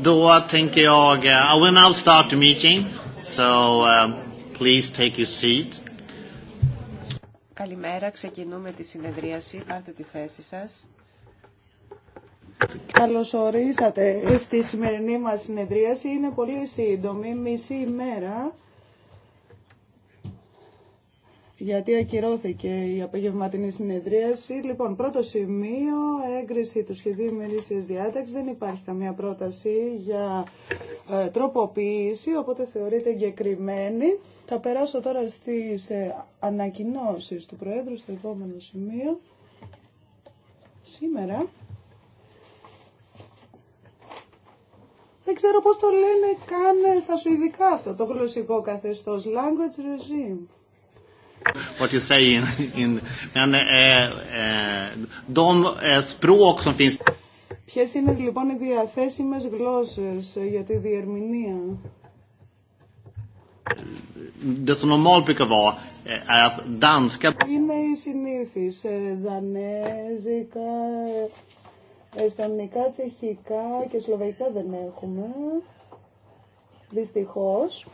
då tänker jag... start the meeting, um, take your seat. Καλημέρα, ξεκινούμε τη συνεδρίαση. Πάρτε τη θέση σας. Καλώς ορίσατε στη σημερινή μας συνεδρίαση. Είναι πολύ σύντομη, μισή ημέρα γιατί ακυρώθηκε η απογευματινή συνεδρίαση. Λοιπόν, πρώτο σημείο, έγκριση του σχεδίου ημερήσιας διάταξης. Δεν υπάρχει καμία πρόταση για ε, τροποποίηση, οπότε θεωρείται εγκεκριμένη. Θα περάσω τώρα στις ε, του Προέδρου στο επόμενο σημείο. Σήμερα... Δεν ξέρω πώς το λένε καν στα σουηδικά αυτό, το γλωσσικό καθεστώς, language regime what you say in, in, men, eh, eh, de eh, språk som finns... Ποιες είναι λοιπόν οι διαθέσιμες γλώσσες για τη διερμηνία. Det som normalt brukar vara är att danska... Είναι η συνήθις, ε, δανέζικα, εστονικά, τσεχικά και σλοβαϊκά δεν έχουμε, δυστυχώς.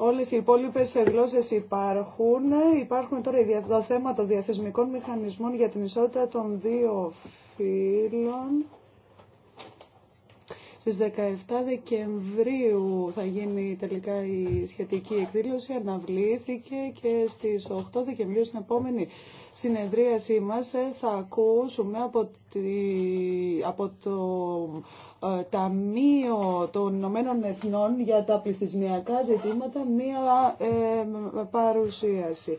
Όλες οι υπόλοιπες γλώσσες υπάρχουν. Υπάρχουν τώρα θέμα των διαθεσμικών μηχανισμών για την ισότητα των δύο φύλων. Στις 17 Δεκεμβρίου θα γίνει τελικά η σχετική εκδήλωση, αναβλήθηκε και στις 8 Δεκεμβρίου στην επόμενη συνεδρίασή μας ε, θα ακούσουμε από, τη, από το ε, Ταμείο των Ηνωμένων Εθνών για τα πληθυσμιακά ζητήματα μία ε, παρουσίαση.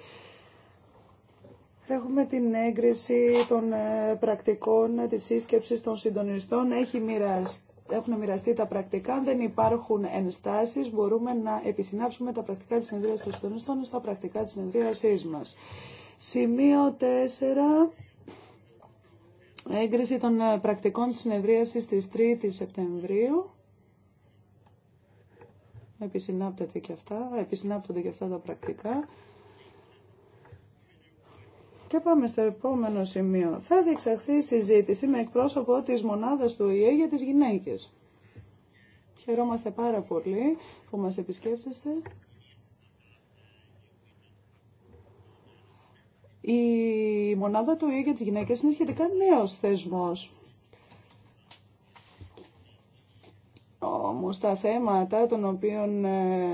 Έχουμε την έγκριση των ε, πρακτικών της σύσκεψης των συντονιστών. Έχει μοιραστεί έχουν μοιραστεί τα πρακτικά. Αν δεν υπάρχουν ενστάσεις, μπορούμε να επισυνάψουμε τα πρακτικά της συνεδρία των συντονιστών στα πρακτικά της συνεδρίασή μα. Σημείο 4. Έγκριση των ε, πρακτικών συνεδρίασης της 3 η Σεπτεμβρίου. επισυνάπτεται και αυτά, ε, επισυνάπτονται και αυτά τα πρακτικά. Και πάμε στο επόμενο σημείο. Θα διεξαχθεί συζήτηση με εκπρόσωπο της μονάδας του ΙΕ για τις γυναίκες. Χαιρόμαστε πάρα πολύ που μας επισκέπτεστε. Η μονάδα του ΙΕ για τις γυναίκες είναι σχετικά νέος θεσμός. Όμως τα θέματα των οποίων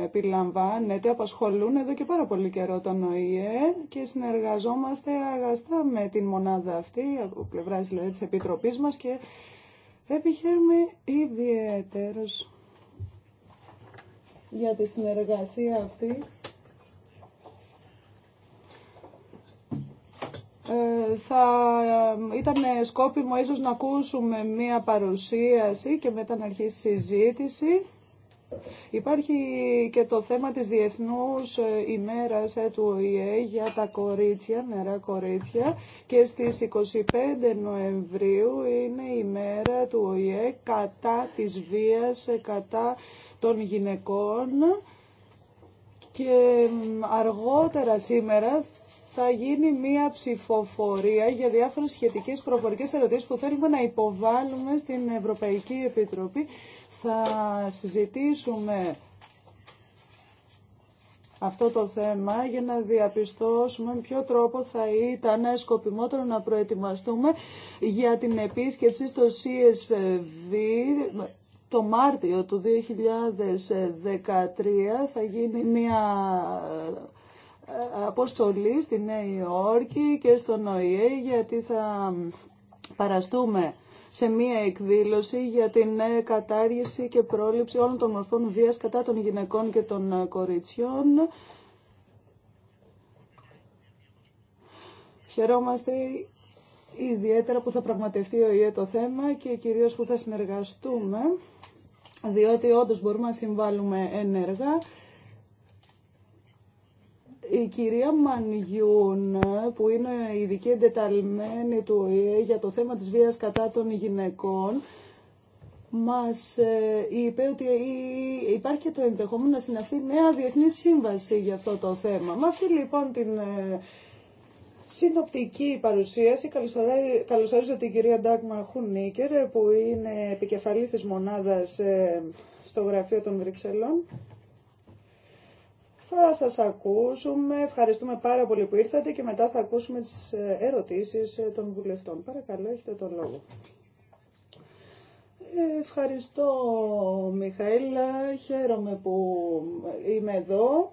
επιλαμβάνεται απασχολούν εδώ και πάρα πολύ καιρό τον ΟΗΕ και συνεργαζόμαστε αγαστά με την μονάδα αυτή, από πλευρά δηλαδή της Επιτροπής μας και επιχαίρουμε ιδιαίτερος για τη συνεργασία αυτή Ε, θα ε, ήταν σκόπιμο ίσως να ακούσουμε μία παρουσίαση και μετά να αρχίσει η συζήτηση. Υπάρχει και το θέμα της Διεθνούς ε, ημέρας του ΟΗΕ για τα κορίτσια, νερά κορίτσια και στις 25 Νοεμβρίου είναι η μέρα του ΟΗΕ κατά της βίας, κατά των γυναικών και αργότερα σήμερα θα γίνει μία ψηφοφορία για διάφορες σχετικές προφορικές ερωτήσεις που θέλουμε να υποβάλουμε στην Ευρωπαϊκή Επιτροπή. Θα συζητήσουμε αυτό το θέμα για να διαπιστώσουμε ποιο τρόπο θα ήταν σκοπιμότερο να προετοιμαστούμε για την επίσκεψη στο CSV το Μάρτιο του 2013 θα γίνει μια αποστολή στη Νέα Υόρκη και στον ΟΗΕ γιατί θα παραστούμε σε μία εκδήλωση για την κατάργηση και πρόληψη όλων των μορφών βίας κατά των γυναικών και των κοριτσιών. Χαιρόμαστε ιδιαίτερα που θα πραγματευτεί ο ΙΕ το θέμα και κυρίως που θα συνεργαστούμε, διότι όντως μπορούμε να συμβάλλουμε ενεργά. Η κυρία Μανιούν, που είναι η ειδική εντεταλμένη του ΟΗΕ για το θέμα της βίας κατά των γυναικών, μας ε, είπε ότι υπάρχει και το ενδεχόμενο να συναυθεί νέα διεθνή σύμβαση για αυτό το θέμα. Με αυτή λοιπόν την ε, συνοπτική παρουσίαση καλωσορίζω την κυρία Ντάγμα Χουνίκερ που είναι επικεφαλής της μονάδας ε, στο γραφείο των Βρυξελών. Θα σας ακούσουμε. Ευχαριστούμε πάρα πολύ που ήρθατε και μετά θα ακούσουμε τις ε, ερωτήσεις ε, των βουλευτών. Παρακαλώ, έχετε τον λόγο. Ευχαριστώ, Μιχαήλα. Χαίρομαι που είμαι εδώ.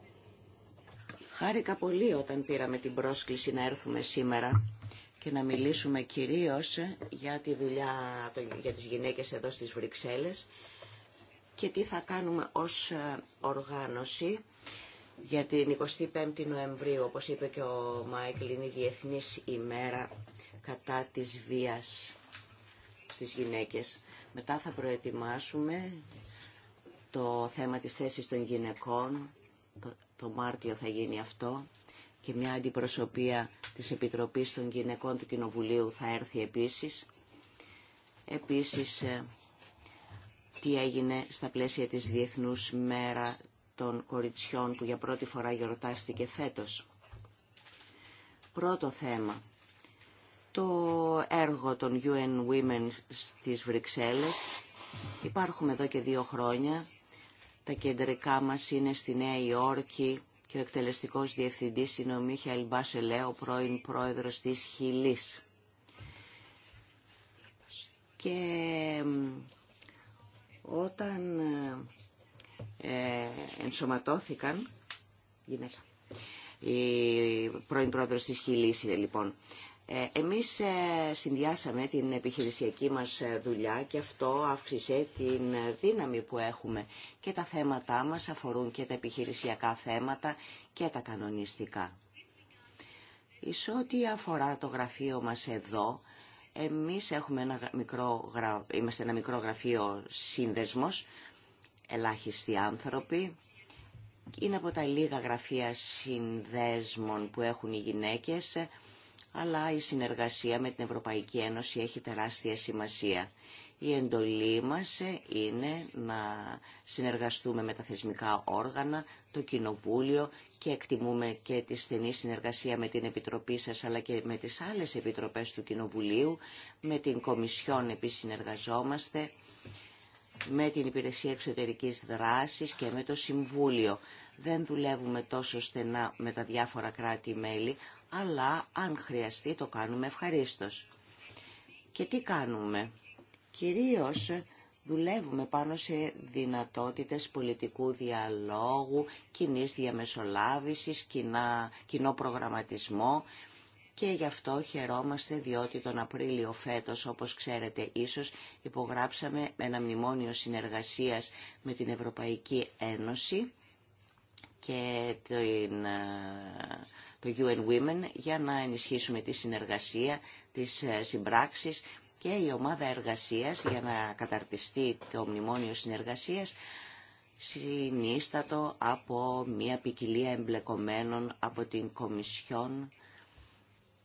Χάρηκα πολύ όταν πήραμε την πρόσκληση να έρθουμε σήμερα και να μιλήσουμε κυρίως για τη δουλειά για τις γυναίκες εδώ στις Βρυξέλλες και τι θα κάνουμε ως ε, οργάνωση για την 25η Νοεμβρίου, όπως είπε και ο Μάικλ, είναι η Διεθνής ημέρα κατά της βίας στις γυναίκες. Μετά θα προετοιμάσουμε το θέμα της θέσης των γυναικών, το, Μάρτιο θα γίνει αυτό, και μια αντιπροσωπεία της Επιτροπής των Γυναικών του Κοινοβουλίου θα έρθει επίσης. Επίσης, ε, τι έγινε στα πλαίσια της Διεθνούς Μέρα των κοριτσιών που για πρώτη φορά γιορτάστηκε φέτος. Πρώτο θέμα. Το έργο των UN Women στις Βρυξέλλες. Υπάρχουμε εδώ και δύο χρόνια. Τα κεντρικά μας είναι στη Νέα Υόρκη και ο εκτελεστικός διευθυντής είναι ο Μίχαελ Μπάσελε, ο πρώην πρόεδρος της Χιλής. Και όταν ε, ενσωματώθηκαν γυναίκα. Η πρώην πρόεδρος της Χιλής λοιπόν. Ε, εμείς ε, συνδυάσαμε την επιχειρησιακή μας δουλειά και αυτό αύξησε την δύναμη που έχουμε. Και τα θέματά μας αφορούν και τα επιχειρησιακά θέματα και τα κανονιστικά. Εις ό,τι αφορά το γραφείο μας εδώ, εμείς έχουμε ένα μικρό, είμαστε ένα μικρό γραφείο σύνδεσμος ελάχιστοι άνθρωποι. Είναι από τα λίγα γραφεία συνδέσμων που έχουν οι γυναίκες, αλλά η συνεργασία με την Ευρωπαϊκή Ένωση έχει τεράστια σημασία. Η εντολή μας είναι να συνεργαστούμε με τα θεσμικά όργανα, το Κοινοβούλιο και εκτιμούμε και τη στενή συνεργασία με την Επιτροπή σας αλλά και με τις άλλες Επιτροπές του Κοινοβουλίου. Με την Κομισιόν επίσης συνεργαζόμαστε με την Υπηρεσία Εξωτερικής Δράσης και με το Συμβούλιο. Δεν δουλεύουμε τόσο στενά με τα διάφορα κράτη-μέλη, αλλά αν χρειαστεί το κάνουμε ευχαρίστως. Και τι κάνουμε. Κυρίως δουλεύουμε πάνω σε δυνατότητες πολιτικού διαλόγου, κοινή διαμεσολάβησης, κοινό προγραμματισμό και γι' αυτό χαιρόμαστε διότι τον Απρίλιο φέτος, όπως ξέρετε ίσως, υπογράψαμε ένα μνημόνιο συνεργασίας με την Ευρωπαϊκή Ένωση και την, ε, το UN Women για να ενισχύσουμε τη συνεργασία, τις ε, συμπράξεις και η ομάδα εργασίας για να καταρτιστεί το μνημόνιο συνεργασίας συνίστατο από μια ποικιλία εμπλεκομένων από την Κομισιόν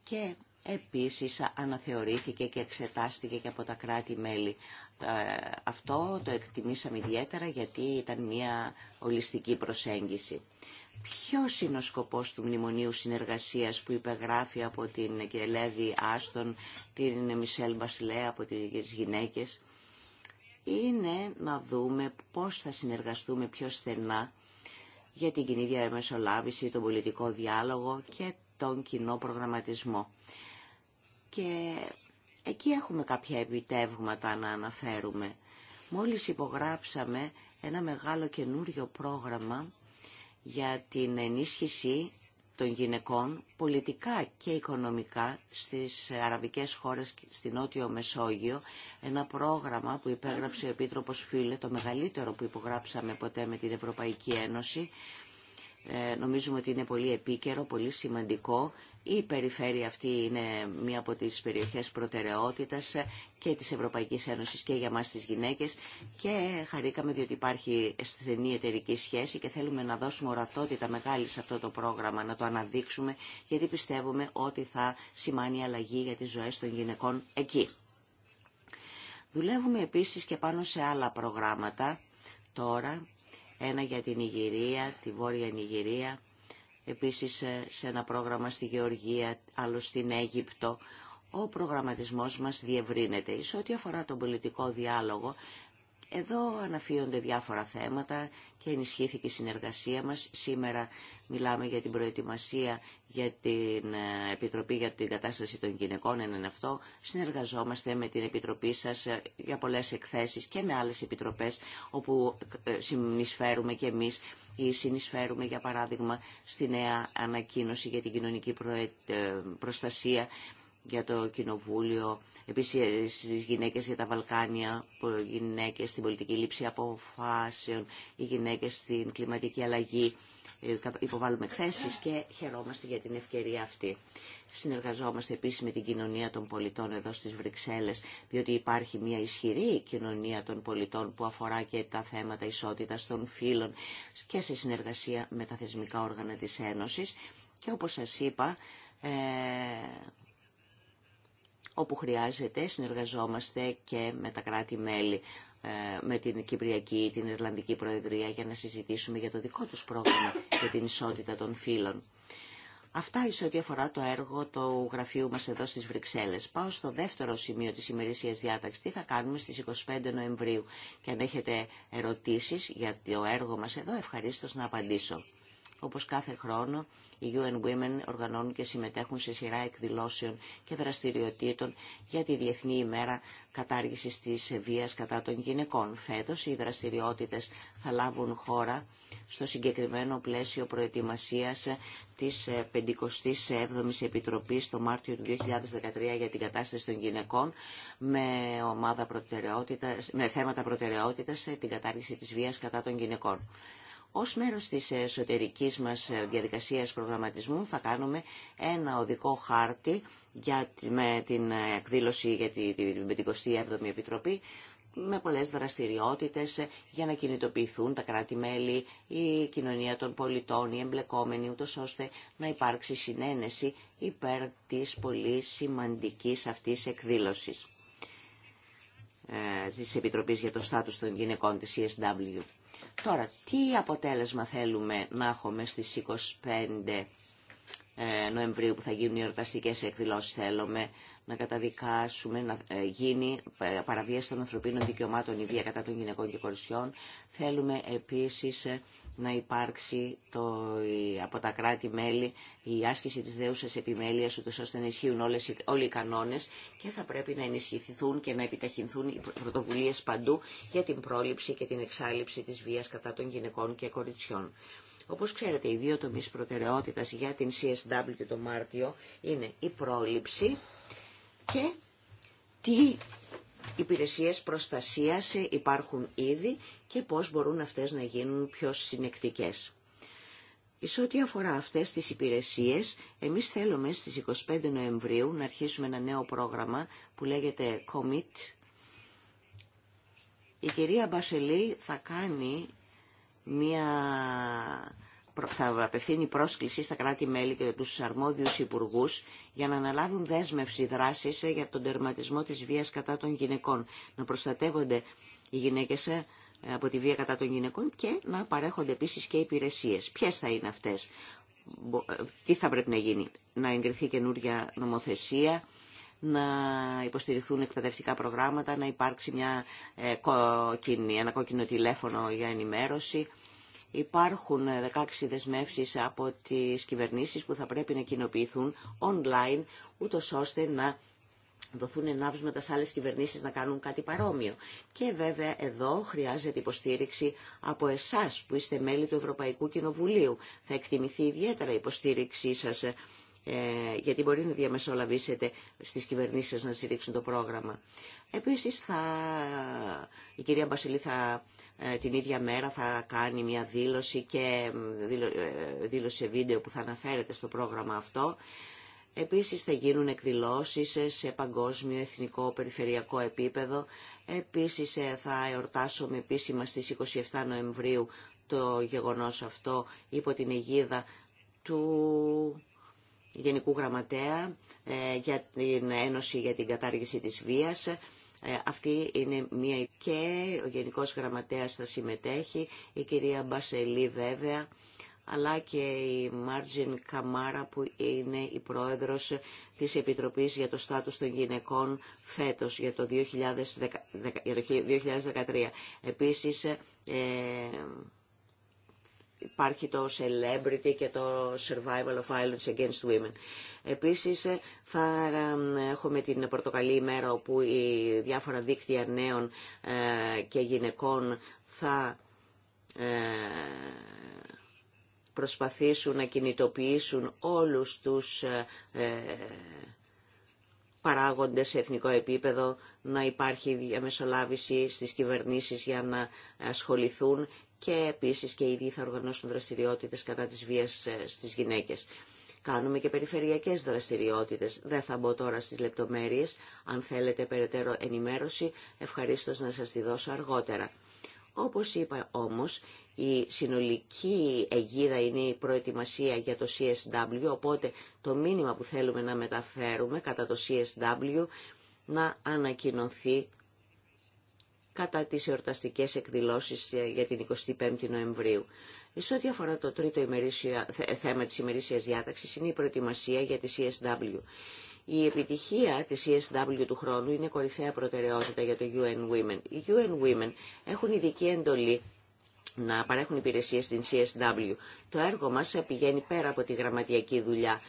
και επίσης αναθεωρήθηκε και εξετάστηκε και από τα κράτη-μέλη. Αυτό το εκτιμήσαμε ιδιαίτερα γιατί ήταν μια ολιστική προσέγγιση. Ποιος είναι ο σκοπός του Μνημονίου Συνεργασίας που υπεγράφει από την Κελέδη Άστον, την Μισελ Μπασλέ, από τις γυναίκες, είναι να δούμε πώς θα συνεργαστούμε πιο στενά για την κοινή διαμεσολάβηση, τον πολιτικό διάλογο και τον κοινό προγραμματισμό. Και εκεί έχουμε κάποια επιτεύγματα να αναφέρουμε. Μόλις υπογράψαμε ένα μεγάλο καινούριο πρόγραμμα για την ενίσχυση των γυναικών πολιτικά και οικονομικά στις αραβικές χώρες στην Νότιο Μεσόγειο. Ένα πρόγραμμα που υπέγραψε ο Επίτροπος Φίλε, το μεγαλύτερο που υπογράψαμε ποτέ με την Ευρωπαϊκή Ένωση ε, νομίζουμε ότι είναι πολύ επίκαιρο, πολύ σημαντικό. Η περιφέρεια αυτή είναι μία από τις περιοχές προτεραιότητας ε, και της Ευρωπαϊκής Ένωσης και για μας τις γυναίκες και χαρήκαμε διότι υπάρχει στενή εταιρική σχέση και θέλουμε να δώσουμε ορατότητα μεγάλη σε αυτό το πρόγραμμα, να το αναδείξουμε γιατί πιστεύουμε ότι θα σημάνει αλλαγή για τις ζωές των γυναικών εκεί. Δουλεύουμε επίσης και πάνω σε άλλα προγράμματα τώρα ένα για την Ιγυρία, τη Βόρεια Ιγυρία, επίσης ε, σε ένα πρόγραμμα στη Γεωργία, άλλο στην Αίγυπτο. Ο προγραμματισμός μας διευρύνεται. Σε ό,τι αφορά τον πολιτικό διάλογο, εδώ αναφύονται διάφορα θέματα και ενισχύθηκε η συνεργασία μας. Σήμερα Μιλάμε για την προετοιμασία για την ε, Επιτροπή για την Κατάσταση των Γυναικών, αυτό. Συνεργαζόμαστε με την Επιτροπή σας ε, για πολλές εκθέσεις και με άλλες επιτροπές όπου ε, συνεισφέρουμε και εμείς ή συνεισφέρουμε για παράδειγμα στη νέα ανακοίνωση για την κοινωνική προστασία για το Κοινοβούλιο, επίσης στις γυναίκες για τα Βαλκάνια, γυναίκες στην πολιτική λήψη αποφάσεων, οι γυναίκες στην κλιματική αλλαγή. Ε, υποβάλλουμε εκθέσεις και χαιρόμαστε για την ευκαιρία αυτή. Συνεργαζόμαστε επίσης με την κοινωνία των πολιτών εδώ στις Βρυξέλλες, διότι υπάρχει μια ισχυρή κοινωνία των πολιτών που αφορά και τα θέματα ισότητας των φύλων και σε συνεργασία με τα θεσμικά όργανα της Ένωσης. Και όπως σας είπα, ε, όπου χρειάζεται συνεργαζόμαστε και με τα κράτη-μέλη. Ε, με την Κυπριακή ή την Ιρλανδική Προεδρία για να συζητήσουμε για το δικό τους πρόγραμμα για την ισότητα των φύλων. Αυτά είσαι ό,τι αφορά το έργο του γραφείου μας εδώ στις Βρυξέλλες. Πάω στο δεύτερο σημείο της ημερήσιας διάταξης. Τι θα κάνουμε στις 25 Νοεμβρίου. Και αν έχετε ερωτήσεις για το έργο μας εδώ, ευχαρίστως να απαντήσω. Όπως κάθε χρόνο, οι UN Women οργανώνουν και συμμετέχουν σε σειρά εκδηλώσεων και δραστηριοτήτων για τη Διεθνή ημέρα κατάργησης της βίας κατά των γυναικών. Φέτος, οι δραστηριότητες θα λάβουν χώρα στο συγκεκριμένο πλαίσιο προετοιμασίας της 57ης Επιτροπής το Μάρτιο του 2013 για την κατάσταση των γυναικών με, ομάδα με θέματα προτεραιότητας την κατάργηση της βίας κατά των γυναικών. Ως μέρος της εσωτερικής μας διαδικασίας προγραμματισμού θα κάνουμε ένα οδικό χάρτη για, με την εκδήλωση για την 27η Επιτροπή με πολλές δραστηριότητες για να κινητοποιηθούν τα κράτη-μέλη, η κοινωνία των πολιτών, οι εμπλεκόμενοι, ούτως ώστε να υπάρξει συνένεση υπέρ της πολύ σημαντικής αυτής εκδήλωσης ε, της Επιτροπής για το Στάτους των Γυναικών της CSW. Τώρα, τι αποτέλεσμα θέλουμε να έχουμε στις 25 ε, Νοεμβρίου που θα γίνουν οι ορταστικέ εκδηλώσει, θέλουμε να καταδικάσουμε, να ε, γίνει παραβίαση των ανθρωπίνων δικαιωμάτων η βία κατά των γυναικών και κορισιών. Θέλουμε επίσης ε, να υπάρξει το, από τα κράτη-μέλη η άσκηση τη δέουσα επιμέλεια ούτω ώστε να ισχύουν όλες, όλοι οι κανόνε και θα πρέπει να ενισχυθούν και να επιταχυνθούν οι πρωτοβουλίε παντού για την πρόληψη και την εξάλληψη τη βία κατά των γυναικών και κοριτσιών. Όπως ξέρετε, οι δύο τομείς προτεραιότητας για την CSW το Μάρτιο είναι η πρόληψη και τι υπηρεσίες προστασίας υπάρχουν ήδη και πώς μπορούν αυτές να γίνουν πιο συνεκτικές. Σε ό,τι αφορά αυτές τις υπηρεσίες, εμείς θέλουμε στις 25 Νοεμβρίου να αρχίσουμε ένα νέο πρόγραμμα που λέγεται COMIT. Η κυρία Μπασελή θα κάνει μια θα απευθύνει πρόσκληση στα κράτη-μέλη και τους αρμόδιους υπουργούς για να αναλάβουν δέσμευση δράσης για τον τερματισμό της βίας κατά των γυναικών, να προστατεύονται οι γυναίκες ε, από τη βία κατά των γυναικών και να παρέχονται επίσης και υπηρεσίες. Ποιες θα είναι αυτές, ε, τι θα πρέπει να γίνει, να εγκριθεί καινούρια νομοθεσία, να υποστηριχθούν εκπαιδευτικά προγράμματα, να υπάρξει μια, ε, ένα κόκκινο τηλέφωνο για ενημέρωση. Υπάρχουν 16 ε, δεσμεύσεις από τις κυβερνήσεις που θα πρέπει να κοινοποιηθούν online, ούτω ώστε να δοθούν ενάβσματα σε άλλες κυβερνήσεις να κάνουν κάτι παρόμοιο. Και βέβαια εδώ χρειάζεται υποστήριξη από εσάς που είστε μέλη του Ευρωπαϊκού Κοινοβουλίου. Θα εκτιμηθεί ιδιαίτερα η υποστήριξή σας ε, ε, γιατί μπορεί να διαμεσολαβήσετε στις κυβερνήσεις σας να στηρίξουν το πρόγραμμα. Επίσης, θα, η κυρία Μπασιλή θα, ε, την ίδια μέρα θα κάνει μια δήλωση και ε, δήλωση βίντεο που θα αναφέρεται στο πρόγραμμα αυτό. Επίσης θα γίνουν εκδηλώσεις σε παγκόσμιο, εθνικό, περιφερειακό επίπεδο. Επίσης θα εορτάσουμε επίσημα στις 27 Νοεμβρίου το γεγονός αυτό υπό την αιγίδα του Γενικού Γραμματέα ε, για την Ένωση για την Κατάργηση της Βίας. Ε, αυτή είναι μία και ο Γενικός Γραμματέας θα συμμετέχει, η κυρία Μπασελή βέβαια, αλλά και η Μάρτζιν Καμάρα που είναι η πρόεδρος της Επιτροπής για το Στάτους των Γυναικών φέτος για το 2013. Επίσης ε, υπάρχει το Celebrity και το Survival of Violence Against Women. Επίσης ε, θα ε, έχουμε την πορτοκαλή ημέρα όπου οι διάφορα δίκτυα νέων ε, και γυναικών θα προσπαθήσουν να κινητοποιήσουν όλους τους παράγοντες σε εθνικό επίπεδο, να υπάρχει διαμεσολάβηση στις κυβερνήσεις για να ασχοληθούν και επίσης και οι ίδιοι θα οργανώσουν δραστηριότητες κατά της βίας ε, στις γυναίκες. Κάνουμε και περιφερειακές δραστηριότητες. Δεν θα μπω τώρα στις λεπτομέρειες. Αν θέλετε περαιτέρω ενημέρωση, ευχαρίστως να σας τη δώσω αργότερα. Όπως είπα όμως, η συνολική αιγίδα είναι η προετοιμασία για το CSW, οπότε το μήνυμα που θέλουμε να μεταφέρουμε κατά το CSW να ανακοινωθεί κατά τις εορταστικές εκδηλώσεις ε, για την 25η Νοεμβρίου. Ε, σε ό,τι αφορά το τρίτο θέμα της ημερήσιας διάταξης είναι η προετοιμασία για τη CSW. Η επιτυχία της CSW του χρόνου είναι κορυφαία προτεραιότητα για το UN Women. Οι UN Women έχουν ειδική εντολή να παρέχουν υπηρεσίες στην CSW. Το έργο μας πηγαίνει πέρα από τη γραμματιακή δουλειά.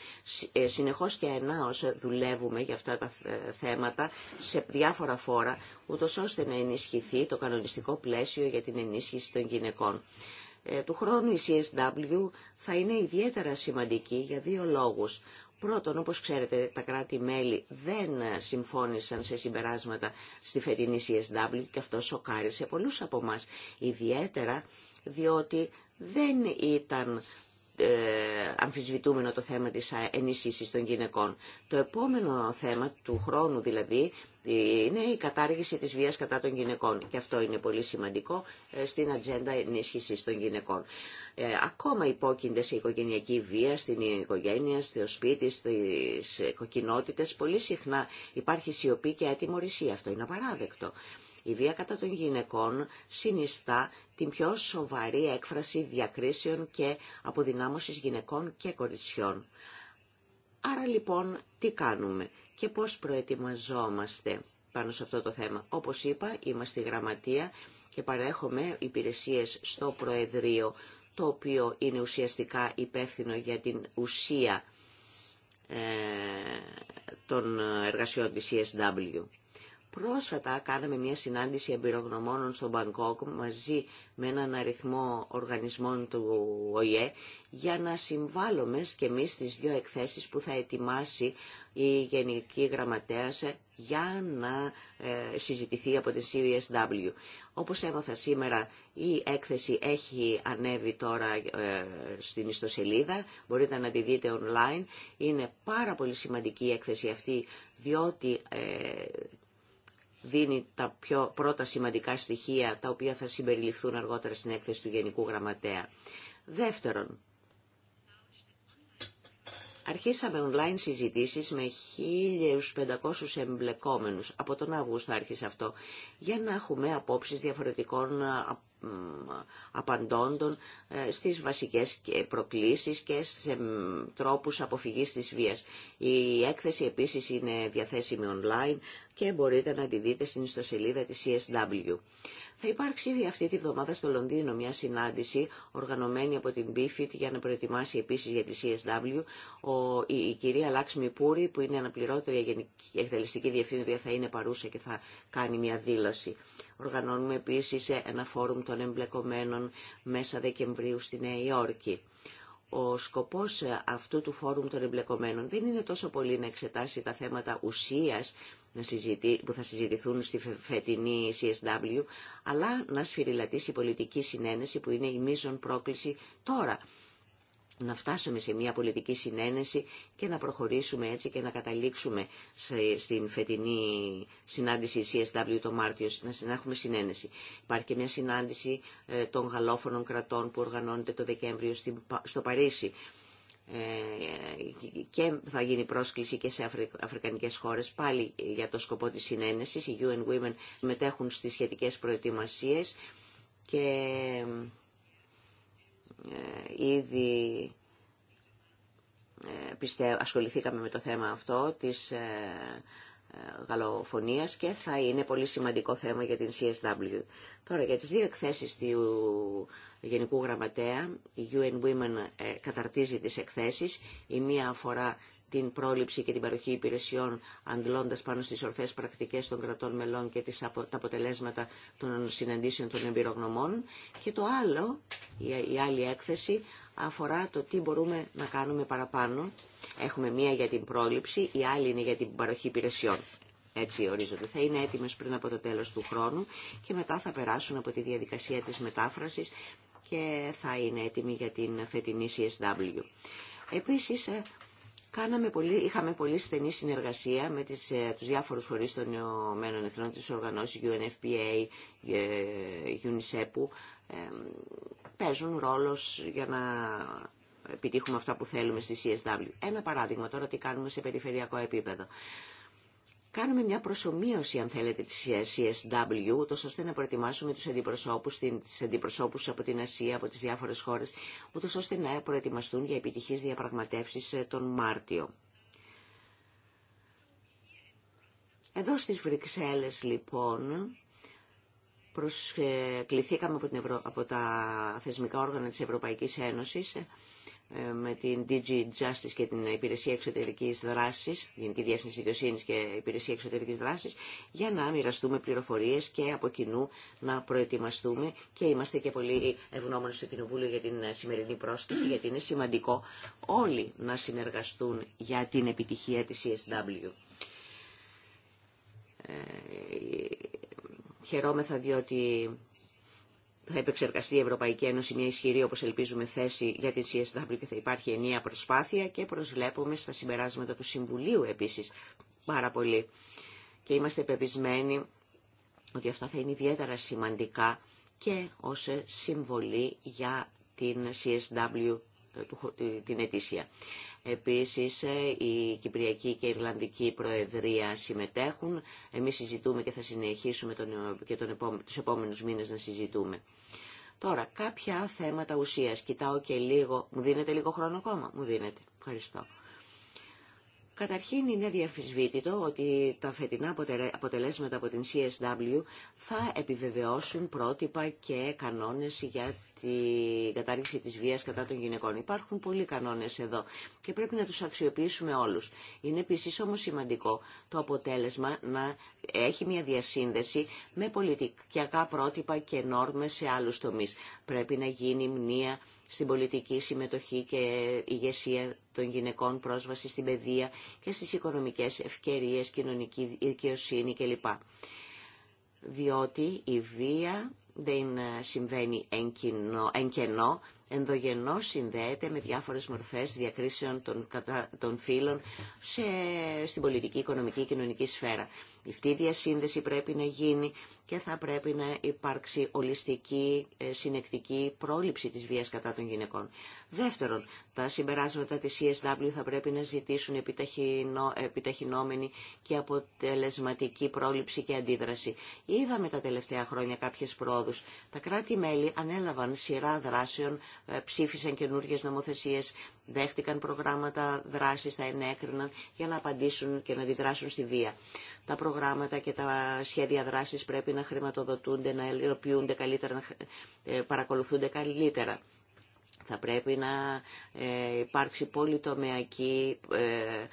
Ε, συνεχώς και ενάως δουλεύουμε για αυτά τα ε, θέματα σε διάφορα φόρα, ούτως ώστε να ενισχυθεί το κανονιστικό πλαίσιο για την ενίσχυση των γυναικών. Ε, του χρόνου η CSW θα είναι ιδιαίτερα σημαντική για δύο λόγους. Πρώτον, όπως ξέρετε, τα κράτη-μέλη δεν συμφώνησαν σε συμπεράσματα στη φετινή CSW και αυτό σοκάρισε πολλούς από μας, ιδιαίτερα διότι δεν ήταν ε, αμφισβητούμενο το θέμα της ενίσχυσης των γυναικών. Το επόμενο θέμα του χρόνου δηλαδή είναι η κατάργηση της βίας κατά των γυναικών και αυτό είναι πολύ σημαντικό ε, στην ατζέντα ενίσχυσης των γυναικών. Ε, ακόμα υπόκεινται σε οικογενειακή βία, στην οικογένεια, στο σπίτι, στις κοκκινότητες Πολύ συχνά υπάρχει σιωπή και ατιμορρησία. Αυτό είναι απαράδεκτο. Η βία κατά των γυναικών συνιστά την πιο σοβαρή έκφραση διακρίσεων και αποδυνάμωσης γυναικών και κοριτσιών. Άρα λοιπόν τι κάνουμε και πώς προετοιμαζόμαστε πάνω σε αυτό το θέμα. Όπως είπα, είμαστε η γραμματεία και παρέχουμε υπηρεσίες στο Προεδρείο, το οποίο είναι ουσιαστικά υπεύθυνο για την ουσία ε, των εργασιών της CSW. Πρόσφατα κάναμε μια συνάντηση εμπειρογνωμόνων στο Μπαγκόκ μαζί με έναν αριθμό οργανισμών του ΟΗΕ για να συμβάλλουμε και εμείς στις δύο εκθέσεις που θα ετοιμάσει η Γενική Γραμματέα για να ε, συζητηθεί από την CVSW. Όπως έμαθα σήμερα, η έκθεση έχει ανέβει τώρα ε, στην ιστοσελίδα, μπορείτε να τη δείτε online. Είναι πάρα πολύ σημαντική η έκθεση αυτή, διότι ε, δίνει τα πιο πρώτα σημαντικά στοιχεία τα οποία θα συμπεριληφθούν αργότερα στην έκθεση του Γενικού Γραμματέα. Δεύτερον, αρχίσαμε online συζητήσεις με 1.500 εμπλεκόμενους. Από τον Αύγουστο άρχισε αυτό, για να έχουμε απόψεις διαφορετικών απαντώντων ε, στις βασικές προκλήσεις και σε τρόπους αποφυγής της βίας. Η έκθεση επίσης είναι διαθέσιμη online, και μπορείτε να τη δείτε στην ιστοσελίδα της CSW. E θα υπάρξει αυτή τη βδομάδα στο Λονδίνο μια συνάντηση οργανωμένη από την BFIT για να προετοιμάσει επίσης για τη CSW ο, η, κυρία Λάξμη Πούρη που είναι αναπληρώτρια γενική εκτελεστική διευθύντρια θα είναι παρούσα και θα κάνει μια δήλωση. Οργανώνουμε επίσης ένα φόρουμ των εμπλεκομένων μέσα Δεκεμβρίου στη Νέα Υόρκη. Ο σκοπός αυτού του φόρουμ των εμπλεκομένων δεν είναι τόσο πολύ να εξετάσει τα θέματα ουσίας που θα συζητηθούν στη φετινή CSW, αλλά να σφυριλατήσει η πολιτική συνένεση που είναι η μείζον πρόκληση τώρα. Να φτάσουμε σε μια πολιτική συνένεση και να προχωρήσουμε έτσι και να καταλήξουμε στην φετινή συνάντηση CSW το Μάρτιο, να έχουμε συνένεση. Υπάρχει και μια συνάντηση ε, των γαλλόφωνων κρατών που οργανώνεται το Δεκέμβριο στο Παρίσι ε, και θα γίνει πρόσκληση και σε αφρικανικές χώρες πάλι για το σκοπό της συνένεσης. Οι UN Women μετέχουν στις σχετικές προετοιμασίες και ε, ήδη ε, πιστεύω, ασχοληθήκαμε με το θέμα αυτό της γαλλοφωνίας και θα είναι πολύ σημαντικό θέμα για την CSW. Τώρα για τις δύο εκθέσεις του Γενικού Γραμματέα, η UN Women ε, καταρτίζει τις εκθέσεις. Η μία αφορά την πρόληψη και την παροχή υπηρεσιών αντλώντας πάνω στις ορθές πρακτικές των κρατών μελών και τις τα αποτελέσματα των συναντήσεων των εμπειρογνωμών. Και το άλλο, η, άλλη έκθεση, αφορά το τι μπορούμε να κάνουμε παραπάνω. Έχουμε μία για την πρόληψη, η άλλη είναι για την παροχή υπηρεσιών. Έτσι ορίζονται. Θα είναι έτοιμες πριν από το τέλος του χρόνου και μετά θα περάσουν από τη διαδικασία της μετάφρασης και θα είναι έτοιμη για την φετινή CSW. Επίσης, ε, Κάναμε πολύ, είχαμε πολύ στενή συνεργασία με τις, ε, τους διάφορους φορείς των Ηνωμένων Εθνών, της οργανώσεις UNFPA, ε, UNICEF, παίζουν ρόλος για να επιτύχουμε αυτά που θέλουμε στη CSW. Ένα παράδειγμα τώρα τι κάνουμε σε περιφερειακό επίπεδο κάνουμε μια προσωμείωση, αν θέλετε, της CSW, ούτως ώστε να προετοιμάσουμε τους αντιπροσώπους, από την Ασία, από τις διάφορες χώρες, ούτως ώστε να προετοιμαστούν για επιτυχής διαπραγματεύσεις ε, τον Μάρτιο. Εδώ στις Βρυξέλλες, λοιπόν, προσκληθήκαμε από, από τα θεσμικά όργανα της Ευρωπαϊκής Ένωσης ε, με την DG Justice και την Υπηρεσία Εξωτερικής Δράσης, Γενική Διεύθυνση Ιδιοσύνης και Υπηρεσία Εξωτερικής Δράσης, για να μοιραστούμε πληροφορίες και από κοινού να προετοιμαστούμε και είμαστε και πολύ ευγνώμονες στο Κοινοβούλιο για την ε, σημερινή πρόσκληση, γιατί είναι σημαντικό όλοι να συνεργαστούν για την επιτυχία της CSW. Ε, χαιρόμεθα διότι θα επεξεργαστεί η Ευρωπαϊκή Ένωση μια ισχυρή, όπως ελπίζουμε, θέση για την CSW και θα υπάρχει ενιαία προσπάθεια και προσβλέπουμε στα συμπεράσματα του Συμβουλίου επίσης πάρα πολύ. Και είμαστε πεπισμένοι ότι αυτά θα είναι ιδιαίτερα σημαντικά και ως συμβολή για την CSW ε, ε, την ετήσια. Επίσης, ε, η Κυπριακή και η Ιρλανδική Προεδρία συμμετέχουν. Εμείς συζητούμε και θα συνεχίσουμε τον, και τον τους επόμενους μήνες να συζητούμε. Τώρα, κάποια θέματα ουσίας. Κοιτάω και λίγο. Μου δίνετε λίγο χρόνο ακόμα. Μου δίνετε. Ευχαριστώ. Καταρχήν είναι διαφυσβήτητο ότι τα φετινά αποτελέσματα από την CSW θα επιβεβαιώσουν πρότυπα και κανόνες για την κατάρριξη της βίας κατά των γυναικών. Υπάρχουν πολλοί κανόνες εδώ και πρέπει να τους αξιοποιήσουμε όλους. Είναι επίσης όμως σημαντικό το αποτέλεσμα να έχει μια διασύνδεση με πολιτικά πρότυπα και νόρμες σε άλλους τομείς. Πρέπει να γίνει μνήα στην πολιτική συμμετοχή και ηγεσία των γυναικών πρόσβαση στην παιδεία και στις οικονομικές ευκαιρίες, κοινωνική δικαιοσύνη κλπ. Διότι η βία δεν συμβαίνει εν κενό, ενδογενώς συνδέεται με διάφορες μορφές διακρίσεων των, των φύλων σε, στην πολιτική, οικονομική και κοινωνική σφαίρα. Αυτή η διασύνδεση πρέπει να γίνει και θα πρέπει να υπάρξει ολιστική, ε, συνεκτική πρόληψη της βίας κατά των γυναικών. Δεύτερον, τα συμπεράσματα της CSW θα πρέπει να ζητήσουν επιταχυνόμενη και αποτελεσματική πρόληψη και αντίδραση. Είδαμε τα τελευταία χρόνια κάποιες πρόοδους. Τα κράτη-μέλη ανέλαβαν σειρά δράσεων, ε, ψήφισαν καινούργιες νομοθεσίες δέχτηκαν προγράμματα δράσης, τα ενέκριναν για να απαντήσουν και να αντιδράσουν στη βία. Τα προγράμματα και τα σχέδια δράσης πρέπει να χρηματοδοτούνται, να ελληνοποιούνται καλύτερα, να ε, παρακολουθούνται καλύτερα. Θα πρέπει να ε, υπάρξει πολυτομεακή ε,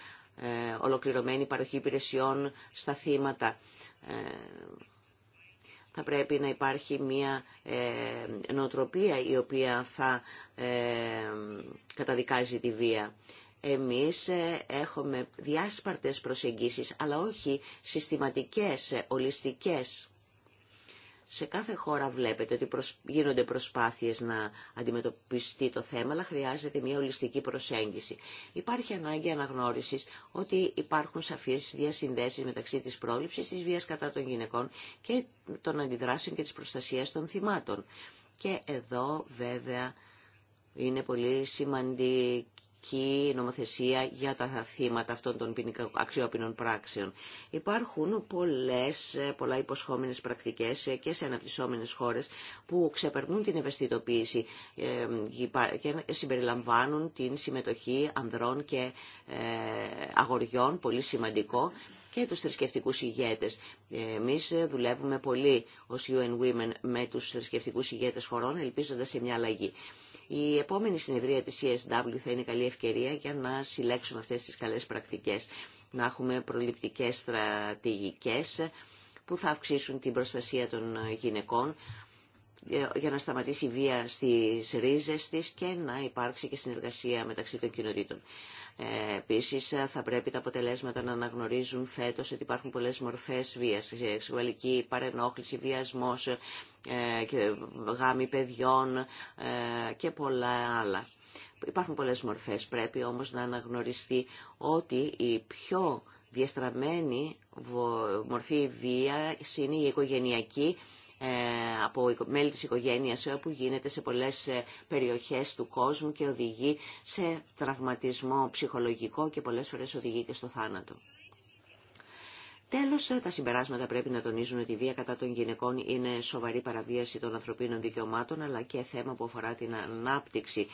ολοκληρωμένη παροχή υπηρεσιών στα θύματα θα πρέπει να υπάρχει μια ε, νοοτροπία η οποία θα ε, καταδικάζει τη βία. Εμείς ε, έχουμε διάσπαρτες προσεγγίσεις, αλλά όχι συστηματικές, ολιστικές. Σε κάθε χώρα βλέπετε ότι γίνονται προσπάθειες να αντιμετωπιστεί το θέμα, αλλά χρειάζεται μια ολιστική προσέγγιση. Υπάρχει ανάγκη αναγνώρισης ότι υπάρχουν σαφείς διασυνδέσεις μεταξύ της πρόληψης, της βίας κατά των γυναικών και των αντιδράσεων και της προστασίας των θυμάτων. Και εδώ βέβαια είναι πολύ σημαντική ποινική νομοθεσία για τα θύματα αυτών των αξιόπινων πράξεων. Υπάρχουν πολλές, πολλά υποσχόμενες πρακτικές και σε αναπτυσσόμενες χώρες που ξεπερνούν την ευαισθητοποίηση ε, και συμπεριλαμβάνουν την συμμετοχή ανδρών και ε, αγοριών, πολύ σημαντικό, και τους θρησκευτικού ηγέτες. Εμείς δουλεύουμε πολύ ως UN Women με τους θρησκευτικού ηγέτες χωρών, ελπίζοντας σε μια αλλαγή. Η επόμενη συνεδρία της CSW e θα είναι καλή ευκαιρία για να συλλέξουμε αυτές τις καλές πρακτικές, να έχουμε προληπτικές στρατηγικές που θα αυξήσουν την προστασία των γυναικών, για να σταματήσει η βία στις ρίζες της και να υπάρξει και συνεργασία μεταξύ των κοινοτήτων. Ε, Επίση, θα πρέπει τα αποτελέσματα να αναγνωρίζουν φέτο ότι υπάρχουν πολλέ μορφέ βία. Ε, σεξουαλική παρενόχληση, βιασμό, ε, γάμοι παιδιών ε, και πολλά άλλα. Υπάρχουν πολλές μορφές, πρέπει όμως να αναγνωριστεί ότι η πιο διαστραμμένη μορφή βία είναι η οικογενειακή ε, από μέλη της οικογένειας ε, όπου γίνεται σε πολλές ε, περιοχές του κόσμου και οδηγεί σε τραυματισμό ψυχολογικό και πολλές φορές οδηγεί και στο θάνατο. Τέλος, τα συμπεράσματα πρέπει να τονίζουν ότι η βία κατά των γυναικών είναι σοβαρή παραβίαση των ανθρωπίνων δικαιωμάτων, αλλά και θέμα που αφορά την ανάπτυξη,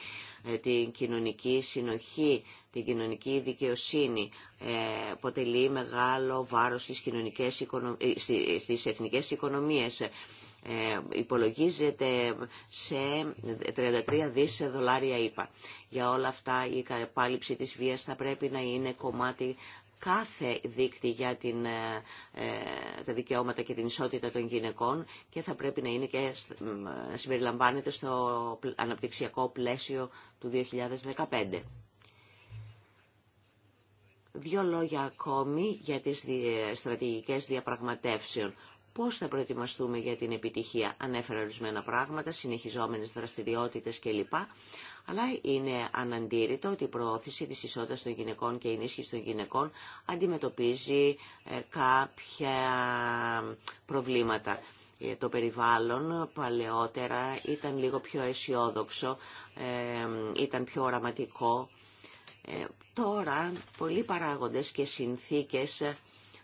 ε, την κοινωνική συνοχή, την κοινωνική δικαιοσύνη. Ε, αποτελεί μεγάλο βάρος στις, κοινωνικές, οικονο... Ε, εθνικές οικονομίες. Ε, υπολογίζεται σε 33 δις δολάρια είπα. Για όλα αυτά η καπάλυψη της βίας θα πρέπει να είναι κομμάτι κάθε δείκτη για την, ε, ε, τα δικαιώματα και την ισότητα των γυναικών και θα πρέπει να είναι και ε, συμπεριλαμβάνεται στο αναπτυξιακό πλαίσιο του 2015. Δύο λόγια ακόμη για τις στρατηγικές διαπραγματεύσεων. Πώς θα προετοιμαστούμε για την επιτυχία, ανέφερα ορισμένα πράγματα, συνεχιζόμενες δραστηριότητες κλπ αλλά είναι αναντήρητο ότι η προώθηση της ισότητας των γυναικών και η ενίσχυση των γυναικών αντιμετωπίζει ε, κάποια προβλήματα. Ε, το περιβάλλον παλαιότερα ήταν λίγο πιο αισιόδοξο, ε, ήταν πιο οραματικό. Τώρα πολλοί παράγοντες και συνθήκες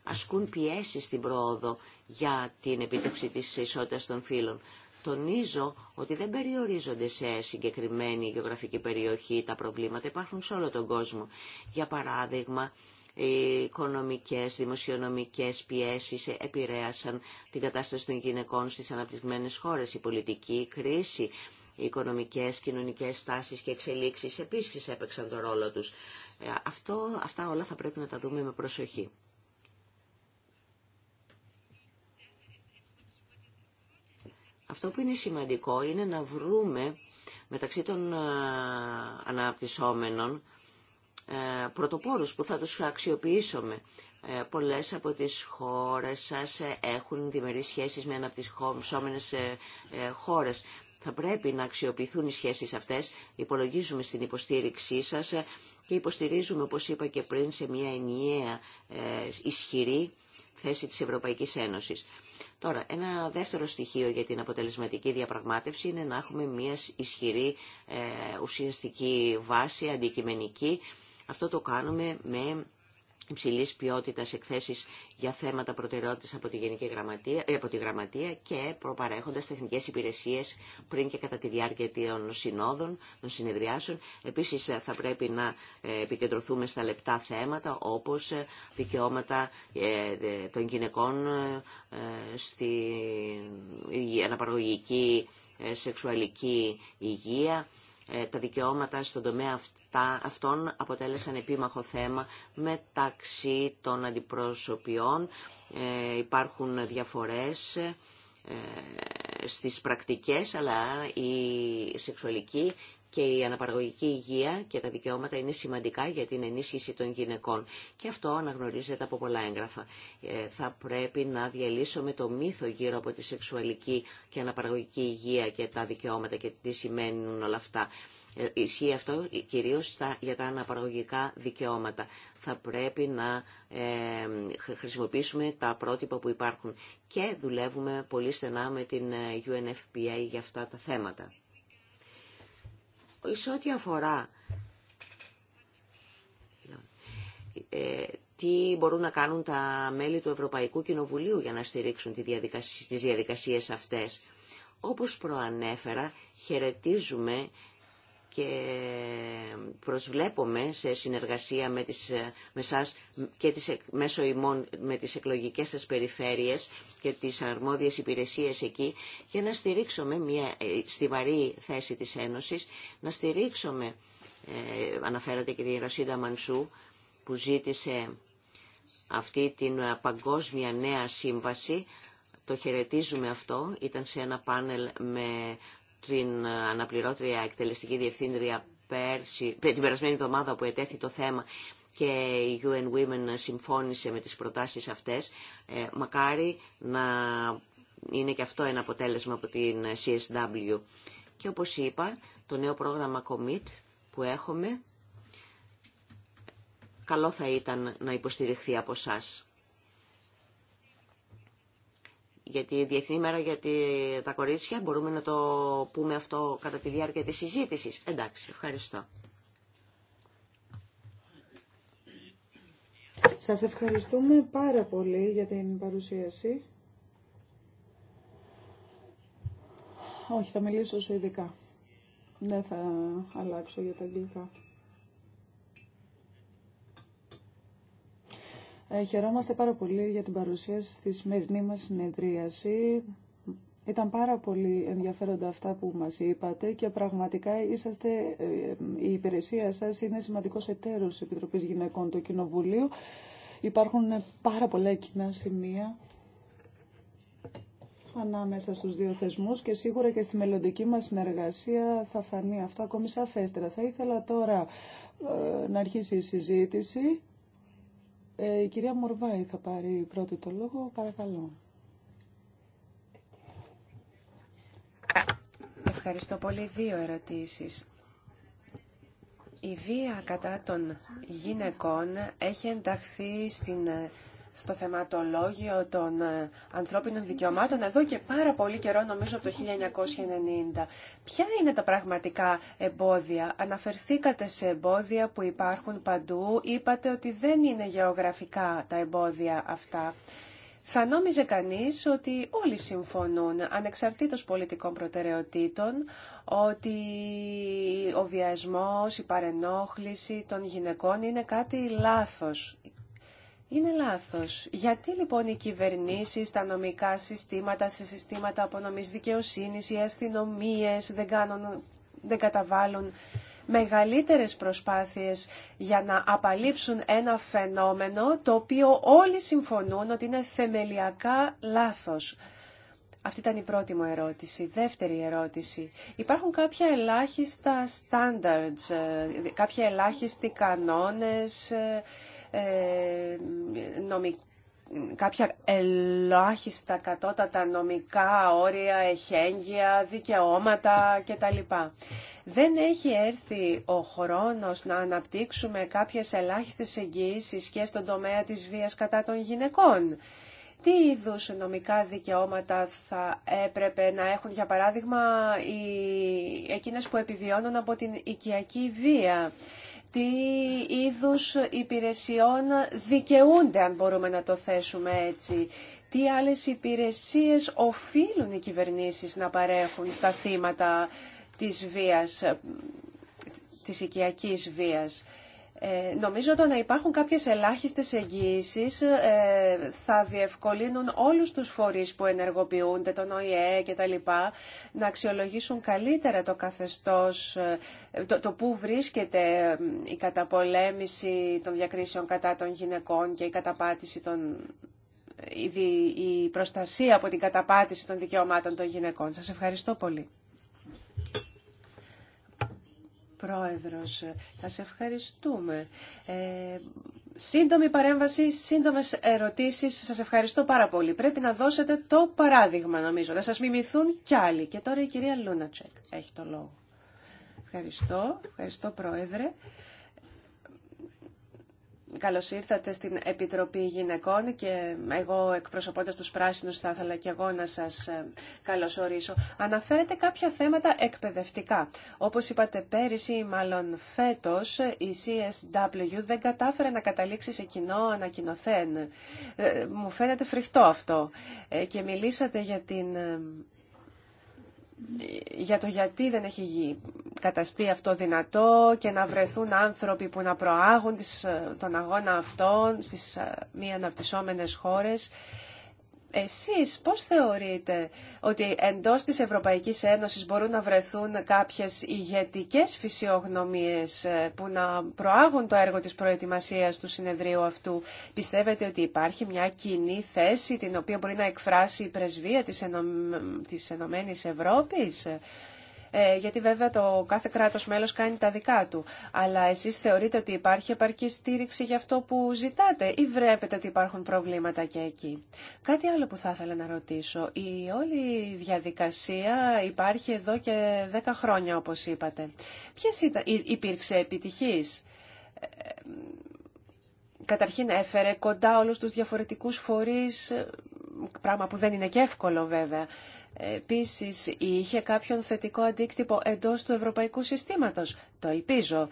ασκούν πιέσεις στην πρόοδο για την επίτευξη της ισότητας των φύλων. Τονίζω ότι δεν περιορίζονται σε συγκεκριμένη γεωγραφική περιοχή τα προβλήματα, υπάρχουν σε όλο τον κόσμο. Για παράδειγμα, οι οικονομικές, δημοσιονομικές πιέσεις επηρέασαν την κατάσταση των γυναικών στις αναπτυσμένες χώρες. Η πολιτική κρίση, οι οικονομικές, κοινωνικές στάσεις και εξελίξεις επίσης έπαιξαν τον ρόλο τους. Ε, αυτό, αυτά όλα θα πρέπει να τα δούμε με προσοχή. Αυτό που είναι σημαντικό είναι να βρούμε μεταξύ των ε, αναπτυσσόμενων ε, πρωτοπόρους που θα τους αξιοποιήσουμε. Ε, πολλές από τις χώρες σας έχουν διμερείς σχέσεις με αναπτυσσόμενες χώρες. Θα πρέπει να αξιοποιηθούν οι σχέσεις αυτές. Υπολογίζουμε στην υποστήριξή σας και υποστηρίζουμε, όπως είπα και πριν, σε μια ενιαία ισχυρή θέση της Ευρωπαϊκής Ένωσης. Τώρα, ένα δεύτερο στοιχείο για την αποτελεσματική διαπραγμάτευση είναι να έχουμε μια ισχυρή ε, ουσιαστική βάση, αντικειμενική. Αυτό το κάνουμε με υψηλή ποιότητα εκθέσει για θέματα προτεραιότητα από, τη Γενική Γραμματεία, ε, από τη Γραμματεία και προπαρέχοντα τεχνικέ υπηρεσίε πριν και κατά τη διάρκεια των συνόδων, των συνεδριάσεων. Επίση, ε, θα πρέπει να ε, επικεντρωθούμε στα λεπτά θέματα, όπω δικαιώματα των γυναικών στην αναπαραγωγική σεξουαλική υγεία ε, τα δικαιώματα στον τομέα αυτά, αυτών αποτέλεσαν επίμαχο θέμα μεταξύ των αντιπροσωπιών. Ε, υπάρχουν διαφορές ε, στις πρακτικές, αλλά η σεξουαλική και η αναπαραγωγική υγεία και τα δικαιώματα είναι σημαντικά για την ενίσχυση των γυναικών. Και αυτό αναγνωρίζεται από πολλά έγγραφα. Ε, θα πρέπει να διαλύσουμε το μύθο γύρω από τη σεξουαλική και αναπαραγωγική υγεία και τα δικαιώματα και τι σημαίνουν όλα αυτά. Ε, ισχύει αυτό κυρίως για τα αναπαραγωγικά δικαιώματα. Θα πρέπει να ε, χρησιμοποιήσουμε τα πρότυπα που υπάρχουν και δουλεύουμε πολύ στενά με την ε, UNFPA για αυτά τα θέματα σε ό,τι αφορά ε, τι μπορούν να κάνουν τα μέλη του Ευρωπαϊκού Κοινοβουλίου για να στηρίξουν τις διαδικασίες αυτές. Όπως προανέφερα, χαιρετίζουμε και προσβλέπουμε σε συνεργασία με, τις, με σας και τις, μέσω ημών με τις εκλογικές σας περιφέρειες και τις αρμόδιες υπηρεσίες εκεί για να στηρίξουμε μια ε, στιβαρή θέση της Ένωσης, να στηρίξουμε, ε, αναφέρατε και τη Ρωσίδα Μανσού που ζήτησε αυτή την ε, παγκόσμια νέα σύμβαση, το χαιρετίζουμε αυτό, ήταν σε ένα πάνελ με την αναπληρώτρια εκτελεστική διευθύντρια πέρσι, την περασμένη εβδομάδα που ετέθη το θέμα και η UN Women συμφώνησε με τις προτάσεις αυτές. Ε, μακάρι να είναι και αυτό ένα αποτέλεσμα από την CSW. Και όπως είπα, το νέο πρόγραμμα Commit που έχουμε, καλό θα ήταν να υποστηριχθεί από εσά. Γιατί η Διεθνή Μέρα για τα Κορίτσια. Μπορούμε να το πούμε αυτό κατά τη διάρκεια της συζήτησης. Εντάξει, ευχαριστώ. Σας ευχαριστούμε πάρα πολύ για την παρουσίαση. Όχι, θα μιλήσω σε ειδικά. Δεν θα αλλάξω για τα αγγλικά. Ε, χαιρόμαστε πάρα πολύ για την παρουσίαση στη σημερινή μας συνεδρίαση. Ήταν πάρα πολύ ενδιαφέροντα αυτά που μας είπατε και πραγματικά είσαστε, ε, η υπηρεσία σας είναι σημαντικός εταίρος της Επιτροπής Γυναικών του Κοινοβουλίου. Υπάρχουν ε, πάρα πολλά κοινά σημεία ανάμεσα στους δύο θεσμούς και σίγουρα και στη μελλοντική μας συνεργασία θα φανεί αυτό ακόμη σαφέστερα. Θα ήθελα τώρα να αρχίσει η συζήτηση. Ε, η κυρία Μορβάη θα πάρει πρώτη το λόγο. Παρακαλώ. Ευχαριστώ πολύ. Δύο ερωτήσεις. Η βία κατά των γυναικών έχει ενταχθεί στην στο θεματολόγιο των ε, ανθρώπινων δικαιωμάτων εδώ και πάρα πολύ καιρό, νομίζω από το 1990. Ποια είναι τα πραγματικά εμπόδια. Αναφερθήκατε σε εμπόδια που υπάρχουν παντού. Είπατε ότι δεν είναι γεωγραφικά τα εμπόδια αυτά. Θα νόμιζε κανείς ότι όλοι συμφωνούν, ανεξαρτήτως πολιτικών προτεραιοτήτων, ότι ο βιασμός, η παρενόχληση των γυναικών είναι κάτι λάθος είναι λάθος. Γιατί λοιπόν οι κυβερνήσεις, τα νομικά συστήματα, σε συστήματα απονομής δικαιοσύνης, οι αστυνομίες δεν, δεν καταβάλουν μεγαλύτερες προσπάθειες για να απαλείψουν ένα φαινόμενο το οποίο όλοι συμφωνούν ότι είναι θεμελιακά λάθος. Αυτή ήταν η πρώτη μου ερώτηση. Δεύτερη ερώτηση. Υπάρχουν κάποια ελάχιστα standards, ε, κάποια ελάχιστοι κανόνες ε, ε, κάποια ελάχιστα κατώτατα νομικά όρια, εχέγγυα, δικαιώματα κτλ. Δεν έχει έρθει ο χρόνος να αναπτύξουμε κάποιες ελάχιστες εγγύησεις και στον τομέα της βίας κατά των γυναικών. Τι είδους νομικά δικαιώματα θα έπρεπε να έχουν, για παράδειγμα, οι... εκείνες που επιβιώνουν από την οικιακή βία τι είδους υπηρεσιών δικαιούνται, αν μπορούμε να το θέσουμε έτσι. Τι άλλες υπηρεσίες οφείλουν οι κυβερνήσεις να παρέχουν στα θύματα της βίας, της οικιακής βίας. Ε, νομίζω ότι να υπάρχουν κάποιες ελάχιστες εγγύησεις ε, θα διευκολύνουν όλους τους φορείς που ενεργοποιούνται, τον ΟΗΕ και τα λοιπά, να αξιολογήσουν καλύτερα το καθεστώς, ε, το, το πού βρίσκεται η καταπολέμηση των διακρίσεων κατά των γυναικών και η καταπάτηση των η προστασία από την καταπάτηση των δικαιωμάτων των γυναικών. Σας ευχαριστώ πολύ. Πρόεδρος, θα σε ευχαριστούμε. Ε, σύντομη παρέμβαση, σύντομες ερωτήσεις. Σας ευχαριστώ πάρα πολύ. Πρέπει να δώσετε το παράδειγμα, νομίζω. Να σας μιμηθούν κι άλλοι. Και τώρα η κυρία Λούνατσεκ έχει το λόγο. Ευχαριστώ. Ευχαριστώ, Πρόεδρε. Καλώς ήρθατε στην Επιτροπή Γυναικών και εγώ εκπροσωπώντας τους πράσινους θα ήθελα και εγώ να σας ε, καλωσορίσω. Αναφέρετε κάποια θέματα εκπαιδευτικά. Όπως είπατε πέρυσι ή μάλλον φέτος η CSW δεν κατάφερε να καταλήξει σε κοινό ανακοινοθέν. Ε, ε, μου φαίνεται φρικτό αυτό. Και μιλήσατε για την για το γιατί δεν έχει καταστεί αυτό δυνατό και να βρεθούν άνθρωποι που να προάγουν τον αγώνα αυτόν στις ε, μη αναπτυσσόμενες χώρες εσείς πώς θεωρείτε ότι εντός της Ευρωπαϊκής Ένωσης μπορούν να βρεθούν κάποιες ηγετικές φυσιογνωμίες ε, που να προάγουν το έργο της προετοιμασίας του συνεδρίου αυτού. Πιστεύετε ότι υπάρχει μια κοινή θέση την οποία μπορεί να εκφράσει η πρεσβεία της, Ενω... της Ενωμένης Ευρώπης. Ε, γιατί βέβαια το κάθε κράτος μέλος κάνει τα δικά του. Αλλά εσείς θεωρείτε ότι υπάρχει επαρκή στήριξη για αυτό που ζητάτε ή βλέπετε ότι υπάρχουν προβλήματα και εκεί. Κάτι άλλο που θα ήθελα να ρωτήσω. Η όλη διαδικασία υπάρχει εδώ και 10 χρόνια όπως είπατε. Ποιες ήταν, υπήρξε επιτυχής. Ε, καταρχήν έφερε κοντά όλους τους διαφορετικούς φορείς, ε, πράγμα που δεν είναι και εύκολο βέβαια. Επίσης, είχε κάποιον θετικό αντίκτυπο εντός του ευρωπαϊκού συστήματος. Το ελπίζω.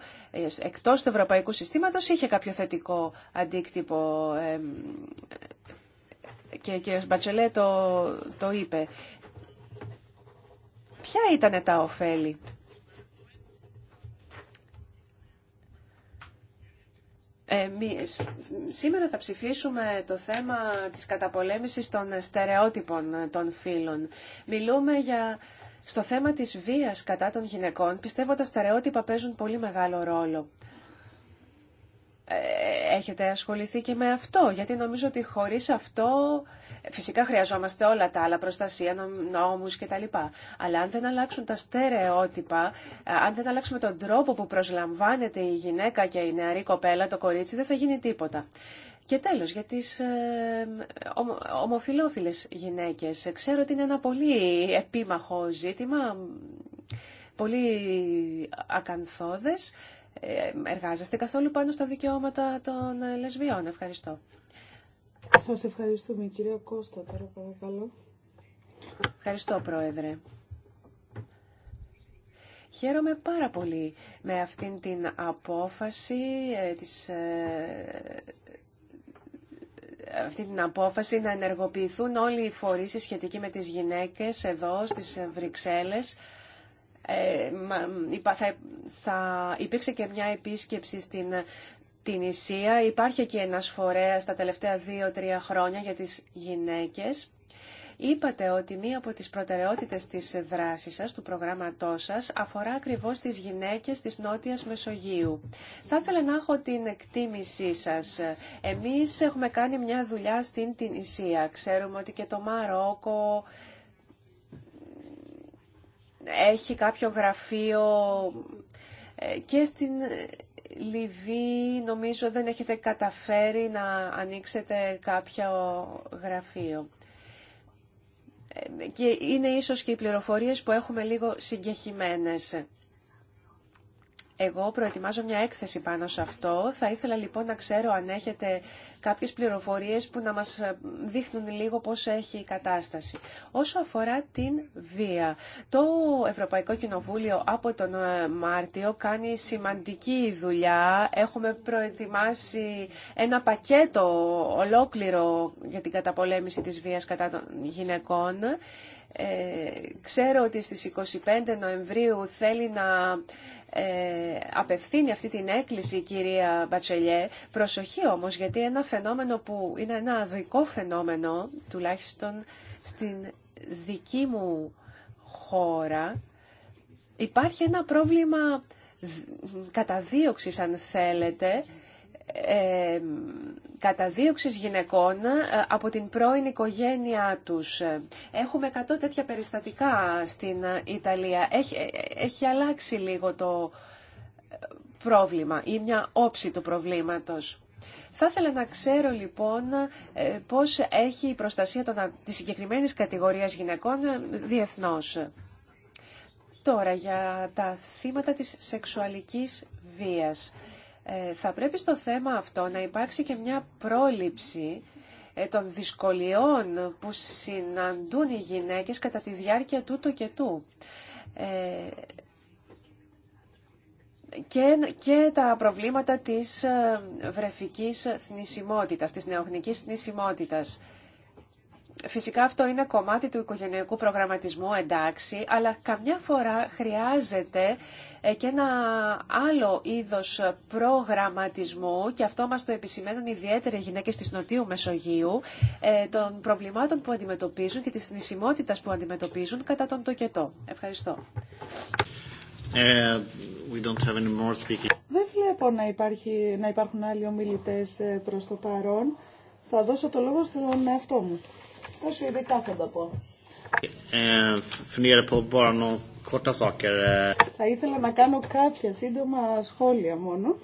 Εκτός του ευρωπαϊκού συστήματος είχε κάποιο θετικό αντίκτυπο και ο κ. Μπατσελέ το, το είπε. Ποια ήταν τα ωφέλη. Ε, σήμερα θα ψηφίσουμε το θέμα της καταπολέμησης των στερεότυπων των φύλων. Μιλούμε για στο θέμα της βίας κατά των γυναικών. Πιστεύω τα στερεότυπα παίζουν πολύ μεγάλο ρόλο. Ε, έχετε ασχοληθεί και με αυτό, γιατί νομίζω ότι χωρίς αυτό ε, φυσικά χρειαζόμαστε όλα τα άλλα, προστασία, νόμους λοιπά. Αλλά αν δεν αλλάξουν τα στερεότυπα, ε, αν δεν αλλάξουμε τον τρόπο που προσλαμβάνεται η γυναίκα και η νεαρή κοπέλα, το κορίτσι, δεν θα γίνει τίποτα. Και τέλος, για τις ομοφιλόφιλες γυναίκες. Ξέρω ότι είναι ένα πολύ επίμαχο ζήτημα, πολύ ακαθόδες ε, εργάζεστε καθόλου πάνω στα δικαιώματα των ε, λεσβιών. Ευχαριστώ. Σας ευχαριστούμε κυρία Κώστα τώρα παρακαλώ. Ευχαριστώ Πρόεδρε. Χαίρομαι πάρα πολύ με αυτήν την απόφαση ε, της αυτή την απόφαση να ενεργοποιηθούν όλοι οι φορείς σχετικοί με τις γυναίκες εδώ στις Βρυξέλλες ε, θα υπήρξε και μια επίσκεψη στην την Ισία. Υπάρχει και ένας φορέας τα τελευταία δύο-τρία χρόνια για τις γυναίκες. Είπατε ότι μία από τις προτεραιότητες της δράσης σας, του προγράμματός σας, αφορά ακριβώς τις γυναίκες της Νότιας Μεσογείου. Θα ήθελα να έχω την εκτίμησή σας. Εμείς έχουμε κάνει μια δουλειά στην Ισία. Ξέρουμε ότι και το Μαρόκο, έχει κάποιο γραφείο ε, και στην Λιβύη νομίζω δεν έχετε καταφέρει να ανοίξετε κάποιο γραφείο. Ε, και είναι ίσως και οι πληροφορίες που έχουμε λίγο συγκεχημένες. Εγώ προετοιμάζω μια έκθεση πάνω σε αυτό. Θα ήθελα λοιπόν να ξέρω αν έχετε κάποιες πληροφορίες που να μας ε, δείχνουν λίγο πώς έχει η κατάσταση. Όσο αφορά την βία, το Ευρωπαϊκό Κοινοβούλιο από τον ε, Μάρτιο κάνει σημαντική δουλειά. Έχουμε προετοιμάσει ένα πακέτο ολόκληρο για την καταπολέμηση της βίας κατά των γυναικών ε, ξέρω ότι στις 25 Νοεμβρίου θέλει να ε, απευθύνει αυτή την έκκληση η κυρία Μπατσελιέ. Προσοχή όμως, γιατί ένα φαινόμενο που είναι ένα αδοικό φαινόμενο, τουλάχιστον στην δική μου χώρα, υπάρχει ένα πρόβλημα καταδίωξης, αν θέλετε, ε, καταδίωξης γυναικών ε, από την πρώην οικογένειά τους. Έχουμε 100 τέτοια περιστατικά στην ε, Ιταλία. Έχει, ε, έχει αλλάξει λίγο το πρόβλημα ή μια όψη του προβλήματος. Θα ήθελα να ξέρω λοιπόν πώς έχει η προστασία των, της συγκεκριμένης κατηγορίας γυναικών διεθνώς. Τώρα για τα θύματα της σεξουαλικής βίας. Ε, θα πρέπει στο θέμα αυτό να υπάρξει και μια πρόληψη ε, των δυσκολιών που συναντούν οι γυναίκες κατά τη διάρκεια τούτο και του. Ε, και, και τα προβλήματα της βρεφικής θνησιμότητας, της νεογνικής θνησιμότητας. Φυσικά αυτό είναι κομμάτι του οικογενειακού προγραμματισμού, εντάξει, αλλά καμιά φορά χρειάζεται ε, και ένα άλλο είδος προγραμματισμού και αυτό μας το επισημαίνουν ιδιαίτερα οι γυναίκες της Νοτιού Μεσογείου ε, των προβλημάτων που αντιμετωπίζουν και της θνησιμότητας που αντιμετωπίζουν κατά τον τοκετό. Ευχαριστώ. Ε, don't have any more Δεν βλέπω να, υπάρχει, να υπάρχουν άλλοι ομιλητές προς το παρόν. Θα δώσω το λόγο στον εαυτό μου. Vad σου vi bli eh, på? Θα ήθελα να κάνω κάποια σύντομα σχόλια μόνο.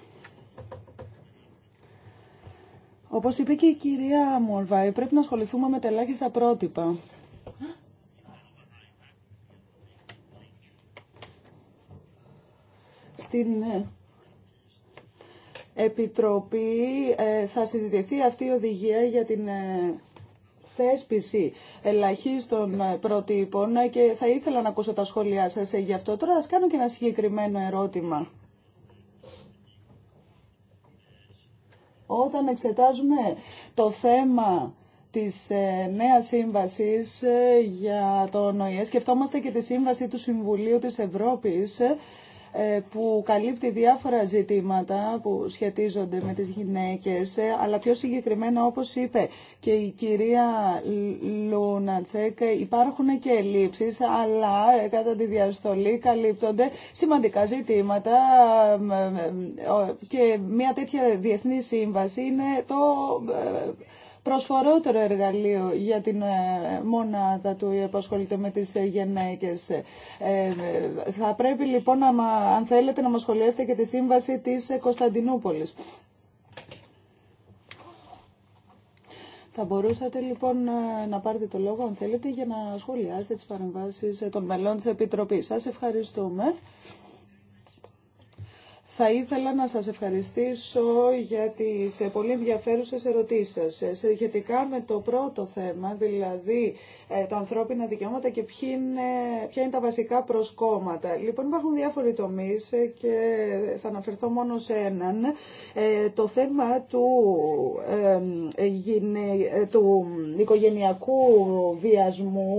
Όπως είπε και η κυρία Μορβάη, πρέπει να ασχοληθούμε με τα ελάχιστα πρότυπα. Στην Επιτροπή θα συζητηθεί αυτή η οδηγία για την θέσπιση ελαχίστων προτύπων και θα ήθελα να ακούσω τα σχόλιά σας γι' αυτό. Τώρα σας κάνω και ένα συγκεκριμένο ερώτημα. Όταν εξετάζουμε το θέμα της ε, νέας σύμβασης ε, για τον ΟΗΕ. Σκεφτόμαστε και τη σύμβαση του Συμβουλίου της Ευρώπης ε, ε, που καλύπτει διάφορα ζητήματα που σχετίζονται με τις γυναίκες, ε, αλλά πιο συγκεκριμένα όπως είπε και η κυρία Λούνατσεκ υπάρχουν και ελλείψεις, αλλά ε, κατά τη διαστολή καλύπτονται σημαντικά ζητήματα και μια τέτοια διεθνή σύμβαση είναι το προσφορότερο εργαλείο για την ε, μονάδα του η απασχολείται με τις ε, γυναίκες. Ε, θα πρέπει λοιπόν, αν θέλετε, να μας σχολιάσετε και τη σύμβαση της Κωνσταντινούπολης. Θα μπορούσατε λοιπόν να πάρετε το λόγο, αν θέλετε, για να σχολιάσετε τις παρεμβάσεις των μελών της Επιτροπής. Σας ευχαριστούμε. Θα ήθελα να σας ευχαριστήσω για τις πολύ ενδιαφέρουσες ερωτήσεις σας. Σχετικά με το πρώτο θέμα, δηλαδή ε, τα ανθρώπινα δικαιώματα και ποια είναι, είναι τα βασικά προσκόμματα. Λοιπόν, υπάρχουν διάφοροι τομείς ε, και θα αναφερθώ μόνο σε έναν. Ε, το θέμα του, του οικογενειακού βιασμού,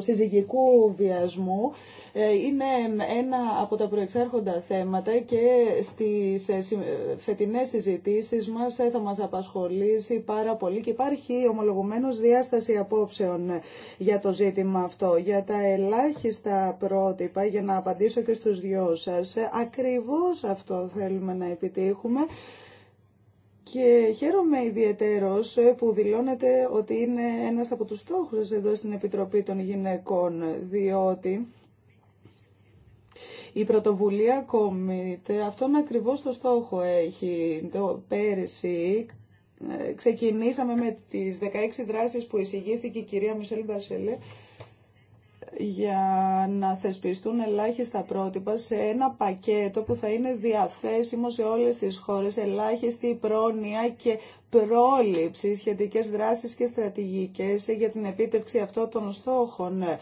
συζυγικού βιασμού, ε, είναι ένα από τα προεξάρχοντα θέματα και στις ε, ε, φετινές συζητήσεις μας θα μας απασχολήσει πάρα πολύ και υπάρχει ομολογουμένως διάσταση απόψεων για το ζήτημα αυτό. Για τα ελάχιστα πρότυπα, για να απαντήσω και στους δυο σας, ακριβώς αυτό θέλουμε να επιτύχουμε. Και χαίρομαι ιδιαιτέρως που δηλώνεται ότι είναι ένας από τους στόχους εδώ στην Επιτροπή των Γυναικών, διότι η πρωτοβουλία Αυτό αυτόν ακριβώς το στόχο έχει. Το πέρυσι ε, ξεκινήσαμε με τις 16 δράσεις που εισηγήθηκε η κυρία Μισελ Μπασελέ για να θεσπιστούν ελάχιστα πρότυπα σε ένα πακέτο που θα είναι διαθέσιμο σε όλες τις χώρες, ελάχιστη πρόνοια και πρόληψη, σχετικές δράσεις και στρατηγικές για την επίτευξη αυτών των στόχων. Ε,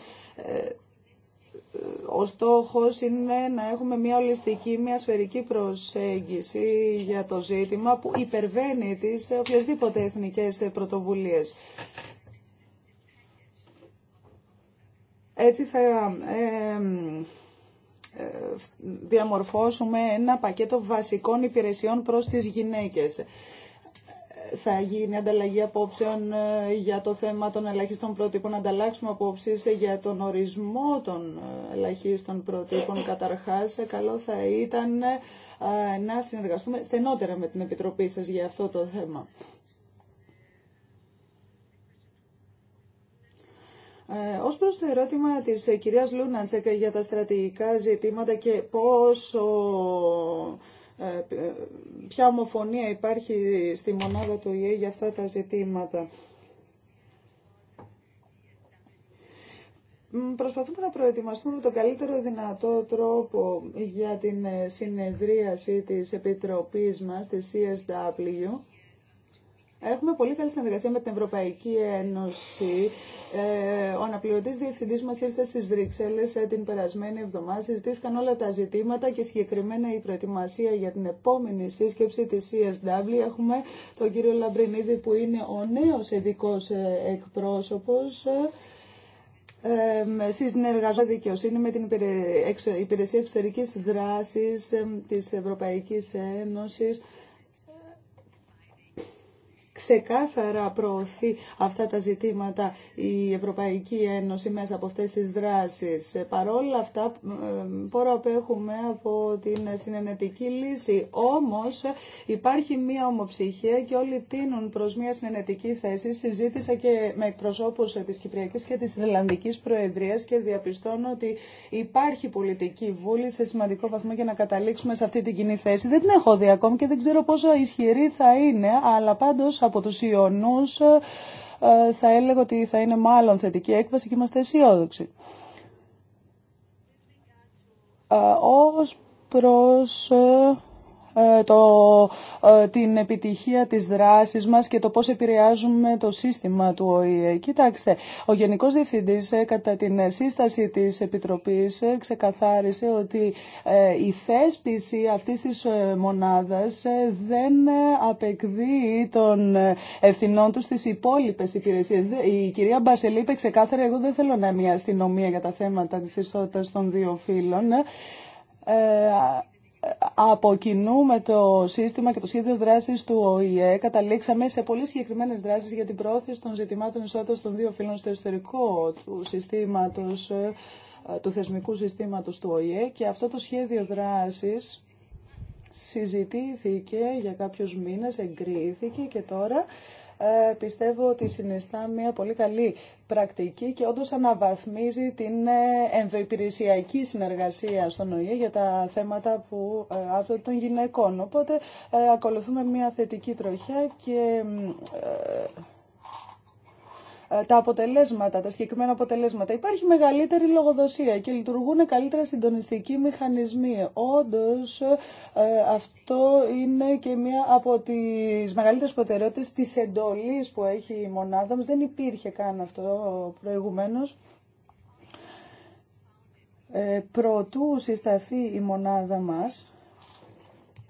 ο στόχος είναι να έχουμε μια ολιστική, μια σφαιρική προσέγγιση για το ζήτημα που υπερβαίνει τις οποιασδήποτε εθνικές πρωτοβουλίες. Έτσι θα ε, διαμορφώσουμε ένα πακέτο βασικών υπηρεσιών προς τις γυναίκες θα γίνει ανταλλαγή απόψεων ε, για το θέμα των ελαχίστων πρότυπων, ανταλλάξουμε απόψει για τον ορισμό των ε, ελαχίστων πρότυπων Καταρχά. Ε, καλό θα ήταν να συνεργαστούμε στενότερα με την Επιτροπή σας για αυτό το θέμα. Ε, ως προς το ερώτημα της κυρίας Λούναντσεκ για τα στρατηγικά ζητήματα και πόσο ε, ποια ομοφωνία υπάρχει στη μονάδα του ΙΕ για αυτά τα ζητήματα. Προσπαθούμε να προετοιμαστούμε με τον καλύτερο δυνατό τρόπο για την συνεδρίαση της Επιτροπής μας, της CSW. Έχουμε πολύ καλή συνεργασία με την Ευρωπαϊκή Ένωση. Ε, ο αναπληρωτή διευθυντής μας ήρθε στις Βρυξέλλες ε, την περασμένη εβδομάδα. Συζητήθηκαν όλα τα ζητήματα και συγκεκριμένα η προετοιμασία για την επόμενη σύσκεψη τη CSW. Έχουμε τον κύριο Λαμπρινίδη που είναι ο νέο ειδικό ε, εκπρόσωπος ε, συνεργαζόταν δικαιοσύνη με την Υπηρεσία Εξωτερικής Δράσης της Ευρωπαϊκής Ένωσης ξεκάθαρα προωθεί αυτά τα ζητήματα η Ευρωπαϊκή Ένωση μέσα από αυτές τις δράσεις. Παρόλα αυτά, που απέχουμε από την συνενετική λύση. Όμως υπάρχει μία ομοψυχία και όλοι τίνουν προς μία συνενετική θέση. Συζήτησα και με εκπροσώπους της Κυπριακής και της Ιρλανδικής Προεδρίας και διαπιστώνω ότι υπάρχει πολιτική βούλη σε σημαντικό βαθμό για να καταλήξουμε σε αυτή την κοινή θέση. Δεν την έχω δει ακόμη και δεν ξέρω πόσο ισχυρή θα είναι, αλλά πάντως από τους Ιωνούς ε, ε, θα έλεγα ότι θα είναι μάλλον θετική έκβαση και είμαστε αισιόδοξοι. Ε, ως προς ε, το, ε, την επιτυχία της δράσης μας και το πώς επηρεάζουμε το σύστημα του ΟΗΕ. Κοιτάξτε, ο Γενικός Διευθυντής ε, κατά την σύσταση της Επιτροπής ξεκαθάρισε ότι η θέσπιση αυτής της μονάδας δεν απεκδεί των ευθυνών του στις υπόλοιπες υπηρεσίες. Η κυρία Μπασελή είπε ξεκάθαρα, εγώ δεν θέλω να είμαι μια αστυνομία για τα θέματα της ισότητας των δύο φύλων από κοινού με το σύστημα και το σχέδιο δράση του ΟΗΕ καταλήξαμε σε πολύ συγκεκριμένε δράσει για την πρόθεση των ζητημάτων ισότητα των δύο φύλων στο εσωτερικό του συστήματο ε, του θεσμικού συστήματος του ΟΗΕ και αυτό το σχέδιο δράσης συζητήθηκε για κάποιου μήνες, εγκρίθηκε και τώρα ε, πιστεύω ότι συνιστά μια πολύ καλή πρακτική και όντω αναβαθμίζει την ε, ενδοϊπηρεσιακή συνεργασία στον ΟΗΕ για τα θέματα που ε, άπτονται των γυναικών. Οπότε ακολουθούμε μια θετική τροχιά και ε, τα αποτελέσματα, τα συγκεκριμένα αποτελέσματα. Υπάρχει μεγαλύτερη λογοδοσία και λειτουργούν καλύτερα συντονιστικοί μηχανισμοί. Όντω, ε, αυτό είναι και μία από τι μεγαλύτερε προτεραιότητε τη εντολή που έχει η μονάδα μα. Δεν υπήρχε καν αυτό προηγουμένω. Ε, προτού συσταθεί η μονάδα μας,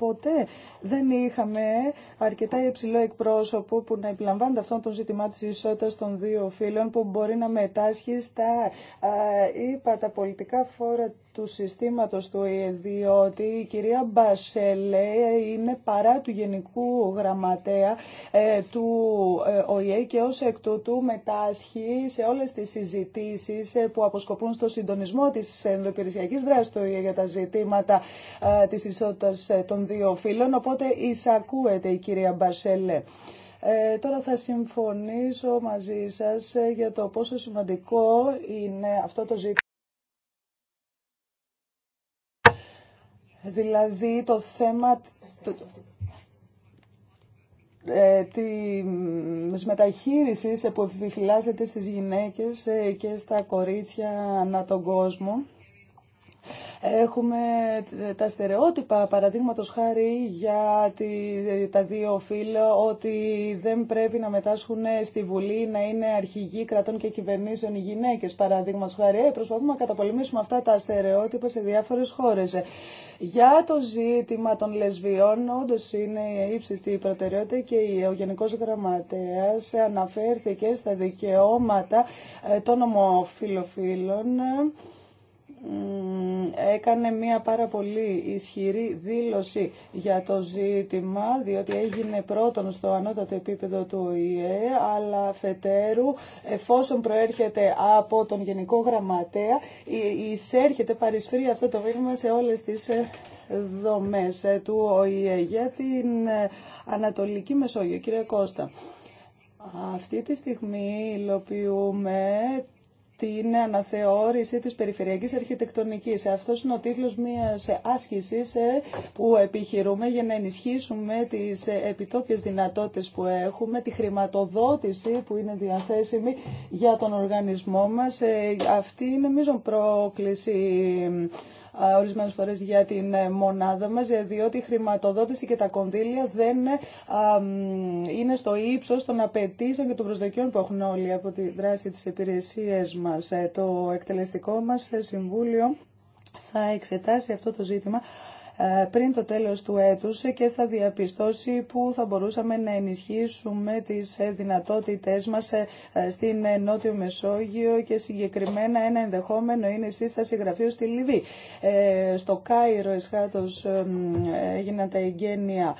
ποτέ δεν είχαμε αρκετά υψηλό εκπρόσωπο που να επιλαμβάνεται αυτό τον ζήτημα τη ισότητα των δύο φίλων που μπορεί να μετάσχει στα τα πολιτικά φόρα του συστήματος του ΟΗΕ, διότι η κυρία Μπασελέ είναι παρά του Γενικού Γραμματέα ε, του ε, ΟΗΕ και ως εκ τούτου μετάσχει σε όλες τις συζητήσεις ε, που αποσκοπούν στο συντονισμό της ενδοπηρεσιακής δράσης του ΟΗΕ για τα ζητήματα της ισότητας των δύο φύλων, οπότε εισακούεται η κυρία Μπασελέ. Ε, τώρα θα συμφωνήσω μαζί σας για το πόσο σημαντικό είναι αυτό το ζήτημα. Δηλαδή το θέμα ε, της μεταχείρισης που επιφυλάσσεται στις γυναίκες ε, και στα κορίτσια ανά τον κόσμο. Έχουμε τα στερεότυπα, παραδείγματο χάρη για τη, τα δύο φύλλα, ότι δεν πρέπει να μετάσχουν στη Βουλή, να είναι αρχηγοί κρατών και κυβερνήσεων οι γυναίκε, παραδείγματο χάρη. Ε, προσπαθούμε να καταπολεμήσουμε αυτά τα στερεότυπα σε διάφορε χώρε. Για το ζήτημα των λεσβιών, όντω είναι ύψιστη προτεραιότητα και ο Γενικό Γραμματέα αναφέρθηκε στα δικαιώματα ε, των ομοφιλοφίλων έκανε μια πάρα πολύ ισχυρή δήλωση για το ζήτημα, διότι έγινε πρώτον στο ανώτατο επίπεδο του ΟΗΕ, αλλά φετέρου εφόσον προέρχεται από τον Γενικό Γραμματέα, εισέρχεται παρισφρή αυτό το βήμα σε όλες τις ε, δομές ε, του ΟΗΕ για την ε, Ανατολική Μεσόγειο. Κύριε Κώστα, αυτή τη στιγμή υλοποιούμε την αναθεώρηση της περιφερειακής αρχιτεκτονικής. Αυτός είναι ο τίτλος μιας άσκησης ε, που επιχειρούμε για να ενισχύσουμε τις ε, επιτόπιες δυνατότητες που έχουμε, τη χρηματοδότηση που είναι διαθέσιμη για τον οργανισμό μας. Ε, αυτή είναι μείζον πρόκληση ορισμένες φορές για την ε, μονάδα μας, ε, διότι η χρηματοδότηση και τα κονδύλια δεν ε, είναι στο ύψος των απαιτήσεων και των προσδοκιών που έχουν όλοι από τη δράση της υπηρεσίας μας. Το εκτελεστικό μας συμβούλιο θα εξετάσει αυτό το ζήτημα ε, πριν το τέλος του έτους και θα διαπιστώσει που θα μπορούσαμε να ενισχύσουμε τις ε, δυνατότητές μας ε, στην Νότιο Μεσόγειο και συγκεκριμένα ένα ενδεχόμενο είναι η σύσταση γραφείου στη Λιβύη. Στο Κάιρο εσχάτως έγιναν τα εγγένεια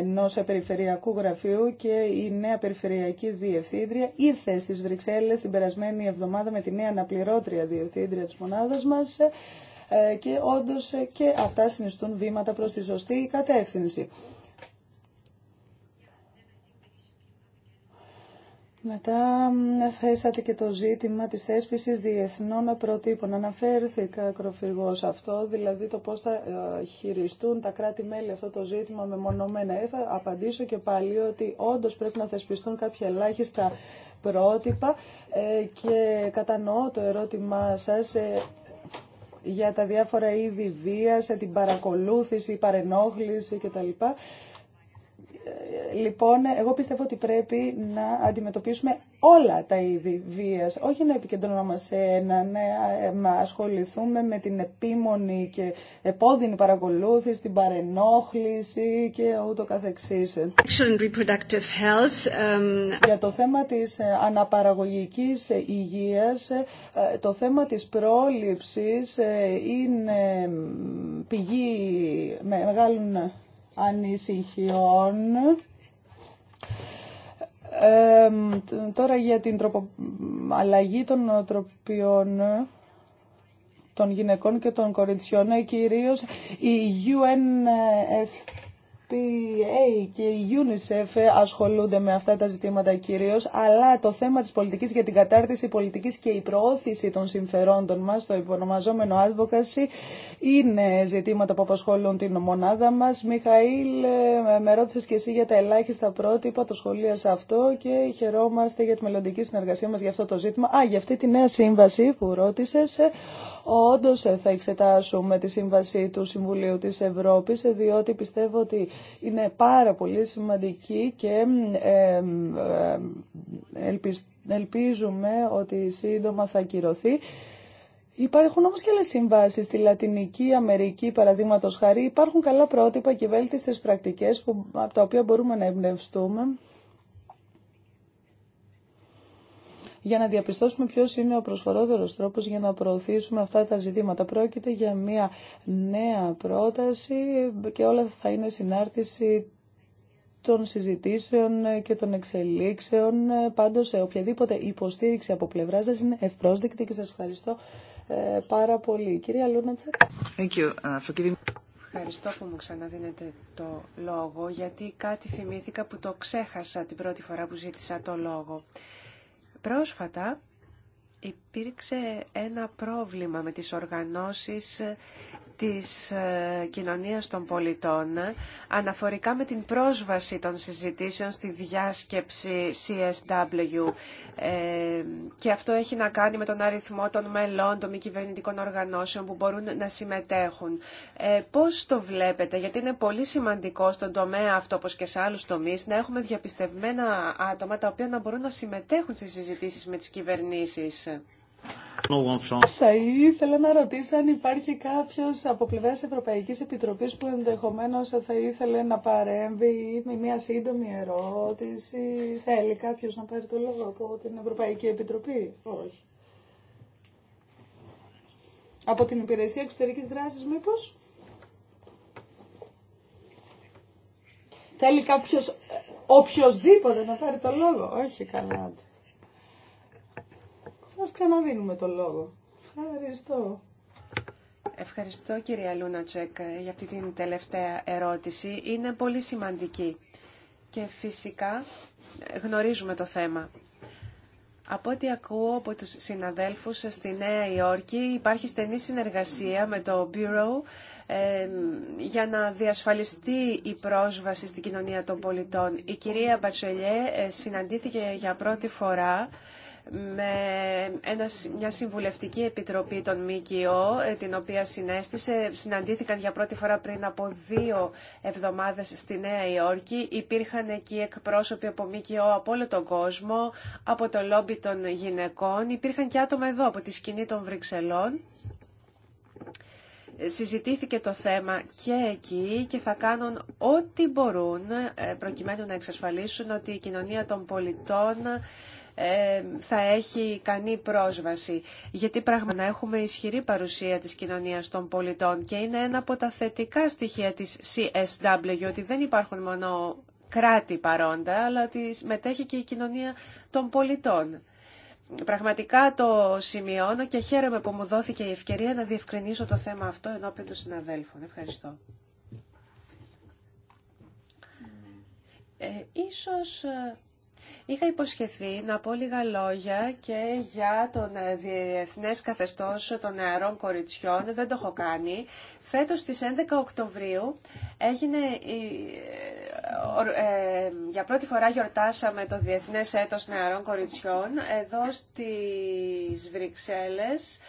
ενό περιφερειακού γραφείου και η νέα περιφερειακή διευθύντρια ήρθε στις Βρυξέλλες την περασμένη εβδομάδα με τη νέα αναπληρώτρια διευθύντρια της μονάδας μας ε, και όντως ε, και αυτά συνιστούν βήματα προς τη σωστή κατεύθυνση. Μετά θέσατε και το ζήτημα της θέσπισης διεθνών προτύπων. Αναφέρθηκα ακροφυγώς αυτό, δηλαδή το πώς θα ε, χειριστούν τα κράτη-μέλη αυτό το ζήτημα μεμονωμένα. μονόμενα θα απαντήσω και πάλι ότι όντως πρέπει να θεσπιστούν κάποια ελάχιστα πρότυπα και κατανοώ το ερώτημά σας για τα διάφορα είδη βίας, την παρακολούθηση, παρενόχληση κτλ λοιπόν, εγώ πιστεύω ότι πρέπει να αντιμετωπίσουμε όλα τα είδη βίας, όχι να επικεντρωνόμαστε σε ένα, ναι, να ασχοληθούμε με την επίμονη και επώδυνη παρακολούθηση, την παρενόχληση και ούτω καθεξής. Um, Για το θέμα της αναπαραγωγικής υγείας, ε, το θέμα της πρόληψης ε, είναι πηγή μεγάλων ανησυχιών. τώρα για την τροπο... αλλαγή των νοοτροπιών των γυναικών και των κοριτσιών, ε, κυρίως η UNF USPA και η UNICEF ασχολούνται με αυτά τα ζητήματα κυρίω, αλλά το θέμα τη πολιτική για την κατάρτιση πολιτική και η προώθηση των συμφερόντων μα το υπονομαζόμενο advocacy, είναι ζητήματα που απασχολούν την μονάδα μα. Μιχαήλ, ε, με ρώτησε και εσύ για τα ελάχιστα πρότυπα, το σε αυτό και χαιρόμαστε για τη μελλοντική συνεργασία μα για αυτό το ζήτημα. Α, για αυτή τη νέα σύμβαση που ρώτησε. Ε, Όντω ε, θα εξετάσουμε τη σύμβαση του Συμβουλίου της Ευρώπης, ε, διότι πιστεύω ότι είναι πάρα πολύ σημαντική και ε, ελπίζουμε ότι σύντομα θα ακυρωθεί. Υπάρχουν όμως και άλλες συμβάσεις στη Λατινική Αμερική, παραδείγματος χάρη. Υπάρχουν καλά πρότυπα και βέλτιστες πρακτικές που, από τα οποία μπορούμε να εμπνευστούμε. για να διαπιστώσουμε ποιο είναι ο προσφορότερο τρόπος για να προωθήσουμε αυτά τα ζητήματα. Πρόκειται για μια νέα πρόταση και όλα θα είναι συνάρτηση των συζητήσεων και των εξελίξεων. Πάντως, οποιαδήποτε υποστήριξη από πλευρά σα είναι ευπρόσδεκτη και σας ευχαριστώ ε, πάρα πολύ. Κυρία Λούνατσεκ. Thank you uh, Ευχαριστώ που μου ξαναδίνετε το λόγο, γιατί κάτι θυμήθηκα που το ξέχασα την πρώτη φορά που ζήτησα το λόγο. Πρόσφατα υπήρξε ένα πρόβλημα με τις οργανώσεις της ε, κοινωνίας των πολιτών αναφορικά με την πρόσβαση των συζητήσεων στη διάσκεψη CSW ε, και αυτό έχει να κάνει με τον αριθμό των μελών των μη κυβερνητικών οργανώσεων που μπορούν να συμμετέχουν. Ε, πώς το βλέπετε, γιατί είναι πολύ σημαντικό στον τομέα αυτό όπως και σε άλλους τομείς να έχουμε διαπιστευμένα άτομα τα οποία να μπορούν να συμμετέχουν στις συζητήσεις με τις κυβερνήσεις. Θα ήθελα να ρωτήσω αν υπάρχει κάποιο από πλευρά Ευρωπαϊκή Επιτροπής που ενδεχομένως θα ήθελε να παρέμβει με μια σύντομη ερώτηση. Θέλει κάποιο να πάρει το λόγο από την Ευρωπαϊκή Επιτροπή. Όχι. Από την Υπηρεσία Εξωτερικής Δράσης μήπω, Θέλει κάποιο ε, οποιοδήποτε να πάρει το λόγο. Όχι καλά. Σα ξαναδίνουμε το λόγο. Ευχαριστώ. Ευχαριστώ κυρία Λούνατσεκ Τσέκ για αυτή την τελευταία ερώτηση. Είναι πολύ σημαντική και φυσικά γνωρίζουμε το θέμα. Από ό,τι ακούω από τους συναδέλφους στη Νέα Υόρκη υπάρχει στενή συνεργασία με το Bureau για να διασφαλιστεί η πρόσβαση στην κοινωνία των πολιτών. Η κυρία Μπατσελιέ ε, συναντήθηκε για πρώτη φορά με μια συμβουλευτική επιτροπή των ΜΚΟ, ε, την οποία συνέστησε. Συναντήθηκαν για πρώτη φορά πριν από δύο εβδομάδες στη Νέα Υόρκη. Υπήρχαν εκεί εκπρόσωποι από ΜΚΟ από όλο τον κόσμο, από το λόμπι των γυναικών. Υπήρχαν και άτομα εδώ από τη σκηνή των Βρυξελών. Συζητήθηκε το θέμα και εκεί και θα κάνουν ό,τι μπορούν ε, προκειμένου να εξασφαλίσουν ότι η κοινωνία των πολιτών ε, θα έχει ικανή πρόσβαση. Γιατί να έχουμε ισχυρή παρουσία της κοινωνίας των πολιτών και είναι ένα από τα θετικά στοιχεία της CSW ότι δεν υπάρχουν μόνο κράτη παρόντα, αλλά ότι μετέχει και η κοινωνία των πολιτών. Πραγματικά το σημειώνω και χαίρομαι που μου δόθηκε η ευκαιρία να διευκρινίσω το θέμα αυτό ενώπιον των συναδέλφων. Ευχαριστώ. Ε, ίσως ε, Είχα υποσχεθεί να πω λίγα λόγια και για τον ε, διεθνές καθεστώς των νεαρών κοριτσιών. Δεν το έχω κάνει. Φέτος στις 11 Οκτωβρίου έγινε η ε, ε, ε, για πρώτη φορά γιορτάσαμε το Διεθνές Έτος Νεαρών Κοριτσιών εδώ στις Βρυξέλλες.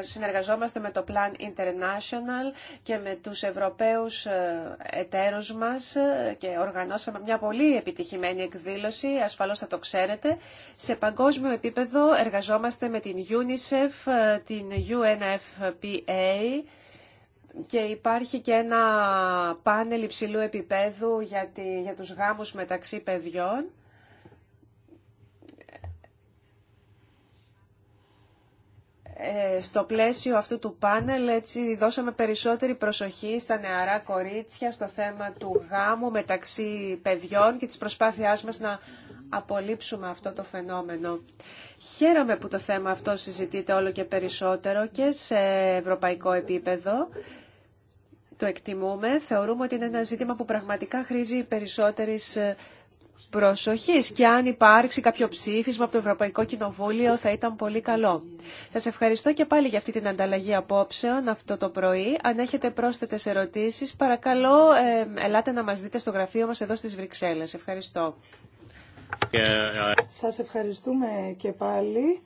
Συνεργαζόμαστε με το Plan International και με τους Ευρωπαίους εταίρους μας και οργανώσαμε μια πολύ επιτυχημένη εκδήλωση, ασφαλώς θα το ξέρετε. Σε παγκόσμιο επίπεδο εργαζόμαστε με την UNICEF, την UNFPA, και υπάρχει και ένα πάνελ υψηλού επίπεδου για, τη, για τους γάμους μεταξύ παιδιών. Ε, στο πλαίσιο αυτού του πάνελ έτσι δώσαμε περισσότερη προσοχή στα νεαρά κορίτσια, στο θέμα του γάμου μεταξύ παιδιών και της προσπάθειάς μας να απολύψουμε αυτό το φαινόμενο. Χαίρομαι που το θέμα αυτό συζητείται όλο και περισσότερο και σε ευρωπαϊκό επίπεδο το εκτιμούμε. Θεωρούμε ότι είναι ένα ζήτημα που πραγματικά χρήζει περισσότερη ε, προσοχής και αν υπάρξει κάποιο ψήφισμα από το Ευρωπαϊκό Κοινοβούλιο θα ήταν πολύ καλό. Σας ευχαριστώ και πάλι για αυτή την ανταλλαγή απόψεων αυτό το πρωί. Αν έχετε πρόσθετες ερωτήσεις παρακαλώ ε, ελάτε να μας δείτε στο γραφείο μας εδώ στις Βρυξέλλες. Ευχαριστώ. Ε, Σας ευχαριστούμε και πάλι.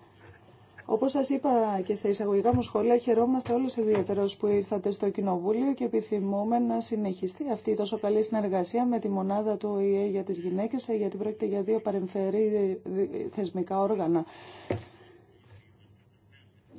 Όπω σα είπα και στα εισαγωγικά μου σχόλια, χαιρόμαστε όλου ιδιαίτερω που ήρθατε στο Κοινοβούλιο και επιθυμούμε να συνεχιστεί αυτή η τόσο καλή συνεργασία με τη μονάδα του ΟΗΕ για τις γυναίκες, γιατί πρόκειται για δύο παρεμφερή ε, ε, θεσμικά όργανα.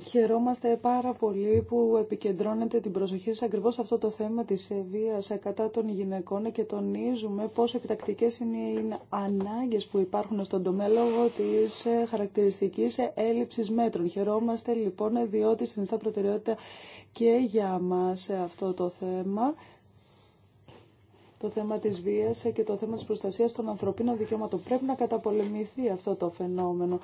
Χαιρόμαστε πάρα πολύ που επικεντρώνετε την προσοχή σας ακριβώς σε αυτό το θέμα της βίας ε, κατά των γυναικών ε, και τονίζουμε πόσο επιτακτικές είναι οι ανάγκες που υπάρχουν στον τομέα λόγω της ε, χαρακτηριστικής έλλειψης μέτρων. Χαιρόμαστε λοιπόν διότι συνιστά προτεραιότητα και για μας αυτό το θέμα το θέμα της βίας και το θέμα της προστασίας των ανθρωπίνων δικαιωμάτων. Πρέπει να καταπολεμηθεί αυτό το φαινόμενο.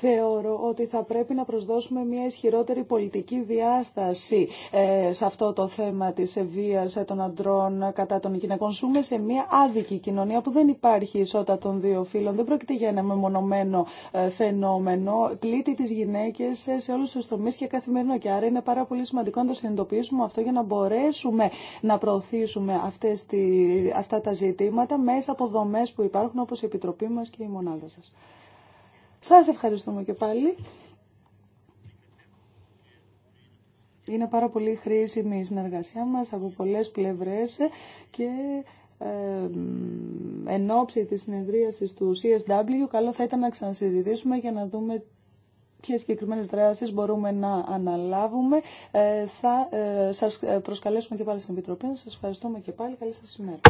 Θεωρώ ότι θα πρέπει να προσδώσουμε μια ισχυρότερη πολιτική διάσταση ε, σε αυτό το θέμα της βίας των αντρών κατά των γυναικών. Ζούμε σε μια άδικη κοινωνία που δεν υπάρχει ισότητα των δύο φύλων. Δεν πρόκειται για ένα μεμονωμένο ε, φαινόμενο. Πλήττει τις γυναίκες σε όλους τους τομείς και καθημερινό. Και άρα είναι πάρα πολύ σημαντικό να το συνειδητοποιήσουμε αυτό για να μπορέσουμε να προωθήσουμε αυτές τη, αυτά τα ζητήματα μέσα από δομές που υπάρχουν όπως η Επιτροπή μα και η μονάδα σα. Σας ευχαριστούμε και πάλι. Είναι πάρα πολύ χρήσιμη η συνεργασία μας από πολλές πλευρές και ε, εν ώψη της συνεδρίασης του CSW καλό θα ήταν να ξανασυζητήσουμε για να δούμε ποιες συγκεκριμένες δράσεις μπορούμε να αναλάβουμε. Ε, θα ε, σας ε, προσκαλέσουμε και πάλι στην Επιτροπή. Σας ευχαριστούμε και πάλι. Καλή σας ημέρα.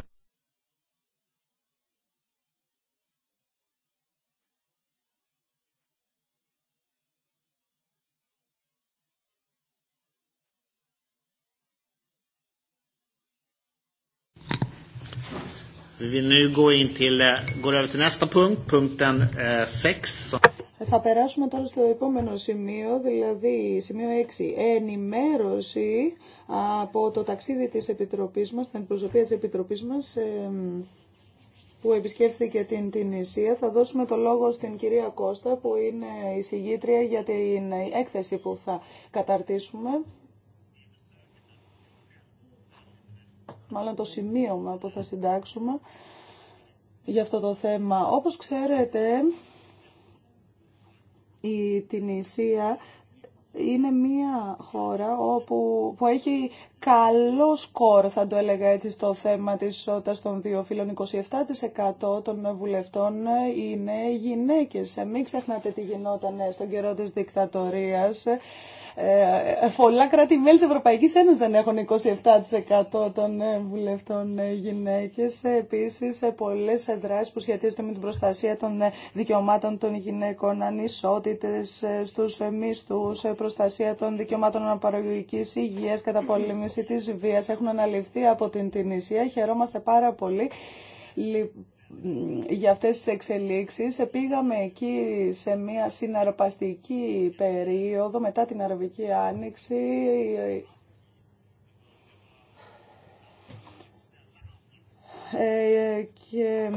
Θα περάσουμε τώρα στο επόμενο σημείο, δηλαδή σημείο 6, ενημέρωση από το ταξίδι της Επιτροπής μας, την αντιπροσωπεία της Επιτροπής μας που επισκέφθηκε την, την Θα δώσουμε το λόγο στην κυρία Κώστα που είναι η συγγήτρια για την έκθεση που θα καταρτήσουμε. μάλλον το σημείωμα που θα συντάξουμε για αυτό το θέμα. Όπως ξέρετε, η Τινησία είναι μια χώρα όπου, που έχει καλό σκορ, θα το έλεγα έτσι, στο θέμα της ισότητας των δύο φύλων. 27% των βουλευτών είναι γυναίκες. Μην ξεχνάτε τι γινόταν στον καιρό της δικτατορίας πολλά ε, ε, κράτη-μέλη της Ευρωπαϊκής Ένωσης δεν έχουν 27% των ε, βουλευτών γυναίκες. Επίσης, πολλές δράσεις που σχετίζονται με την προστασία των δικαιωμάτων των γυναίκων, ανισότητες στους μισθούς, προστασία των δικαιωμάτων αναπαραγωγικής υγείας, καταπολέμηση της βίας έχουν αναλυφθεί από την Τινησία. Χαιρόμαστε πάρα πολύ για αυτές τις εξελίξεις. Πήγαμε εκεί σε μια συναρπαστική περίοδο μετά την Αραβική Άνοιξη. Ε, και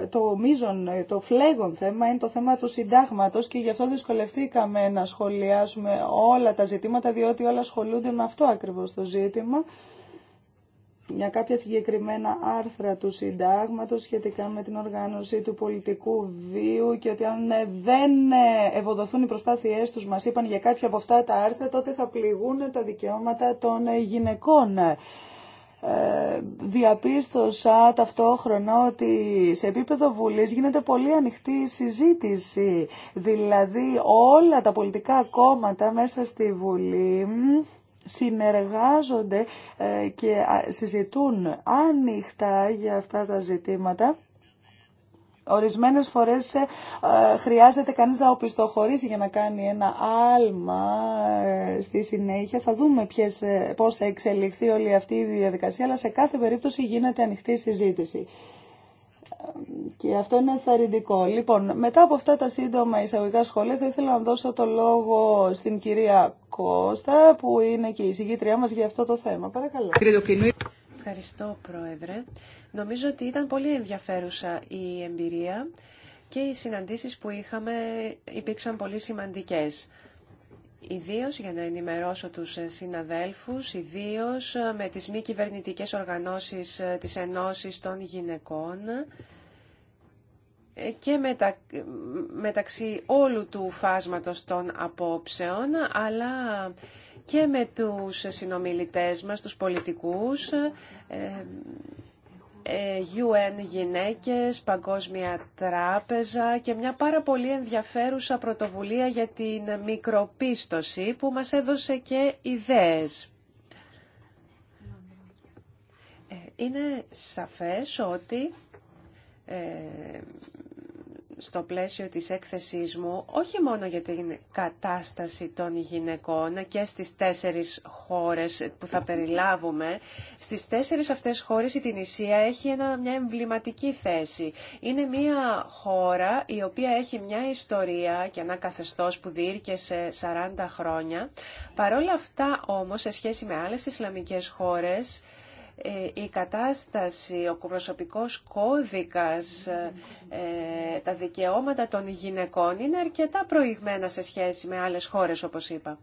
ε, το μείζον, ε, το φλέγον θέμα είναι το θέμα του συντάγματος και γι' αυτό δυσκολευτήκαμε να σχολιάσουμε όλα τα ζητήματα διότι όλα ασχολούνται με αυτό ακριβώς το ζήτημα για κάποια συγκεκριμένα άρθρα του συντάγματος σχετικά με την οργάνωση του πολιτικού βίου και ότι αν ε, δεν ε, ευοδοθούν οι προσπάθειές τους, μας είπαν για κάποια από αυτά τα άρθρα, τότε θα πληγούν τα δικαιώματα των ε, γυναικών. Ε, διαπίστωσα ταυτόχρονα ότι σε επίπεδο Βουλής γίνεται πολύ ανοιχτή συζήτηση. Δηλαδή όλα τα πολιτικά κόμματα μέσα στη Βουλή συνεργάζονται ε, και συζητούν άνοιχτα για αυτά τα ζητήματα. Ορισμένες φορές ε, χρειάζεται κανείς να οπισθοχωρήσει για να κάνει ένα άλμα ε, στη συνέχεια. Θα δούμε ποιες, πώς θα εξελιχθεί όλη αυτή η διαδικασία, αλλά σε κάθε περίπτωση γίνεται ανοιχτή συζήτηση. Και αυτό είναι ενθαρρυντικό. Λοιπόν, μετά από αυτά τα σύντομα εισαγωγικά σχόλια, θα ήθελα να δώσω το λόγο στην κυρία Κώστα, που είναι και η συγκήτριά μας για αυτό το θέμα. Παρακαλώ. Ευχαριστώ, Πρόεδρε. Νομίζω ότι ήταν πολύ ενδιαφέρουσα η εμπειρία και οι συναντήσεις που είχαμε υπήρξαν πολύ σημαντικές. Ιδίω για να ενημερώσω τους συναδέλφους, ιδίω με τις μη κυβερνητικέ οργανώσεις της Ενώσης των Γυναικών, και μεταξύ όλου του φάσματος των απόψεων, αλλά και με τους συνομιλητές μας, τους πολιτικούς, UN ε, ε, Γυναίκες, Παγκόσμια Τράπεζα και μια πάρα πολύ ενδιαφέρουσα πρωτοβουλία για την μικροπίστοση που μας έδωσε και ιδέες. Ε, είναι σαφές ότι στο πλαίσιο της έκθεσής μου όχι μόνο για την κατάσταση των γυναικών και στις τέσσερις χώρες που θα περιλάβουμε. Στις τέσσερις αυτές χώρες η Τινησία έχει μια εμβληματική θέση. Είναι μια χώρα η οποία έχει μια ιστορία και ένα καθεστώς που σε 40 χρόνια. Παρόλα αυτά όμως σε σχέση με άλλες Ισλαμικές χώρες ε, η κατάσταση, ο προσωπικός κώδικας, ε, τα δικαιώματα των γυναικών είναι αρκετά προηγμένα σε σχέση με άλλες χώρες όπως είπα.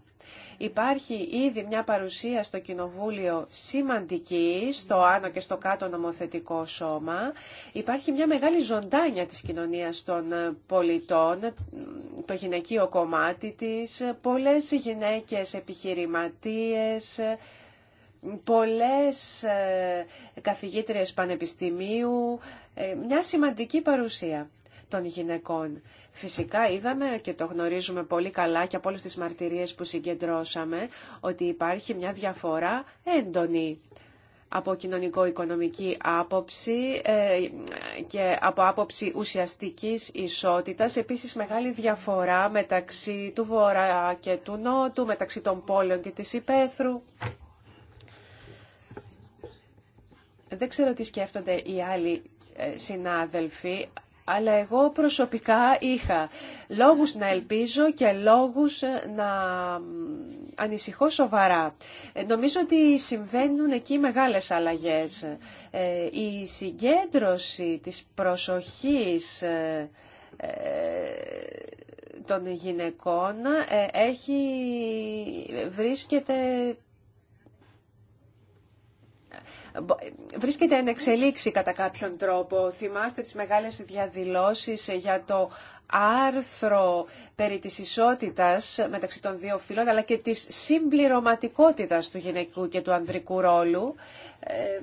Υπάρχει ήδη μια παρουσία στο Κοινοβούλιο σημαντική, στο άνω και στο κάτω νομοθετικό σώμα. Υπάρχει μια μεγάλη ζωντάνια της κοινωνίας των ε, πολιτών, το γυναικείο κομμάτι της, πολλές γυναίκες επιχειρηματίες, πολλές ε, καθηγήτριες πανεπιστημίου, ε, μια σημαντική παρουσία των γυναικών. Φυσικά είδαμε και το γνωρίζουμε πολύ καλά και από όλες τις μαρτυρίες που συγκεντρώσαμε ότι υπάρχει μια διαφορά έντονη από κοινωνικο-οικονομική άποψη ε, και από άποψη ουσιαστικής ισότητας. Επίσης μεγάλη διαφορά μεταξύ του Βορρά και του Νότου, μεταξύ των πόλεων και της Υπέθρου. Δεν ξέρω τι σκέφτονται οι άλλοι ε, συνάδελφοι, αλλά εγώ προσωπικά είχα λόγους να ελπίζω και λόγους ε, να ανησυχώ σοβαρά. Ε, νομίζω ότι συμβαίνουν εκεί μεγάλες αλλαγές. Η συγκέντρωση της προσοχής των γυναικών έχει, βρίσκεται βρίσκεται εν εξελίξη κατά κάποιον τρόπο. Θυμάστε τις μεγάλες διαδηλώσεις για το άρθρο περί της ισότητας μεταξύ των δύο φύλων, αλλά και της συμπληρωματικότητας του γυναικού και του ανδρικού ρόλου. Ε,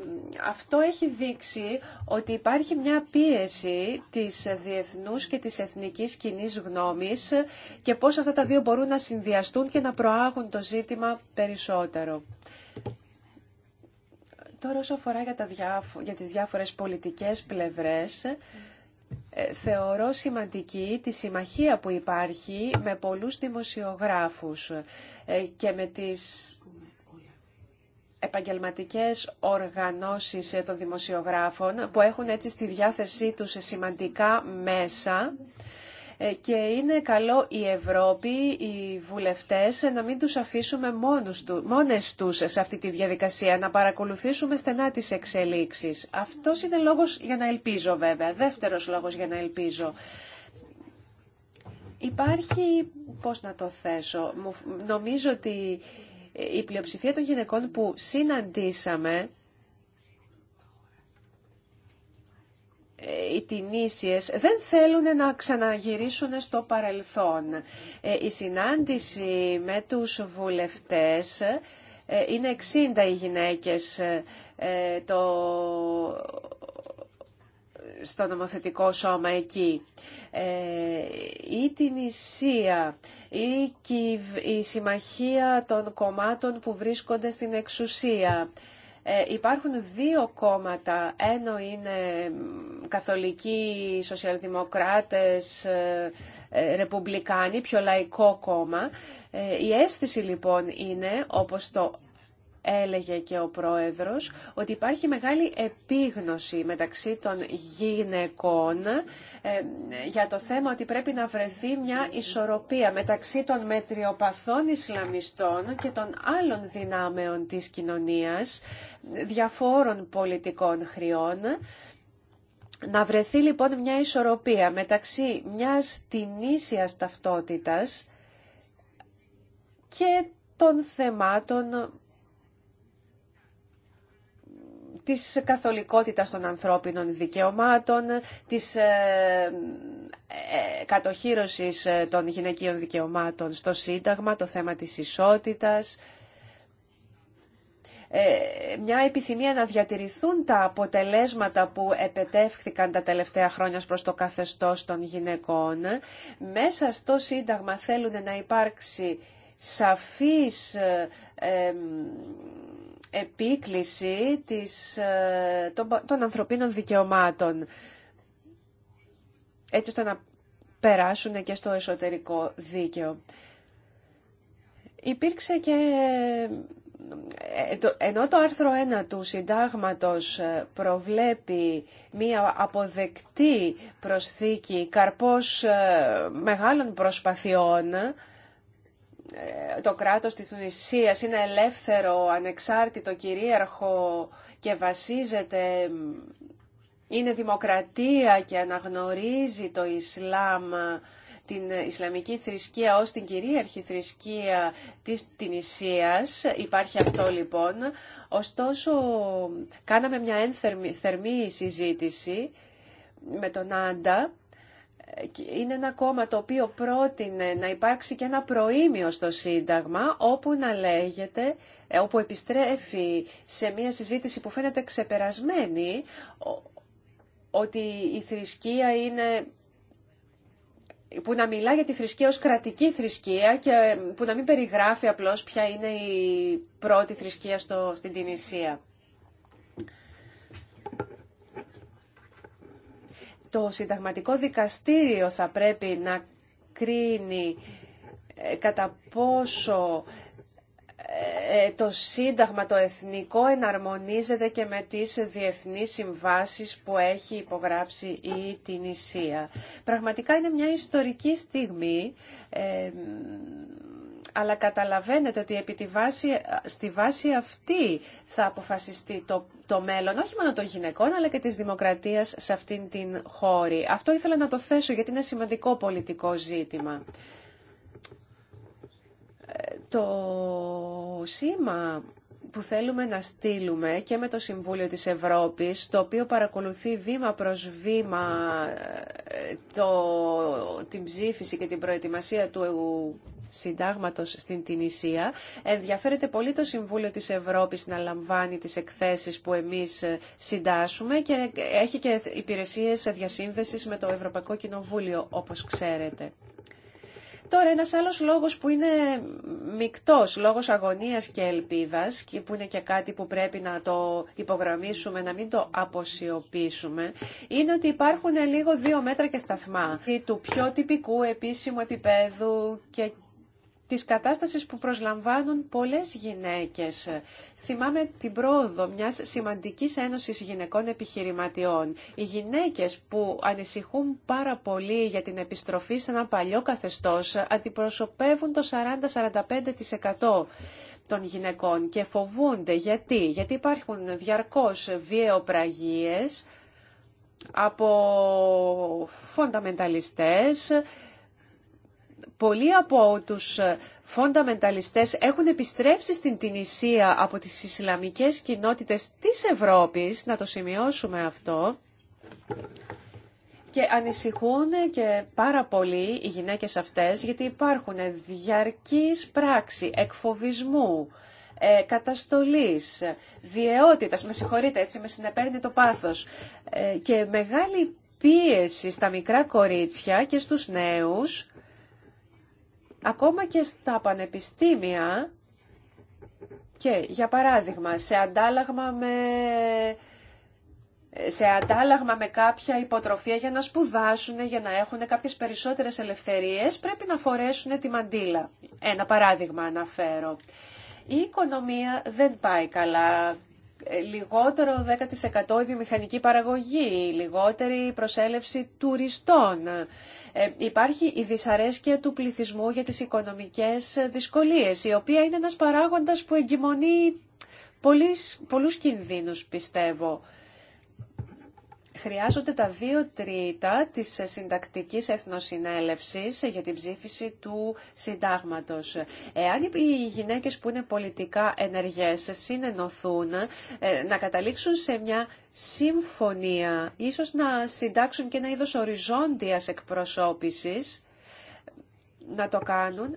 αυτό έχει δείξει ότι υπάρχει μια πίεση της διεθνούς και της εθνικής κοινή γνώμης και πώς αυτά τα δύο μπορούν να συνδυαστούν και να προάγουν το ζήτημα περισσότερο. Τώρα όσο αφορά για, τα διάφο για τις διάφορες πολιτικές πλευρές, ε, θεωρώ σημαντική τη συμμαχία που υπάρχει με πολλούς δημοσιογράφους ε, και με τις επαγγελματικές οργανώσεις ε, των δημοσιογράφων που έχουν έτσι στη διάθεσή τους σημαντικά μέσα ε, και είναι καλό η Ευρώπη, οι βουλευτές, να μην τους αφήσουμε μόνους του, μόνες τους σε αυτή τη διαδικασία, να παρακολουθήσουμε στενά τις εξελίξεις. Αυτός είναι λόγος για να ελπίζω βέβαια, δεύτερος λόγος για να ελπίζω. Υπάρχει, πώς να το θέσω, νομίζω ότι η πλειοψηφία των γυναικών που συναντήσαμε Ε, οι Τινήσιες δεν θέλουν να ξαναγυρίσουν στο παρελθόν. Ε, η συνάντηση με τους βουλευτές ε, είναι 60 οι γυναίκες το... στο νομοθετικό σώμα εκεί. Ή την Ισία ή η την η, η η συμμαχια των Κομμάτων που βρίσκονται στην εξουσία. Ε, υπάρχουν δύο κόμματα. Ένα είναι καθολικοί σοσιαλδημοκράτες, ε, ε, ρεπουμπλικάνοι, πιο λαϊκό κόμμα. Η αίσθηση λοιπόν είναι, όπως το έλεγε και ο πρόεδρος, ότι υπάρχει μεγάλη επίγνωση μεταξύ των γυναικών ε, για το θέμα ότι πρέπει να βρεθεί μια ισορροπία μεταξύ των μετριοπαθών Ισλαμιστών και των άλλων δυνάμεων της κοινωνίας, διαφόρων πολιτικών χριών, να βρεθεί λοιπόν μια ισορροπία μεταξύ μιας τινήσιας ταυτότητας και των θεμάτων της καθολικότητας των ανθρώπινων δικαιωμάτων, της ε, ε, κατοχήρωσης ε, των γυναικείων δικαιωμάτων στο Σύνταγμα, το θέμα της ισότητας, μια επιθυμία να διατηρηθούν τα αποτελέσματα που επετεύχθηκαν τα τελευταία χρόνια προς το καθεστώς των γυναικών. Μέσα στο Σύνταγμα θέλουν να υπάρξει σαφής επίκληση της, ε, των ανθρωπίνων δικαιωμάτων έτσι ώστε να περάσουν και στο εσωτερικό δίκαιο. Υπήρξε και ε, ε, ενώ το άρθρο 1 του συντάγματος προβλέπει μία αποδεκτή προσθήκη καρπός μεγάλων προσπαθειών το κράτος της Τουνησίας είναι ελεύθερο, ανεξάρτητο, κυρίαρχο και βασίζεται, είναι δημοκρατία και αναγνωρίζει το Ισλάμ, την Ισλαμική θρησκεία ως την κυρίαρχη θρησκεία της Τινησίας. Υπάρχει αυτό λοιπόν. Ωστόσο, κάναμε μια ένθερμη θερμή συζήτηση με τον Άντα είναι ένα κόμμα το οποίο πρότεινε να υπάρξει και ένα προήμιο στο Σύνταγμα όπου να λέγεται, ε, όπου επιστρέφει σε μια συζήτηση που φαίνεται ξεπερασμένη ότι η θρησκεία είναι που να μιλά για τη θρησκεία ως κρατική θρησκεία και ε, που να μην περιγράφει απλώς ποια είναι η πρώτη θρησκεία στο, στην Τινησία. Το συνταγματικό δικαστήριο θα πρέπει να κρίνει ε, κατά πόσο ε, ε, το Σύνταγμα το Εθνικό εναρμονίζεται και με τις διεθνείς συμβάσεις που έχει υπογράψει η Τινησία. Πραγματικά είναι μια ιστορική στιγμή αλλά καταλαβαίνετε ότι επί στη βάση αυτή θα αποφασιστεί το, το μέλλον όχι μόνο των γυναικών αλλά και της δημοκρατίας σε αυτήν την χώρη. Αυτό ήθελα να το θέσω γιατί είναι σημαντικό πολιτικό ζήτημα. Ε, το σήμα που θέλουμε να στείλουμε και με το Συμβούλιο της Ευρώπης, το οποίο παρακολουθεί βήμα προς βήμα ε, το, την ψήφιση και την προετοιμασία του συντάγματος στην Τινησία. Ενδιαφέρεται πολύ το Συμβούλιο της Ευρώπης να λαμβάνει τις εκθέσεις που εμείς ε, συντάσσουμε και έχει και υπηρεσίες διασύνδεσης με το Ευρωπαϊκό Κοινοβούλιο, όπως ξέρετε. Τώρα ένας άλλος λόγος που είναι μικτός, λόγος αγωνίας και ελπίδας και που είναι και κάτι που πρέπει να το υπογραμμίσουμε, να μην το αποσιωπήσουμε, είναι ότι υπάρχουν λίγο δύο μέτρα και σταθμά του πιο τυπικού επίσημου επίπεδου και της κατάστασης που προσλαμβάνουν πολλές γυναίκες. Θυμάμαι την πρόοδο μιας σημαντικής ένωσης γυναικών επιχειρηματιών. Οι γυναίκες που ανησυχούν πάρα πολύ για την επιστροφή σε ένα παλιό καθεστώς αντιπροσωπεύουν το 40-45% των γυναικών και φοβούνται γιατί, γιατί υπάρχουν διαρκώς βιαιοπραγίες από φονταμενταλιστές, πολλοί από τους ε, φονταμενταλιστές έχουν επιστρέψει στην Τινησία από τις Ισλαμικές κοινότητες της Ευρώπης, να το σημειώσουμε αυτό, και ανησυχούν και πάρα πολύ οι γυναίκες αυτές γιατί υπάρχουν διαρκής πράξη εκφοβισμού, ε, καταστολής, βιαιότητας, με συγχωρείτε έτσι με συνεπέρνει το πάθος, ε, και μεγάλη πίεση στα μικρά κορίτσια και στους νέους ακόμα και στα πανεπιστήμια και για παράδειγμα σε αντάλλαγμα με σε αντάλλαγμα με κάποια υποτροφία για να σπουδάσουν, για να έχουν κάποιες περισσότερες ελευθερίες, πρέπει να φορέσουν τη μαντήλα. Ένα παράδειγμα αναφέρω. Η οικονομία δεν πάει καλά. Λιγότερο 10% η βιομηχανική παραγωγή, λιγότερη προσέλευση τουριστών. Ε, υπάρχει η δυσαρέσκεια του πληθυσμού για τις οικονομικές δυσκολίες, η οποία είναι ένας παράγοντας που εγκυμονεί πολλούς κινδύνους, πιστεύω χρειάζονται τα δύο τρίτα της συντακτικής εθνοσυνέλευσης για την ψήφιση του συντάγματος. Εάν οι γυναίκες που είναι πολιτικά ενεργές συνενωθούν ε, να καταλήξουν σε μια συμφωνία, ίσως να συντάξουν και ένα είδος οριζόντιας εκπροσώπησης, να το κάνουν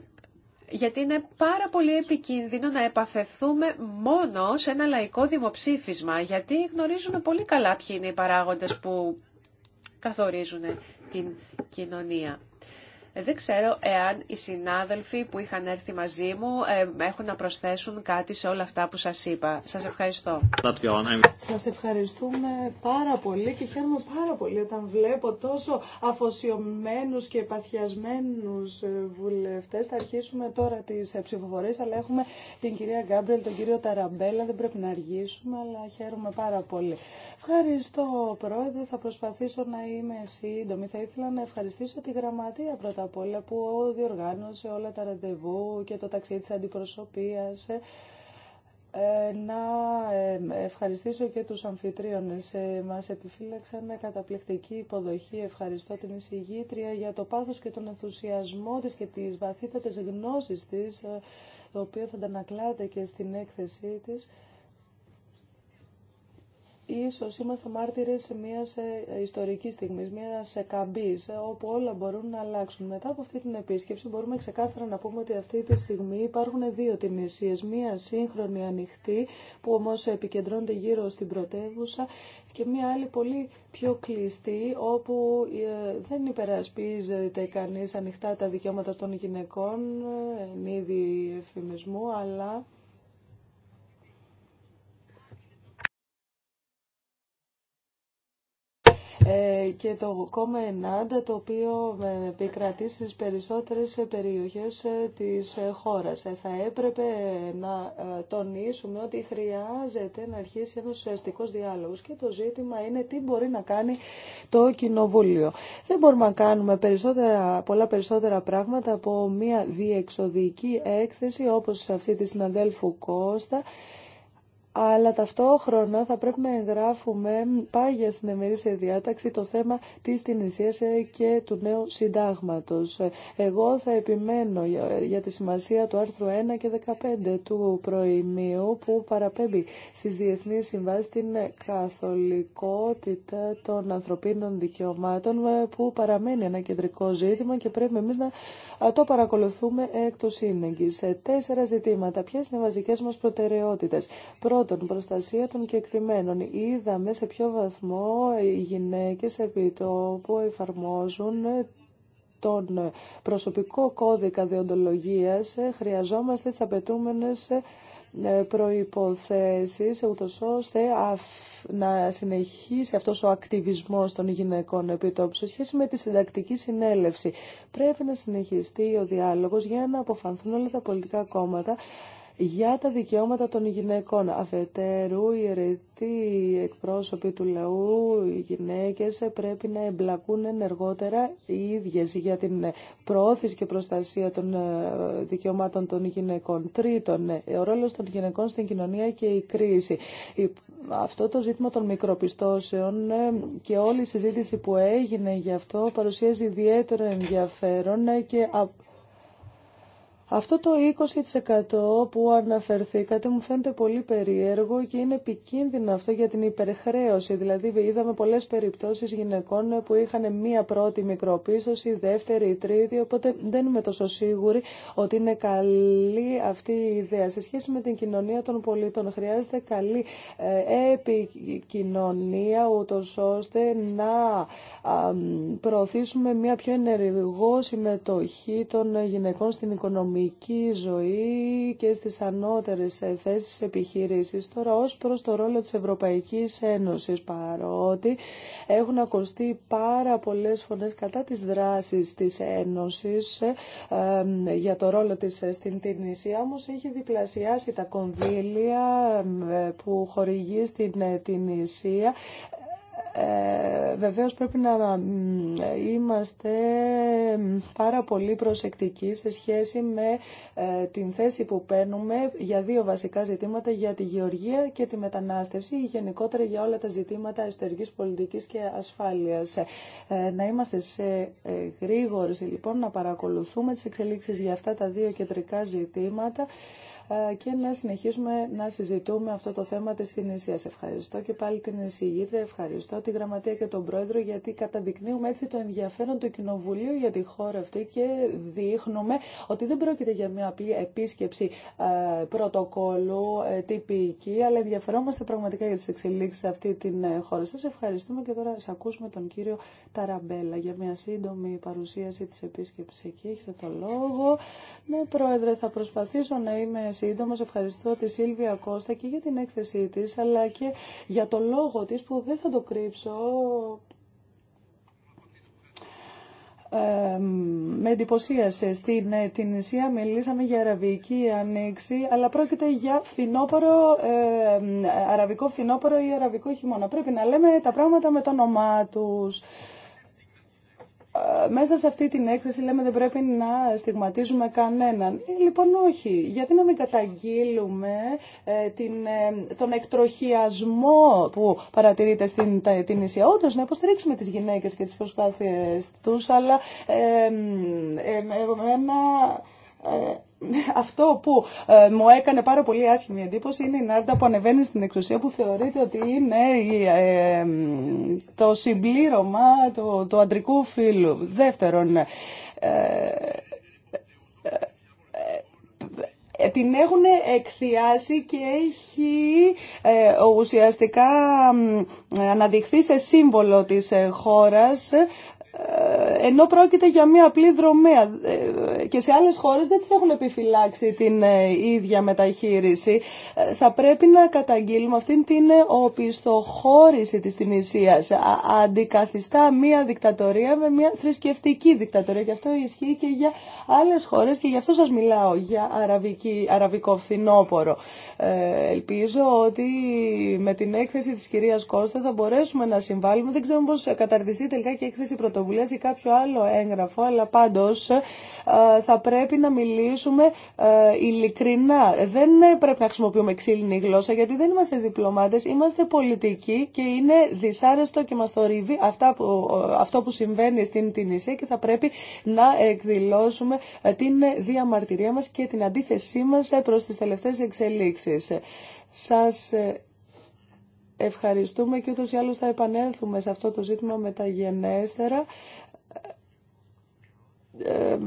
γιατί είναι πάρα πολύ επικίνδυνο να επαφεθούμε μόνο σε ένα λαϊκό δημοψήφισμα, γιατί γνωρίζουμε πολύ καλά ποιοι είναι οι παράγοντες που καθορίζουν την κοινωνία. Δεν ξέρω εάν οι συνάδελφοι που είχαν έρθει μαζί μου ε, έχουν να προσθέσουν κάτι σε όλα αυτά που σας είπα. Σας ευχαριστώ. Σας ευχαριστούμε πάρα πολύ και χαίρομαι πάρα πολύ όταν βλέπω τόσο αφοσιωμένους και παθιασμένους ε, βουλευτές. Θα αρχίσουμε τώρα τις ε, ψηφοφορίες, αλλά έχουμε την κυρία Γκάμπρελ, τον κύριο Ταραμπέλα. Δεν πρέπει να αργήσουμε, αλλά χαίρομαι πάρα πολύ. Ευχαριστώ, Πρόεδρε. Θα προσπαθήσω να είμαι σύντομη. Θα ήθελα να ευχαριστήσω τη Γραμματεία πρώτα από όλα που διοργάνωσε όλα τα ραντεβού και το ταξίδι της αντιπροσωπείας ε, να ε, ευχαριστήσω και τους αμφιτρίωνες. Ε, μας επιφύλαξαν καταπληκτική υποδοχή. Ευχαριστώ την εισηγήτρια για το πάθος και τον ενθουσιασμό της και τις βαθύτατες γνώσεις της, το οποίο θα αντανακλάται και στην έκθεσή της ίσως είμαστε μάρτυρες μια ε, ιστορική στιγμής, μιας ε, καμπής, ε, όπου όλα μπορούν να αλλάξουν. Μετά από αυτή την επίσκεψη μπορούμε ξεκάθαρα να πούμε ότι αυτή τη στιγμή υπάρχουν δύο τυνησίες. Μία σύγχρονη ανοιχτή, που όμως επικεντρώνεται γύρω στην πρωτεύουσα, και μία άλλη πολύ πιο κλειστή, όπου δεν υπερασπίζεται κανείς ανοιχτά τα δικαιώματα των γυναικών, εν είδη εφημισμού, αλλά Ε, και το κόμμα ΕΝΑΝΤΑ το οποίο ε, επικρατεί στις περισσότερες ε, περιοχές της χώρας. Θα έπρεπε να τονίσουμε ότι χρειάζεται να αρχίσει ένας ουσιαστικός διάλογος και το ζήτημα είναι τι μπορεί να κάνει το Κοινοβούλιο. Δεν μπορούμε να κάνουμε περισσότερα, πολλά περισσότερα πράγματα από μια διεξοδική έκθεση όπως αυτή της συναδέλφου Κώστα αλλά ταυτόχρονα θα πρέπει να εγγράφουμε πάγια στην εμερήσια διάταξη το θέμα της Τινησίας ε, και του νέου συντάγματος. Εγώ θα επιμένω για τη σημασία του άρθρου 1 και 15 του προημίου που παραπέμπει στις διεθνείς συμβάσεις την καθολικότητα των ανθρωπίνων δικαιωμάτων ε, που παραμένει ένα κεντρικό ζήτημα και πρέπει εμείς να το παρακολουθούμε εκ του Σε Τέσσερα ζητήματα. Ποιες είναι οι βασικές μας προτεραιότητες των προστασία των κεκτημένων. Είδαμε σε ποιο βαθμό οι γυναίκες επί πού εφαρμόζουν τον προσωπικό κώδικα διοντολογίας. Χρειαζόμαστε τις απαιτούμενες ε, προϋποθέσεις, ούτως ώστε να συνεχίσει αυτός ο ακτιβισμός των γυναικών επιτόπου σε σχέση με τη συντακτική συνέλευση. Πρέπει να συνεχιστεί ο διάλογος για να αποφανθούν όλα τα πολιτικά κόμματα για τα δικαιώματα των γυναικών. Αφετέρου, οι αιρετοί εκπρόσωποι του λαού, οι γυναίκες πρέπει να εμπλακούν ενεργότερα οι ίδιες για την πρόθεση και προστασία των ε, δικαιωμάτων των γυναικών. Τρίτον, ε, ο ρόλος των γυναικών στην κοινωνία και η κρίση. Αυτό το ζήτημα των μικροπιστώσεων ε, και όλη η συζήτηση που έγινε γι' αυτό παρουσιάζει ιδιαίτερο ενδιαφέρον και αυτό το 20% που αναφερθήκατε μου φαίνεται πολύ περίεργο και είναι επικίνδυνο αυτό για την υπερχρέωση. Δηλαδή είδαμε πολλές περιπτώσεις γυναικών που είχαν μία πρώτη μικροπίστωση, δεύτερη, τρίτη, οπότε δεν είμαι τόσο σίγουρη ότι είναι καλή αυτή η ιδέα. Σε σχέση με την κοινωνία των πολιτών χρειάζεται καλή ε, επικοινωνία ούτω ώστε να προωθήσουμε μία πιο ενεργό συμμετοχή των γυναικών στην οικονομία οικονομική ζωή και στις ανώτερες θέσεις επιχειρήσεις. Τώρα ως προς το ρόλο της Ευρωπαϊκής Ένωσης παρότι έχουν ακουστεί πάρα πολλές φωνές κατά της δράσης της Ένωσης για το ρόλο της στην Τινησία όμως έχει διπλασιάσει τα κονδύλια που χορηγεί στην Τινησία ε, βεβαίως πρέπει να είμαστε πάρα πολύ προσεκτικοί σε σχέση με ε, την θέση που παίρνουμε για δύο βασικά ζητήματα, για τη γεωργία και τη μετανάστευση ή γενικότερα για όλα τα ζητήματα εσωτερικής πολιτικής και ασφάλειας. Ε, να είμαστε σε ε, γρήγορες λοιπόν να παρακολουθούμε τις εξελίξεις για αυτά τα δύο κεντρικά ζητήματα ε, και να συνεχίσουμε να συζητούμε αυτό το θέμα της Τινησίας. Ευχαριστώ και πάλι την εισηγήτρια, ευχαριστώ τη Γραμματεία και τον Πρόεδρο γιατί καταδεικνύουμε έτσι το ενδιαφέρον του Κοινοβουλίου για τη χώρα αυτή και δείχνουμε ότι δεν πρόκειται για μια απλή επίσκεψη ε, πρωτοκόλου ε, τυπική, αλλά ενδιαφερόμαστε πραγματικά για τις εξελίξεις σε αυτή την χώρα. Σας ευχαριστούμε και τώρα σας ακούσουμε τον κύριο Ταραμπέλα για μια σύντομη παρουσίαση της επίσκεψης εκεί. Έχετε το λόγο. Ναι, Πρόεδρε, θα προσπαθήσω να είμαι σύντομος. Ευχαριστώ τη Σίλβια Κώστα και για την έκθεσή της, αλλά και για το λόγο της που δεν θα το κρύψω. με εντυπωσίασε. Στην ναι, Ισία μιλήσαμε για αραβική ανοίξη, αλλά πρόκειται για φθινόπωρο, ε, αραβικό φθινόπωρο ή αραβικό χειμώνα. Πρέπει να λέμε τα πράγματα με το όνομά τους. Ε, μέσα σε αυτή την έκθεση λέμε δεν πρέπει να στιγματίζουμε κανέναν. Ε, λοιπόν όχι. Γιατί να μην καταγγείλουμε ε, την, τον εκτροχιασμό που παρατηρείται στην την Όντως να υποστηρίξουμε τις γυναίκες και τις προσπάθειες τους αλλά ε, ε, ε, αυτό που ε, μου έκανε πάρα πολύ άσχημη εντύπωση είναι η Νάρτα που ανεβαίνει στην εξουσία που θεωρείται ότι είναι ε, το συμπλήρωμα του, το αντρικού φύλου. Δεύτερον, ε, την έχουν εκθιάσει και έχει ουσιαστικά αναδειχθεί σε σύμβολο της χώρας ε, ενώ πρόκειται για μια απλή δρομέα ε, και σε άλλες χώρες δεν τις έχουν επιφυλάξει την ε, ίδια μεταχείριση. Θα πρέπει να καταγγείλουμε αυτήν την οπισθοχώρηση της Τινησίας. Αντικαθιστά μια δικτατορία με μια θρησκευτική δικτατορία και αυτό ισχύει και για άλλες χώρες και γι' αυτό σας μιλάω για αραβική, αραβικό φθινόπορο. ελπίζω ότι με την έκθεση της κυρίας Κώστα θα μπορέσουμε να συμβάλλουμε. Δεν ξέρουμε πώς καταρτιστεί τελικά και η έκθεση πρωτοβουλία πρωτοβουλία ή κάποιο άλλο έγγραφο, αλλά πάντως ε, θα πρέπει να μιλήσουμε ε, ειλικρινά. Δεν πρέπει να χρησιμοποιούμε ξύλινη γλώσσα, γιατί δεν είμαστε διπλωμάτες, είμαστε πολιτικοί και είναι δυσάρεστο και μα θορύβει αυτά ε, αυτό που συμβαίνει στην Τινησία και θα πρέπει να εκδηλώσουμε την διαμαρτυρία μας και την αντίθεσή μας προς τις τελευταίες εξελίξεις. Σας Ευχαριστούμε και ούτως ή άλλως θα επανέλθουμε σε αυτό το ζήτημα μεταγενέστερα. Ε,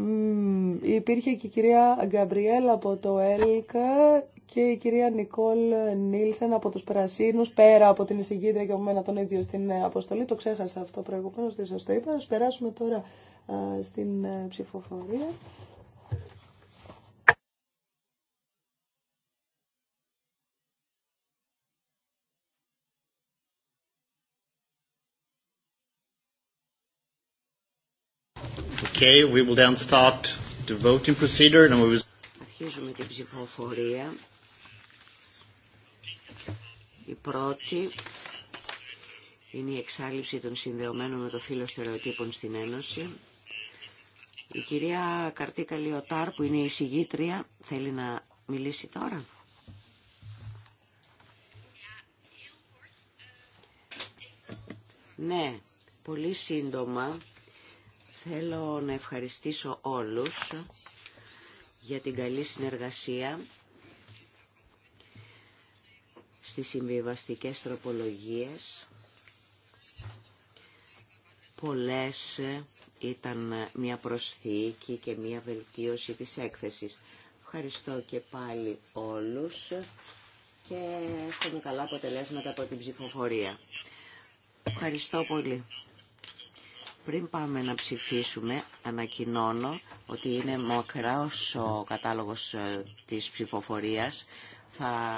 υπήρχε και η κυρία Γκαμπριέλ από το ΕΛΚΑ και η κυρία Νικόλ Νίλσεν από τους Περασίνους, πέρα από την εισηγήτρια και από μένα τον ίδιο στην αποστολή. Το ξέχασα αυτό προηγουμένως, δεν σας το είπα. Ας περάσουμε τώρα στην ε, ψηφοφορία. Okay, we will then start the voting Αρχίζουμε την ψηφοφορία. Η πρώτη είναι η εξάλληψη των συνδεωμένων με το φύλλο στερεοτύπων στην Ένωση. Η κυρία Καρτίκα Λιωτάρ που είναι η συγγήτρια θέλει να μιλήσει τώρα. Ναι, πολύ σύντομα. Θέλω να ευχαριστήσω όλους για την καλή συνεργασία στις συμβιβαστικές τροπολογίες. Πολλές ήταν μια προσθήκη και μια βελτίωση της έκθεσης. Ευχαριστώ και πάλι όλους και έχουμε καλά αποτελέσματα από την ψηφοφορία. Ευχαριστώ πολύ. Πριν πάμε να ψηφίσουμε, ανακοινώνω ότι είναι μόκρα ο κατάλογος ε, της ψηφοφορίας. Θα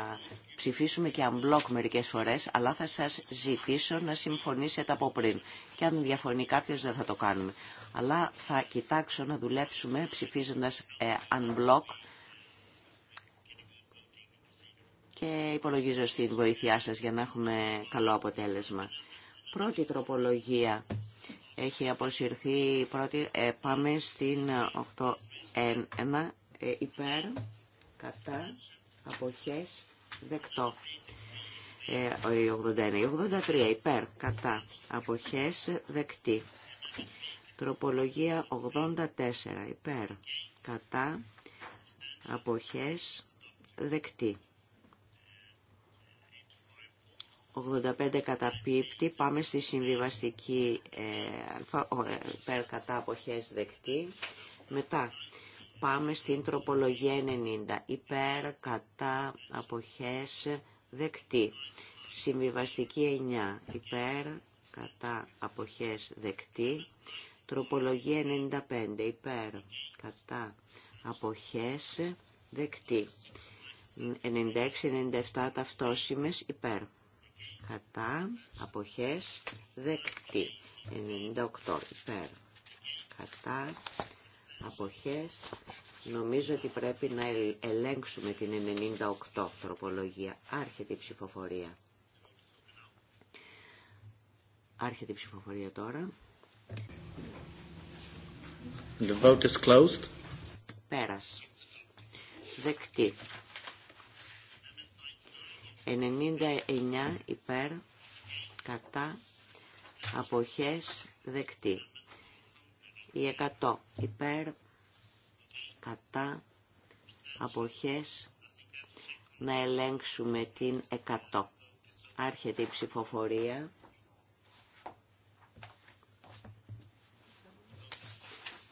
ψηφίσουμε και unblock μερικές φορές, αλλά θα σας ζητήσω να συμφωνήσετε από πριν. Και αν διαφωνεί κάποιος δεν θα το κάνουμε. Αλλά θα κοιτάξω να δουλέψουμε ψηφίζοντας ε, unblock και υπολογίζω στην βοήθειά σας για να έχουμε καλό αποτέλεσμα. Πρώτη τροπολογία έχει αποσυρθεί η πρώτη. Ε, πάμε στην 81, ε, υπέρ, κατά, αποχές, δεκτό. Ε, η 81, η 83 υπέρ, κατά, αποχές, δεκτή. Τροπολογία 84 υπέρ, κατά, αποχές, δεκτή. 85 κατά πίπτη, πάμε στη συμβιβαστική ε, ε κατά αποχές δεκτή. Μετά πάμε στην τροπολογία 90, υπέρ κατά αποχές δεκτή. Συμβιβαστική 9, υπέρ κατά αποχές δεκτή. Τροπολογία 95, υπέρ κατά αποχές δεκτή. 96-97 ταυτόσημες υπέρ κατά αποχές δεκτή 98 υπέρ κατά αποχές νομίζω ότι πρέπει να ελέγξουμε την 98 τροπολογία άρχεται η ψηφοφορία άρχεται η ψηφοφορία τώρα The vote is closed. Πέρας. Δεκτή. 99 υπέρ κατά αποχές δεκτή. Η 100 υπέρ κατά αποχές να ελέγξουμε την 100. Άρχεται η ψηφοφορία.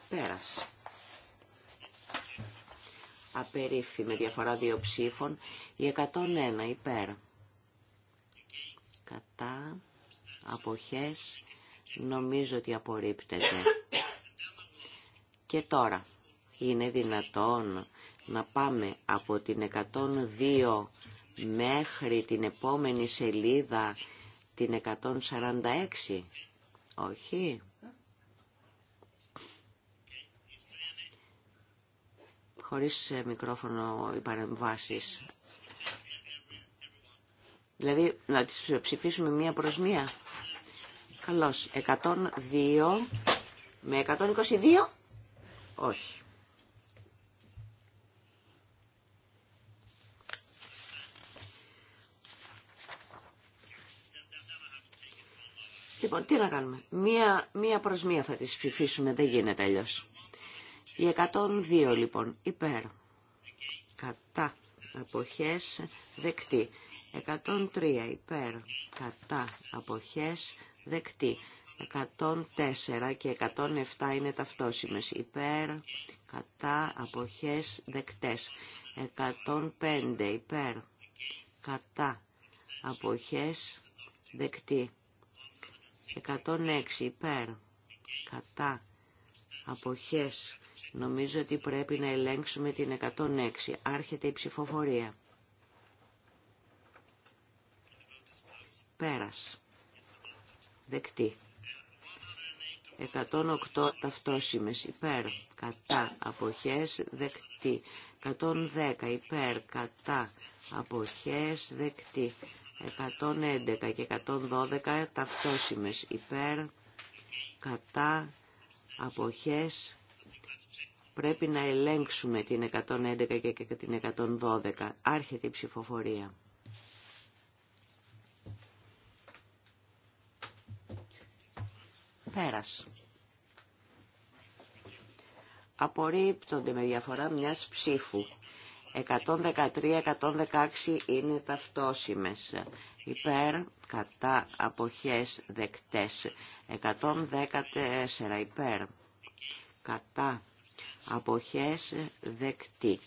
Πέρασε απερίφθη με διαφορά δύο ψήφων, η 101 υπέρ. Κατά αποχές νομίζω ότι απορρίπτεται. Και τώρα είναι δυνατόν να πάμε από την 102 μέχρι την επόμενη σελίδα την 146. Όχι. χωρίς ε, μικρόφωνο οι παρεμβάσεις. Δηλαδή να τις ψηφίσουμε μία προς μία. Καλώς. 102 με 122. Όχι. Λοιπόν, τι να κάνουμε. Μία, μία προς μία θα τις ψηφίσουμε. Δεν γίνεται αλλιώς. Η 102 λοιπόν υπέρ κατά αποχές δεκτή. 103 υπέρ κατά αποχές δεκτή. 104 και 107 είναι ταυτόσιμες υπέρ κατά αποχές δεκτές. 105 υπέρ κατά αποχές δεκτή. 106 υπέρ κατά αποχές Νομίζω ότι πρέπει να ελέγξουμε την 106. Άρχεται η ψηφοφορία. Πέρας. Δεκτή. 108 ταυτόσημες υπέρ, κατά, αποχές, δεκτή. 110 υπέρ, κατά, αποχές, δεκτή. 111 και 112 ταυτόσημες υπέρ, κατά, αποχές, Πρέπει να ελέγξουμε την 111 και την 112. Άρχεται η ψηφοφορία. Πέρας. Απορρίπτονται με διαφορά μιας ψήφου. 113-116 είναι ταυτόσιμες. Υπέρ, κατά, αποχές, δεκτές. 114 υπέρ, κατά, αποχές δεκτή.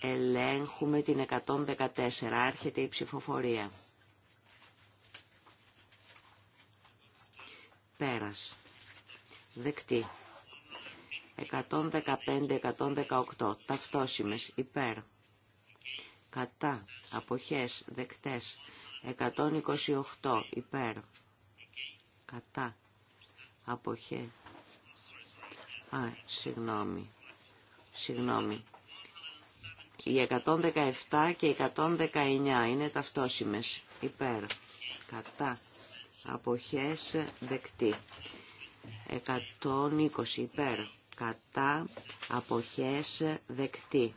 Ελέγχουμε την 114. Άρχεται η ψηφοφορία. Πέρας. Δεκτή. 115-118. Ταυτόσιμες. Υπέρ. Κατά. Αποχές. Δεκτές. 128. Υπέρ. Κατά. Αποχές Α, συγγνώμη. Συγγνώμη. Οι 117 και 119 είναι ταυτόσιμες. Υπέρ. Κατά. Αποχές δεκτή. 120 υπέρ. Κατά. Αποχές δεκτή.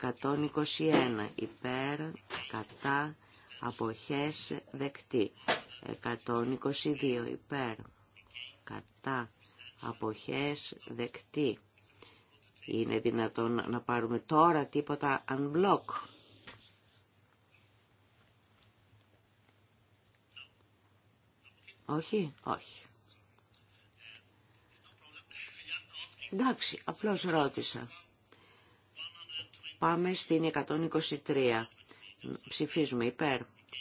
121 υπέρ. Κατά. Αποχές δεκτή. 122 υπέρ. Κατά αποχές δεκτή. Είναι δυνατόν να πάρουμε τώρα τίποτα unblock. Όχι, όχι. Εντάξει, απλώς ρώτησα. Πάμε στην 123. Ψηφίζουμε υπέρ.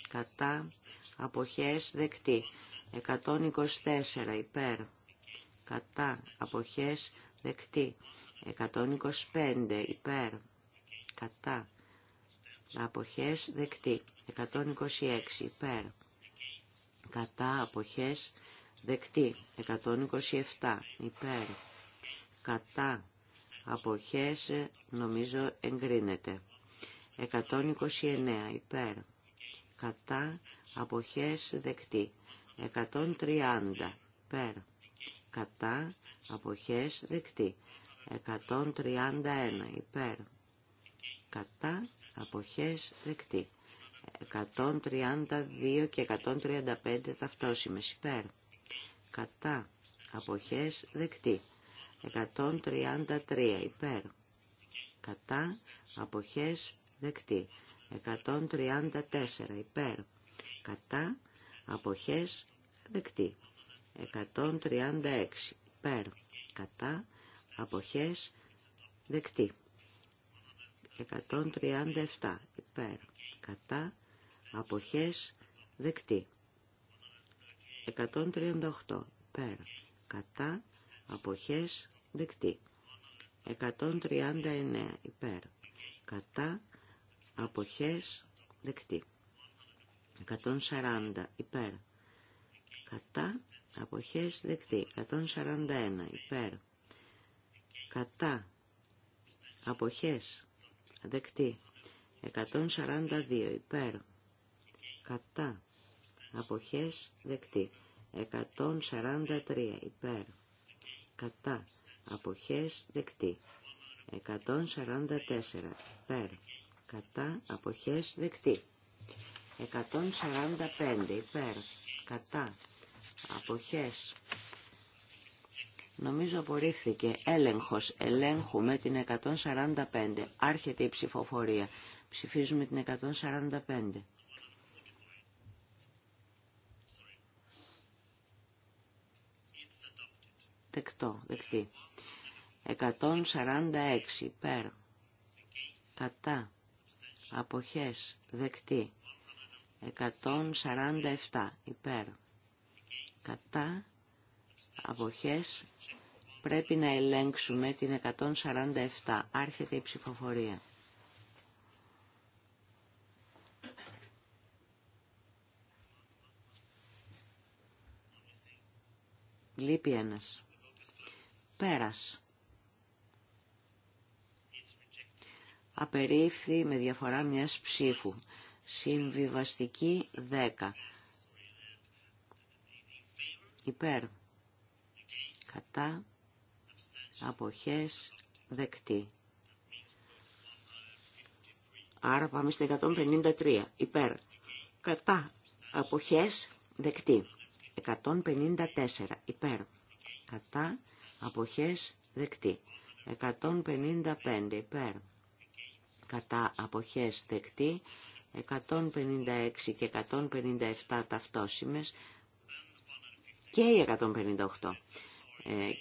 Κατά αποχές δεκτή. 124 υπέρ κατά αποχές δεκτή 125 υπέρ κατά αποχές δεκτή 126 υπέρ κατά αποχές δεκτή 127 υπέρ κατά αποχές νομίζω εγκρίνεται 129 υπέρ κατά αποχές δεκτή 130 υπέρ κατά αποχές δεκτή 131 υπέρ κατά αποχές δεκτή 132 και 135 ταυτόσιμες υπέρ κατά αποχές δεκτή 133 υπέρ κατά αποχές δεκτή 134 υπέρ κατά αποχές δεκτή 136 υπέρ κατά αποχές δεκτή 137 υπέρ κατά αποχές δεκτή 138 υπέρ κατά αποχές δεκτή 139 υπέρ κατά αποχές δεκτή 140 υπέρ κατά Αποχές δεκτή. 141 υπέρ. Κατά. Αποχές δεκτή. 142 υπέρ. Κατά. Αποχές δεκτή. 143 υπέρ. Κατά. Αποχές δεκτή. 144 υπέρ. Κατά. Αποχές δεκτή. 145 υπέρ. Κατά αποχές. Νομίζω απορρίφθηκε έλεγχος. Ελέγχουμε την 145. Άρχεται η ψηφοφορία. Ψηφίζουμε την 145. Δεκτό, δεκτή. 146 υπέρ. Κατά. Αποχές. Δεκτή. 147 υπέρ κατά αποχές πρέπει να ελέγξουμε την 147. Άρχεται η ψηφοφορία. Λείπει ένας. Πέρας. Απερίφθη με διαφορά μιας ψήφου. Συμβιβαστική 10 υπέρ κατά αποχές δεκτή. Άρα πάμε στο 153 υπέρ κατά αποχές δεκτή. 154 υπέρ κατά αποχές δεκτή. 155 υπέρ κατά αποχές δεκτή. 156 και 157 ταυτόσημες. Ε, και οι 158.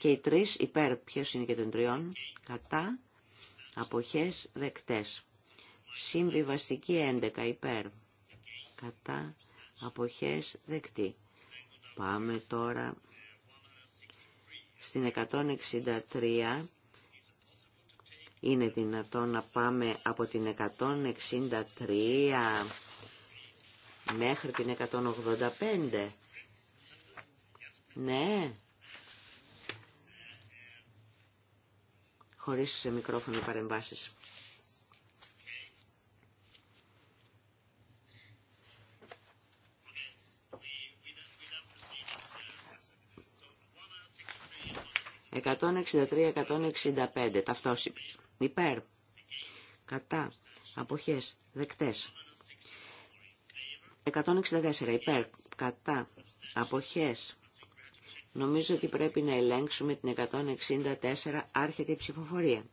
Και οι τρει υπέρ, ποιο είναι και των τριών, κατά, αποχές δεκτές. Συμβιβαστική 11 υπέρ, κατά, αποχές δεκτή. Πάμε τώρα στην 163. Είναι δυνατό να πάμε από την 163 μέχρι την 185. Ναι. Χωρίς σε μικρόφωνο Εκατόν 163-165 Ταυτόση. Υπέρ. Κατά. Αποχές. Δεκτές. 164 υπέρ. Κατά. Αποχές Νομίζω ότι πρέπει να ελέγξουμε την 164 άρχεται η ψηφοφορία.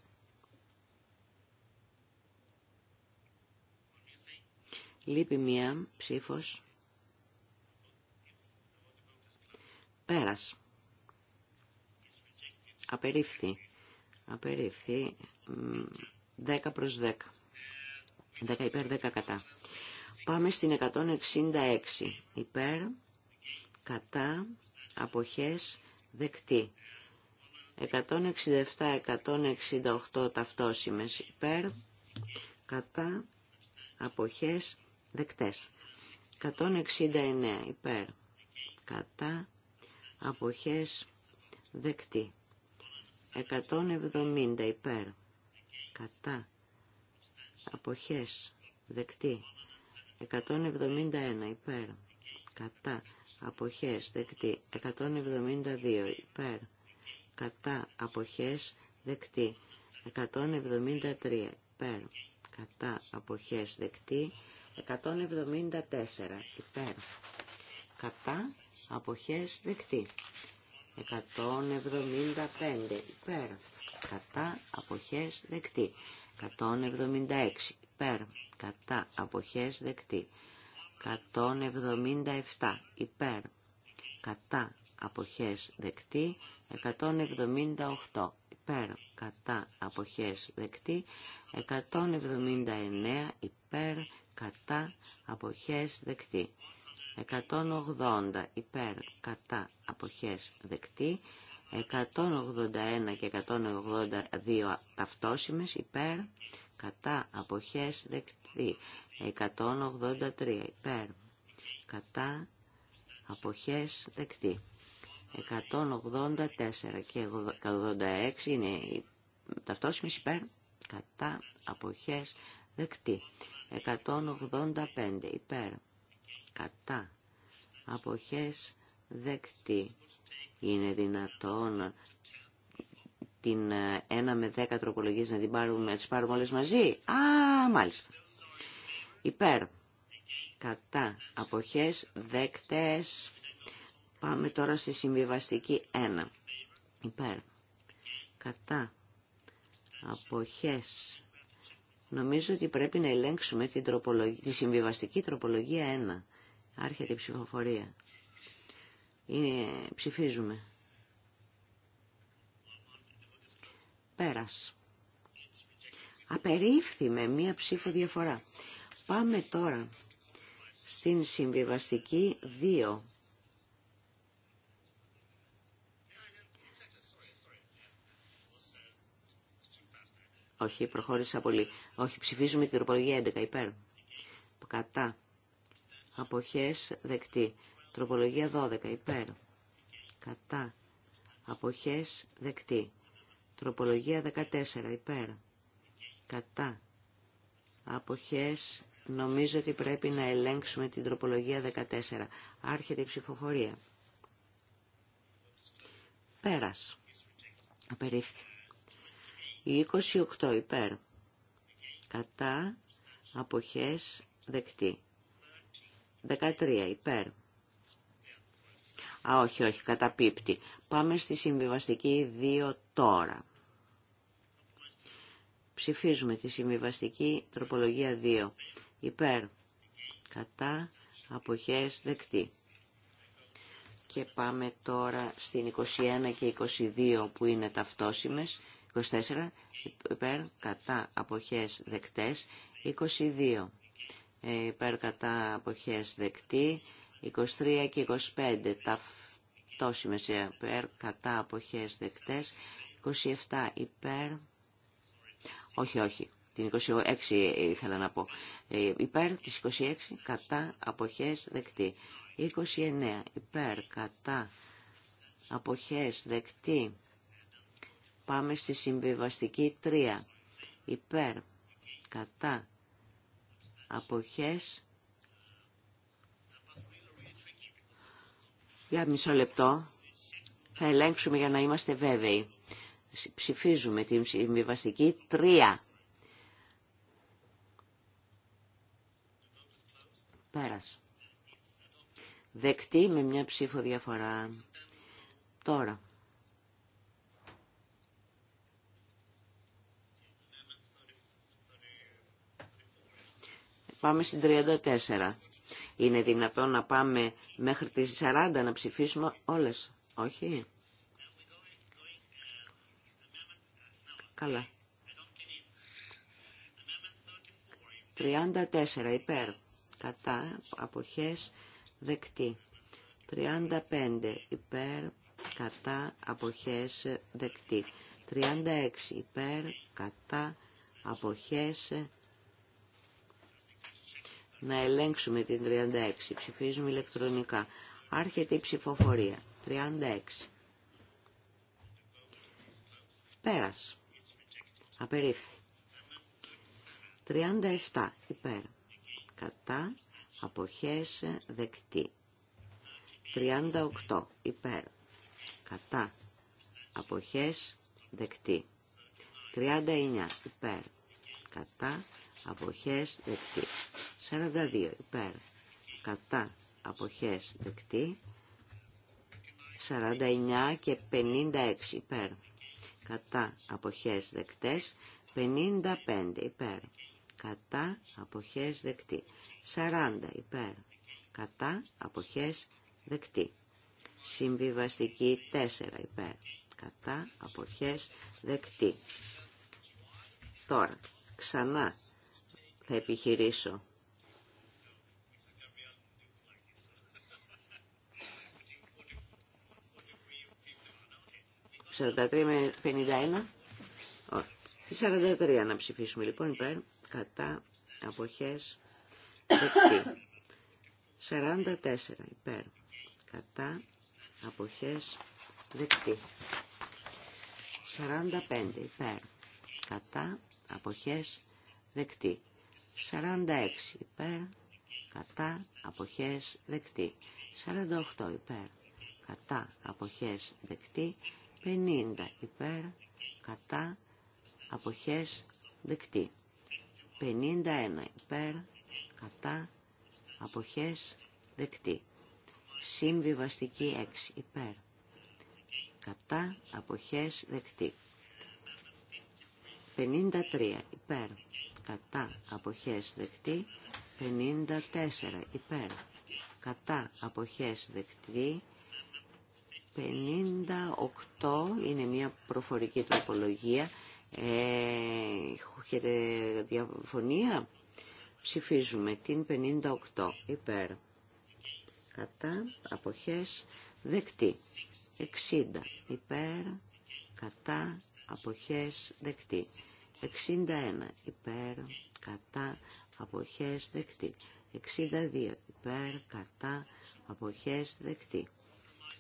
Λείπει μία ψήφος. Πέρας. Απερίφθη. Απερίφθη. 10 προς 10. 10 υπέρ, 10 κατά. Πάμε στην 166. Υπέρ, κατά, αποχές δεκτή. 167-168 ταυτόσημες υπέρ, κατά, αποχές, δεκτές. 169 υπέρ, κατά, αποχές, δεκτή. 170 υπέρ, κατά, αποχές, δεκτή. 171 υπέρ, κατά, αποχές δεκτή 172 υπέρ κατά αποχές δεκτή 173 υπέρ κατά αποχές δεκτή 174 υπέρ κατά αποχές δεκτή 175 υπέρ κατά αποχές δεκτή 176 υπέρ κατά αποχές δεκτή 177 υπέρ κατά αποχές δεκτή 178 υπέρ κατά αποχές δεκτή 179 υπέρ κατά αποχές δεκτή 180 υπέρ κατά αποχές δεκτή 181 και 182 ταυτόσημες υπέρ, κατά αποχές δεκτή. 183 υπέρ, κατά αποχές δεκτή. 184 και 86 είναι ταυτόσημες υπέρ, κατά αποχές δεκτή. 185 υπέρ, κατά αποχές δεκτή. Είναι δυνατόν την 1 ε, με 10 τροπολογίες να την πάρουμε, να τις πάρουμε όλες μαζί. Α, μάλιστα. Υπέρ. Κατά. Αποχές δεκτές. Πάμε τώρα στη συμβιβαστική 1. Υπέρ. Κατά. Αποχές. Νομίζω ότι πρέπει να ελέγξουμε την τροπολογία, τη συμβιβαστική τροπολογία 1. Άρχεται η ψηφοφορία. Ε, ψηφίζουμε. Πέρας. Απερίφθη με μία ψήφο διαφορά. Πάμε τώρα στην συμβιβαστική 2. Όχι, προχώρησα πολύ. Όχι, ψηφίζουμε την τροπολογία 11 υπέρ. Κατά. Αποχές δεκτή. Τροπολογία 12 υπέρ. Κατά. Αποχές δεκτή. Τροπολογία 14 υπέρ. Κατά. Αποχές νομίζω ότι πρέπει να ελέγξουμε την τροπολογία 14. Άρχεται η ψηφοφορία. Πέρας. Απερίφθη. Η 28 υπέρ. Κατά. Αποχές δεκτή. 13 υπέρ. Α, όχι, όχι, καταπίπτει. Πάμε στη συμβιβαστική 2 τώρα. Ψηφίζουμε τη συμβιβαστική τροπολογία 2. Υπέρ, κατά, αποχές, δεκτή. Και πάμε τώρα στην 21 και 22 που είναι ταυτόσιμες. 24, υπέρ, κατά, αποχές, δεκτές. 22, ε, υπέρ, κατά, αποχές, δεκτή. 23 και 25 ταυτόσημες υπέρ κατά αποχές δεκτές 27 υπέρ όχι όχι την 26 ήθελα να πω ε, υπέρ της 26 κατά αποχές δεκτή 29 υπέρ κατά αποχές δεκτή πάμε στη συμβιβαστική 3 υπέρ κατά αποχές Για μισό λεπτό θα ελέγξουμε για να είμαστε βέβαιοι. Ψηφίζουμε την συμβιβαστική 3. Πέρας. Δεκτή με μια ψήφο διαφορά. Τώρα. Πάμε στην 34. Είναι δυνατόν να πάμε μέχρι τις 40 να ψηφίσουμε όλες. Όχι. Καλά. 34 υπέρ. Κατά αποχές δεκτή. 35 υπέρ. Κατά αποχές δεκτή. 36 υπέρ. Κατά αποχές δεκτή. Να ελέγξουμε την 36. Ψηφίζουμε ηλεκτρονικά. Άρχεται η ψηφοφορία. 36. Πέρας. Απερίφθη. 37. Υπέρ. Κατά. Αποχές. Δεκτή. 38. Υπέρ. Κατά. Αποχές. Δεκτή. 39. Υπέρ. Κατά αποχές δεκτή. 42 υπέρ κατά αποχές δεκτή. 49 και 56 υπέρ κατά αποχές δεκτές. 55 υπέρ κατά αποχές δεκτή. 40 υπέρ κατά αποχές δεκτή. Συμβιβαστική 4 υπέρ κατά αποχές δεκτή. Τώρα, ξανά θα επιχειρήσω. με 51. 43 να ψηφίσουμε λοιπόν υπέρ, κατά, αποχές, δεκτή. 44 υπέρ, κατά, αποχές, δεκτή. 45 υπέρ, κατά, αποχές, δεκτή. 46 υπέρ, κατά, αποχές, δεκτή. 48 υπέρ, κατά, αποχές, δεκτή. 50 υπέρ, κατά, αποχές, δεκτή. 51 υπέρ, κατά, αποχές, δεκτή. Συμβιβαστική 6 υπέρ, κατά, αποχές, δεκτή. 53 υπέρ, κατά αποχές δεκτή 54 υπέρ κατά αποχές δεκτή 58 είναι μια προφορική τροπολογία έχετε διαφωνία ψηφίζουμε την 58 υπέρ κατά αποχές δεκτή 60 υπέρ κατά αποχές δεκτή 61 υπέρ κατά αποχές δεκτή. 62 υπέρ κατά αποχές δεκτή.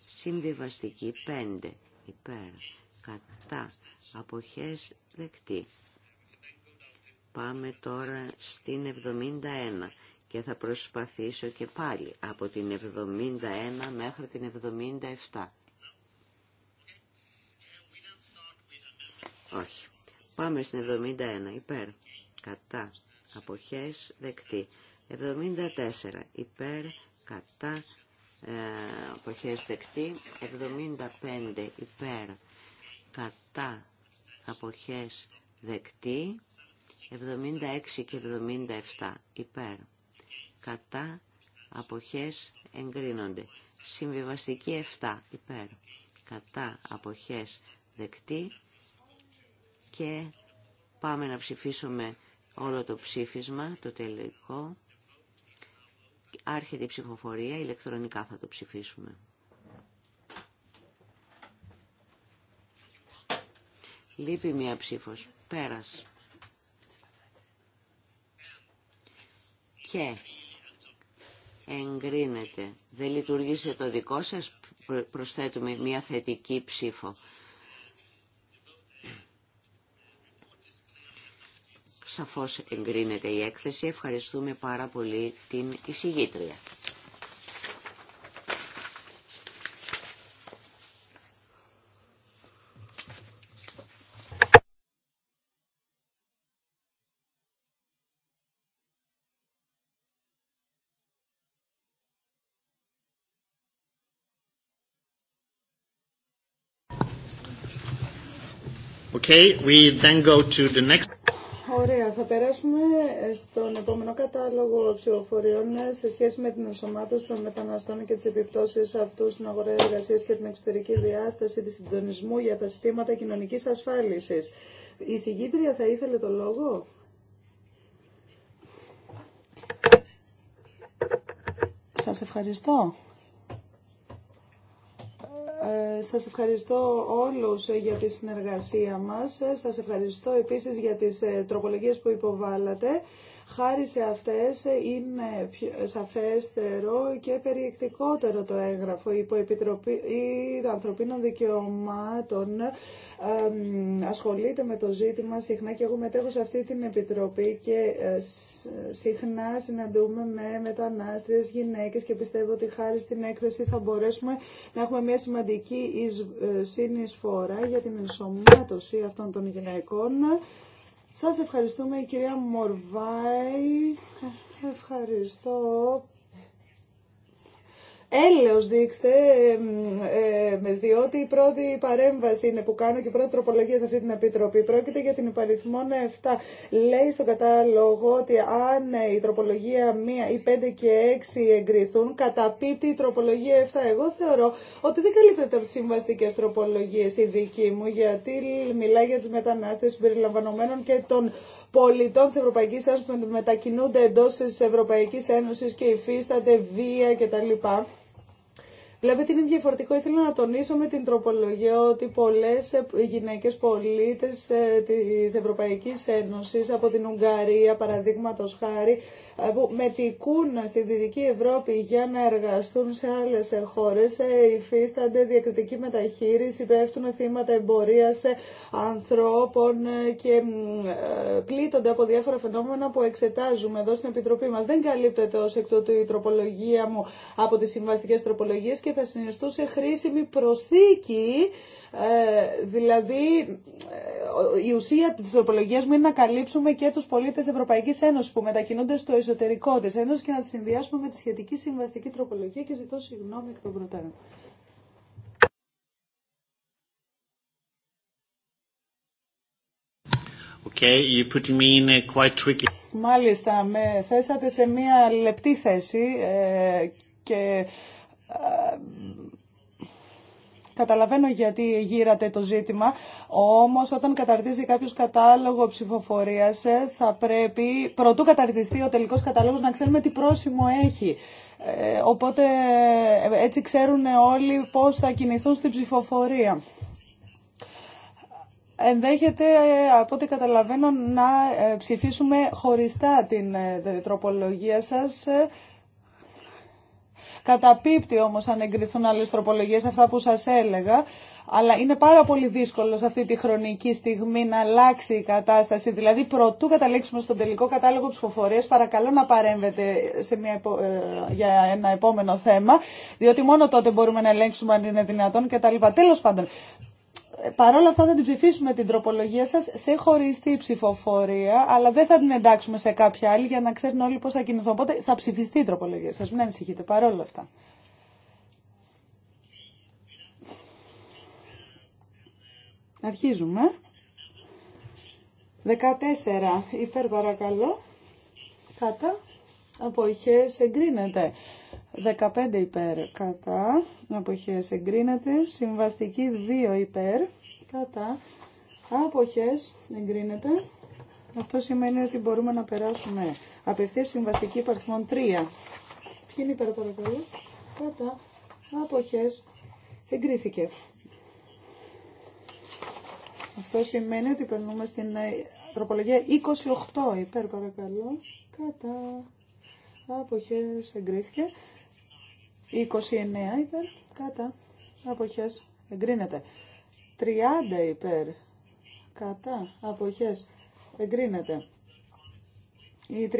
Συμβιβαστική 5 υπέρ κατά αποχές δεκτή. Πάμε τώρα στην 71 και θα προσπαθήσω και πάλι από την 71 μέχρι την 77. Όχι. Πάμε στην 71. Υπέρ. Κατά. Αποχές. Δεκτή. 74. Υπέρ. Κατά. Ε, αποχές. Δεκτή. 75. Υπέρ. Κατά. Αποχές. Δεκτή. 76 και 77. Υπέρ. Κατά. Αποχές. Εγκρίνονται. Συμβιβαστική 7. Υπέρ. Κατά. Αποχές. Δεκτή και πάμε να ψηφίσουμε όλο το ψήφισμα, το τελικό. Άρχεται η ψηφοφορία, ηλεκτρονικά θα το ψηφίσουμε. Λείπει μία ψήφος. Πέρας. Και εγκρίνεται. Δεν λειτουργήσε το δικό σας, προσθέτουμε μία θετική ψήφο. Σαφώς εγκρίνεται η έκθεση. Ευχαριστούμε πάρα πολύ την εισηγήτρια. Okay, we then go to the next. Θα περάσουμε ε, στον επόμενο κατάλογο ψηφοφοριών ε, σε σχέση με την ενσωμάτωση των μεταναστών και τις επιπτώσεις αυτού στην αγορά εργασία και την εξωτερική διάσταση της συντονισμού για τα συστήματα κοινωνικής ασφάλισης. Η συγκίτρια θα ήθελε το λόγο. Σας ευχαριστώ. Ε, σας ευχαριστώ όλους για τη συνεργασία μας. Σας ευχαριστώ επίσης για τις ε, τροπολογίες που υποβάλατε. Χάρη σε αυτές είναι σαφέστερο και περιεκτικότερο το έγγραφο. Η Ανθρωπίνων Δικαιωμάτων ασχολείται με το ζήτημα συχνά και εγώ μετέχω σε αυτή την Επιτροπή και ε, συχνά συναντούμε με μετανάστριες γυναίκες και πιστεύω ότι χάρη στην έκθεση θα μπορέσουμε να έχουμε μια σημαντική ε, συνεισφορά για την ενσωμάτωση αυτών των γυναικών σας ευχαριστούμε η κυρία Μορβάη. Ευχαριστώ Έλεος δείξτε, διότι η πρώτη παρέμβαση είναι που κάνω και η πρώτη τροπολογία σε αυτή την επιτροπή. Πρόκειται για την υπαριθμό 7. Λέει στον κατάλογο ότι αν η τροπολογία 1, η 5 και 6 εγκριθούν, καταπίπτει η τροπολογία 7. Εγώ θεωρώ ότι δεν καλύπτεται από τι συμβαστικέ τροπολογίε η δική μου, γιατί μιλάει για τι μετανάστε συμπεριλαμβανομένων και των πολιτών τη Ευρωπαϊκή Ένωση που μετακινούνται εντό τη Ευρωπαϊκή Ένωση και υφίσταται βία κτλ. Βλέπετε είναι διαφορετικό. Ήθελα να τονίσω με την τροπολογία ότι πολλέ ε, γυναίκε πολίτε ε, τη Ευρωπαϊκή Ένωση, από την Ουγγαρία παραδείγματο χάρη ε, που μετικούν στη Δυτική Ευρώπη για να εργαστούν σε άλλε χώρε, υφίστανται διακριτική μεταχείριση, πέφτουν θύματα εμπορία ανθρώπων και πλήττονται από διάφορα φαινόμενα που εξετάζουμε εδώ στην Επιτροπή μα. Δεν καλύπτεται ω εκ τούτου η τροπολογία μου από τι συμβαστικέ τροπολογίε και θα συνιστούσε χρήσιμη προσθήκη, ε, δηλαδή ε, η ουσία της τροπολογία μου είναι να καλύψουμε και τους πολίτες Ευρωπαϊκής Ένωση που μετακινούνται στο εσωτερικό τη Ένωση και να τη συνδυάσουμε με τη σχετική συμβαστική τροπολογία και ζητώ συγγνώμη εκ των προτέρων. Okay, you put me in a quite tricky... Μάλιστα, με θέσατε σε μία λεπτή θέση ε, και Καταλαβαίνω γιατί γύρατε το ζήτημα, όμως όταν καταρτίζει κάποιος κατάλογο ψηφοφορίας ε, θα πρέπει, πρωτού καταρτιστεί ο τελικός κατάλογος, να ξέρουμε τι πρόσημο έχει. Ε, οπότε ε, έτσι ξέρουν όλοι πώς θα κινηθούν στην ψηφοφορία. Ενδέχεται, από ό,τι καταλαβαίνω, να ψηφίσουμε χωριστά την τροπολογία σας Καταπίπτει όμως αν εγκριθούν άλλες τροπολογίες, αυτά που σας έλεγα. Αλλά είναι πάρα πολύ δύσκολο σε αυτή τη χρονική στιγμή να αλλάξει η κατάσταση. Δηλαδή, προτού καταλήξουμε στον τελικό κατάλογο ψηφοφορία, παρακαλώ να παρέμβετε σε μια, ε, για ένα επόμενο θέμα, διότι μόνο τότε μπορούμε να ελέγξουμε αν είναι δυνατόν κτλ. Τέλο πάντων, παρόλα αυτά θα την ψηφίσουμε την τροπολογία σας σε χωριστή ψηφοφορία, αλλά δεν θα την εντάξουμε σε κάποια άλλη για να ξέρουν όλοι πώς θα κινηθούν. Οπότε θα ψηφιστεί η τροπολογία σας, μην ανησυχείτε, παρόλα αυτά. Αρχίζουμε. 14 υπέρ παρακαλώ. Κάτα. ηχές εγκρίνεται. 15 υπέρ κατά αποχές εγκρίνεται. Συμβαστική 2 υπέρ κατά αποχές εγκρίνεται. Αυτό σημαίνει ότι μπορούμε να περάσουμε απευθείας συμβαστική υπαριθμών 3. Ποιοι είναι υπέρ παρακαλώ. Κατά αποχές εγκρίθηκε. Αυτό σημαίνει ότι περνούμε στην ε, τροπολογία 28 υπέρ παρακαλώ. Κατά αποχές εγκρίθηκε. 29 υπέρ, κατά, αποχές, εγκρίνεται. 30 υπέρ, κατά, αποχές, εγκρίνεται. Η 31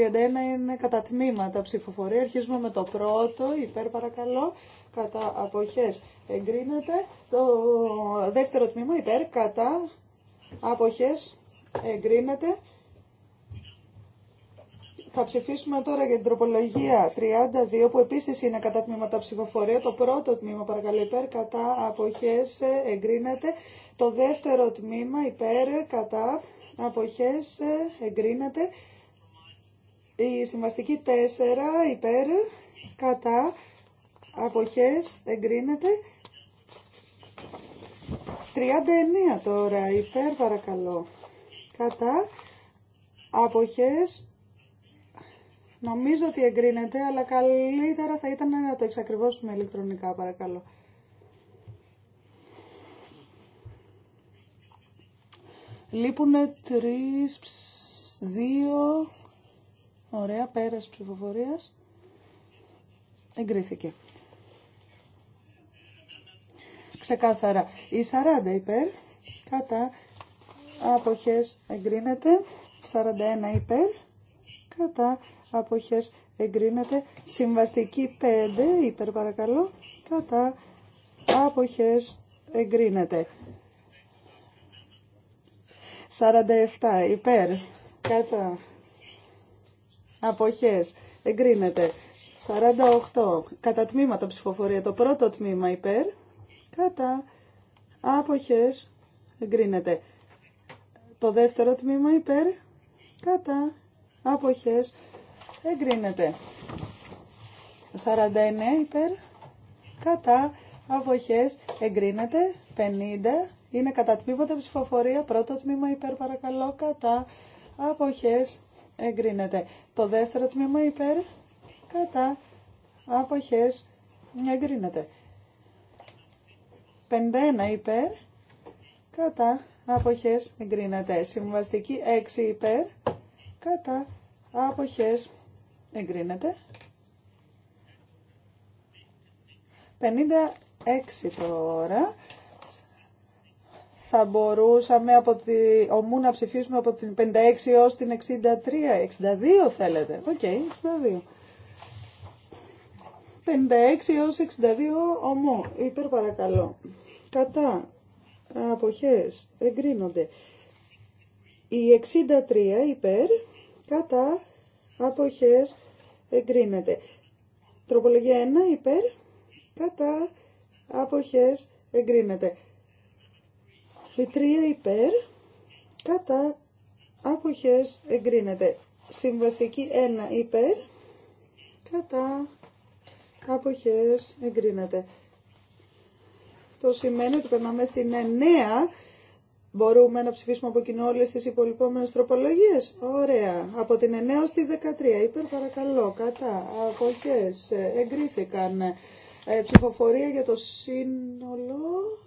είναι κατά τμήματα ψηφοφορία. Αρχίζουμε με το πρώτο, υπέρ παρακαλώ, κατά αποχές εγκρίνεται. Το δεύτερο τμήμα υπέρ, κατά αποχές εγκρίνεται. Θα ψηφίσουμε τώρα για την τροπολογία 32 που επίσης είναι κατά τμήματα ψηφοφορία. Το πρώτο τμήμα παρακαλώ υπέρ κατά αποχές εγκρίνεται. Το δεύτερο τμήμα υπέρ κατά αποχές εγκρίνεται. Η συμβαστική 4 υπέρ κατά αποχές εγκρίνεται. 39 τώρα υπέρ παρακαλώ κατά αποχές Νομίζω ότι εγκρίνεται, αλλά καλύτερα θα ήταν να το εξακριβώσουμε ηλεκτρονικά, παρακαλώ. Λείπουν τρεις, δύο, ωραία, πέρας ψηφοφορία. Εγκρίθηκε. Ξεκάθαρα. Η 40 υπέρ, κατά αποχές εγκρίνεται. 41 υπέρ, κατά αποχές εγκρίνεται. Συμβαστική 5 υπέρ παρακαλώ κατά αποχές εγκρίνεται. 47 υπέρ κατά αποχές εγκρίνεται. 48 κατά τμήματα ψηφοφορία. Το πρώτο τμήμα υπέρ κατά άποχες εγκρίνεται. Το δεύτερο τμήμα υπέρ κατά άποχες εγκρίνεται. 49 υπέρ κατά αποχές εγκρίνεται. 50 είναι κατά τμήματα ψηφοφορία. Πρώτο τμήμα υπέρ παρακαλώ κατά αποχές εγκρίνεται. Το δεύτερο τμήμα υπέρ κατά αποχές εγκρίνεται. 51 υπέρ κατά αποχές εγκρίνεται. Συμβαστική 6 υπέρ κατά αποχές Εγκρίνεται. 56 τώρα. Θα μπορούσαμε από τη, ομού να ψηφίσουμε από την 56 έως την 63. 62 θέλετε. Οκ, 62. 56 έως 62 ομού. Υπέρ παρακαλώ. Κατά. Αποχές. Εγκρίνονται. Η 63 υπέρ. Κατά αποχές εγκρίνεται. Τροπολογία 1 υπέρ κατά αποχές εγκρίνεται. Η 3 υπέρ κατά αποχές εγκρίνεται. Συμβαστική 1 υπέρ κατά αποχές εγκρίνεται. Αυτό σημαίνει ότι περνάμε στην 9 Μπορούμε να ψηφίσουμε από κοινό όλε τι υπολοιπόμενε τροπολογίε. Ωραία. Από την 9 στη 13. Υπέρ παρακαλώ. Κατά. Αποχέ. Ε, εγκρίθηκαν. Ε, ψηφοφορία για το σύνολο.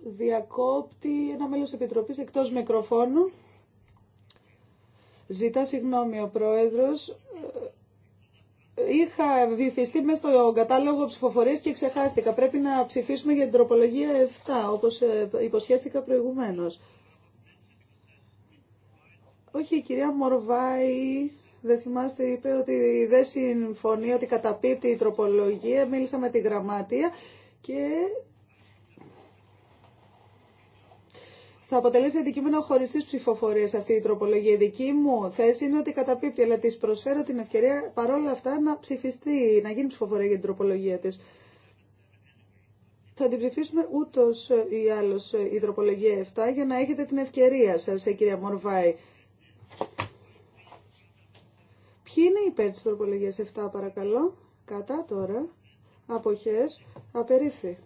Διακόπτη ένα μέλο επιτροπή εκτό μικροφώνου. Ζητά συγγνώμη ο πρόεδρο. Ε, είχα βυθιστεί μέσα στο κατάλογο ψηφοφορίας και ξεχάστηκα. Πρέπει να ψηφίσουμε για την τροπολογία 7, όπως ε, υποσχέθηκα προηγουμένως. Όχι, η κυρία Μορβάη, δεν θυμάστε, είπε ότι δεν συμφωνεί, ότι καταπίπτει η τροπολογία. Μίλησα με τη γραμμάτια και θα αποτελέσει αντικείμενο χωριστή ψηφοφορία αυτή η τροπολογία. Η δική μου θέση είναι ότι καταπίπτει, αλλά τη προσφέρω την ευκαιρία παρόλα αυτά να ψηφιστεί, να γίνει ψηφοφορία για την τροπολογία τη. Θα την ψηφίσουμε ούτω ή άλλω η τροπολογία 7 για να έχετε την ευκαιρία σα, ε, κυρία Μορβάη. Ποιοι είναι υπέρ τη τροπολογία 7 παρακαλώ. Κατά τώρα. Αποχέ Απερίφθη.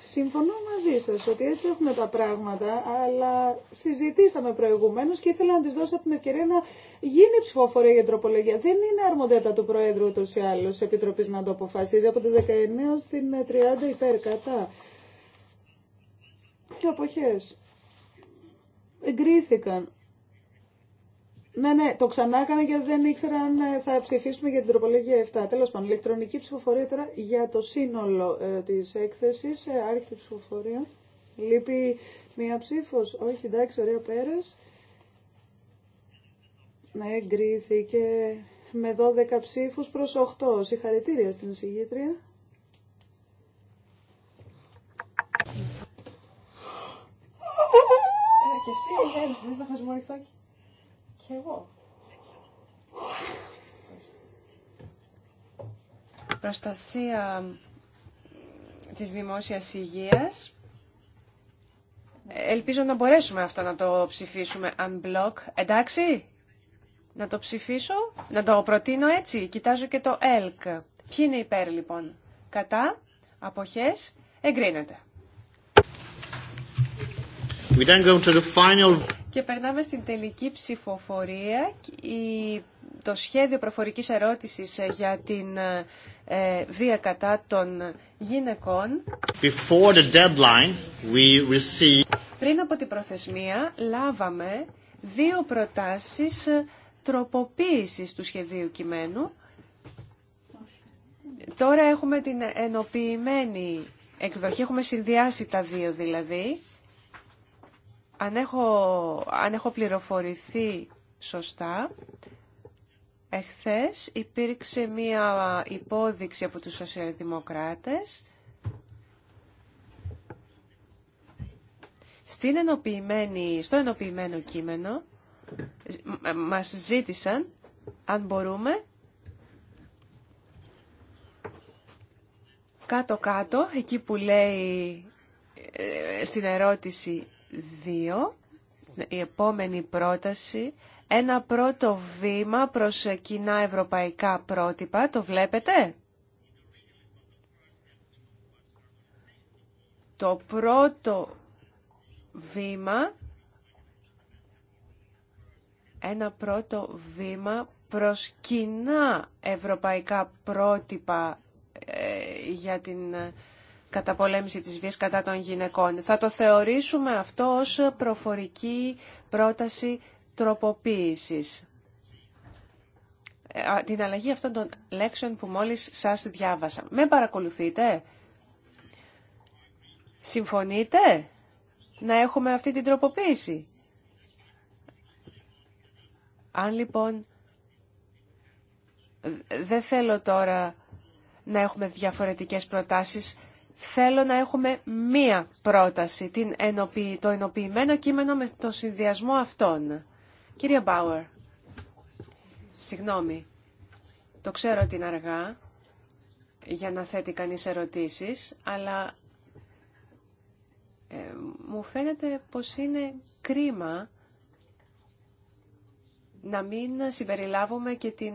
Συμφωνώ μαζί σας ότι έτσι έχουμε τα πράγματα, αλλά συζητήσαμε προηγουμένως και ήθελα να τη δώσω την ευκαιρία να γίνει ψηφοφορία για τροπολογία. Δεν είναι αρμοδέτα του Προέδρου ούτως ή άλλως Επιτροπής να το αποφασίζει από τη 19 στην 30 υπέρ κατά. Και αποχές. Εγκρίθηκαν. Ναι, ναι, το ξανά έκανα γιατί δεν ήξερα αν ε, θα ψηφίσουμε για την τροπολογία 7. Τέλος πάντων, ηλεκτρονική ψηφοφορία τώρα για το σύνολο ε, της έκθεσης, ε, ψηφοφορία. Λείπει μία ψήφο. Όχι, εντάξει, ωραία, πέρας. Ναι, εγκρίθηκε με 12 ψήφους προς 8. Συγχαρητήρια στην εισηγήτρια. Ε, και εσύ, έλα, να χασμοριθώ Προστασία της δημόσιας υγείας. Ελπίζω να μπορέσουμε αυτό να το ψηφίσουμε unblock. Εντάξει, να το ψηφίσω, να το προτείνω έτσι. Κοιτάζω και το ΕΛΚ. Ποιοι είναι υπέρ λοιπόν. Κατά, αποχές, εγκρίνεται. We then go to the final... Και περνάμε στην τελική ψηφοφορία. Το σχέδιο προφορικής ερώτησης ε, για την ε, ε, βία κατά των γυναικών. we Πριν από την προθεσμία λάβαμε δύο προτάσεις τροποποίησης του σχεδίου κειμένου. Τώρα έχουμε την ενοποιημένη εκδοχή, έχουμε συνδυάσει τα δύο δηλαδή αν έχω, αν πληροφορηθεί σωστά, εχθές υπήρξε μία υπόδειξη από τους σοσιαλδημοκράτες στην στο ενοποιημένο κείμενο μας ζήτησαν αν μπορούμε κάτω-κάτω εκεί που λέει ε, στην ερώτηση δύο, η επόμενη πρόταση, ένα πρώτο βήμα προς κοινά ευρωπαϊκά πρότυπα, το βλέπετε? Το πρώτο βήμα, ένα πρώτο βήμα προς κοινά ευρωπαϊκά πρότυπα ε, για την καταπολέμηση της βίας κατά των γυναικών. Θα το θεωρήσουμε αυτό ως προφορική πρόταση τροποποίησης. Ε, την αλλαγή αυτών των λέξεων που μόλις σας διάβασα. Με παρακολουθείτε? Συμφωνείτε να έχουμε αυτή την τροποποίηση? Αν λοιπόν ε, δεν θέλω τώρα να έχουμε διαφορετικές προτάσεις θέλω να έχουμε μία πρόταση, την το ενοποιημένο κείμενο με τον συνδυασμό αυτών. Κύριε Μπάουερ, συγγνώμη, το ξέρω ότι είναι αργά για να θέτει κανείς ερωτήσεις, αλλά ε, μου φαίνεται πως είναι κρίμα να μην συμπεριλάβουμε και την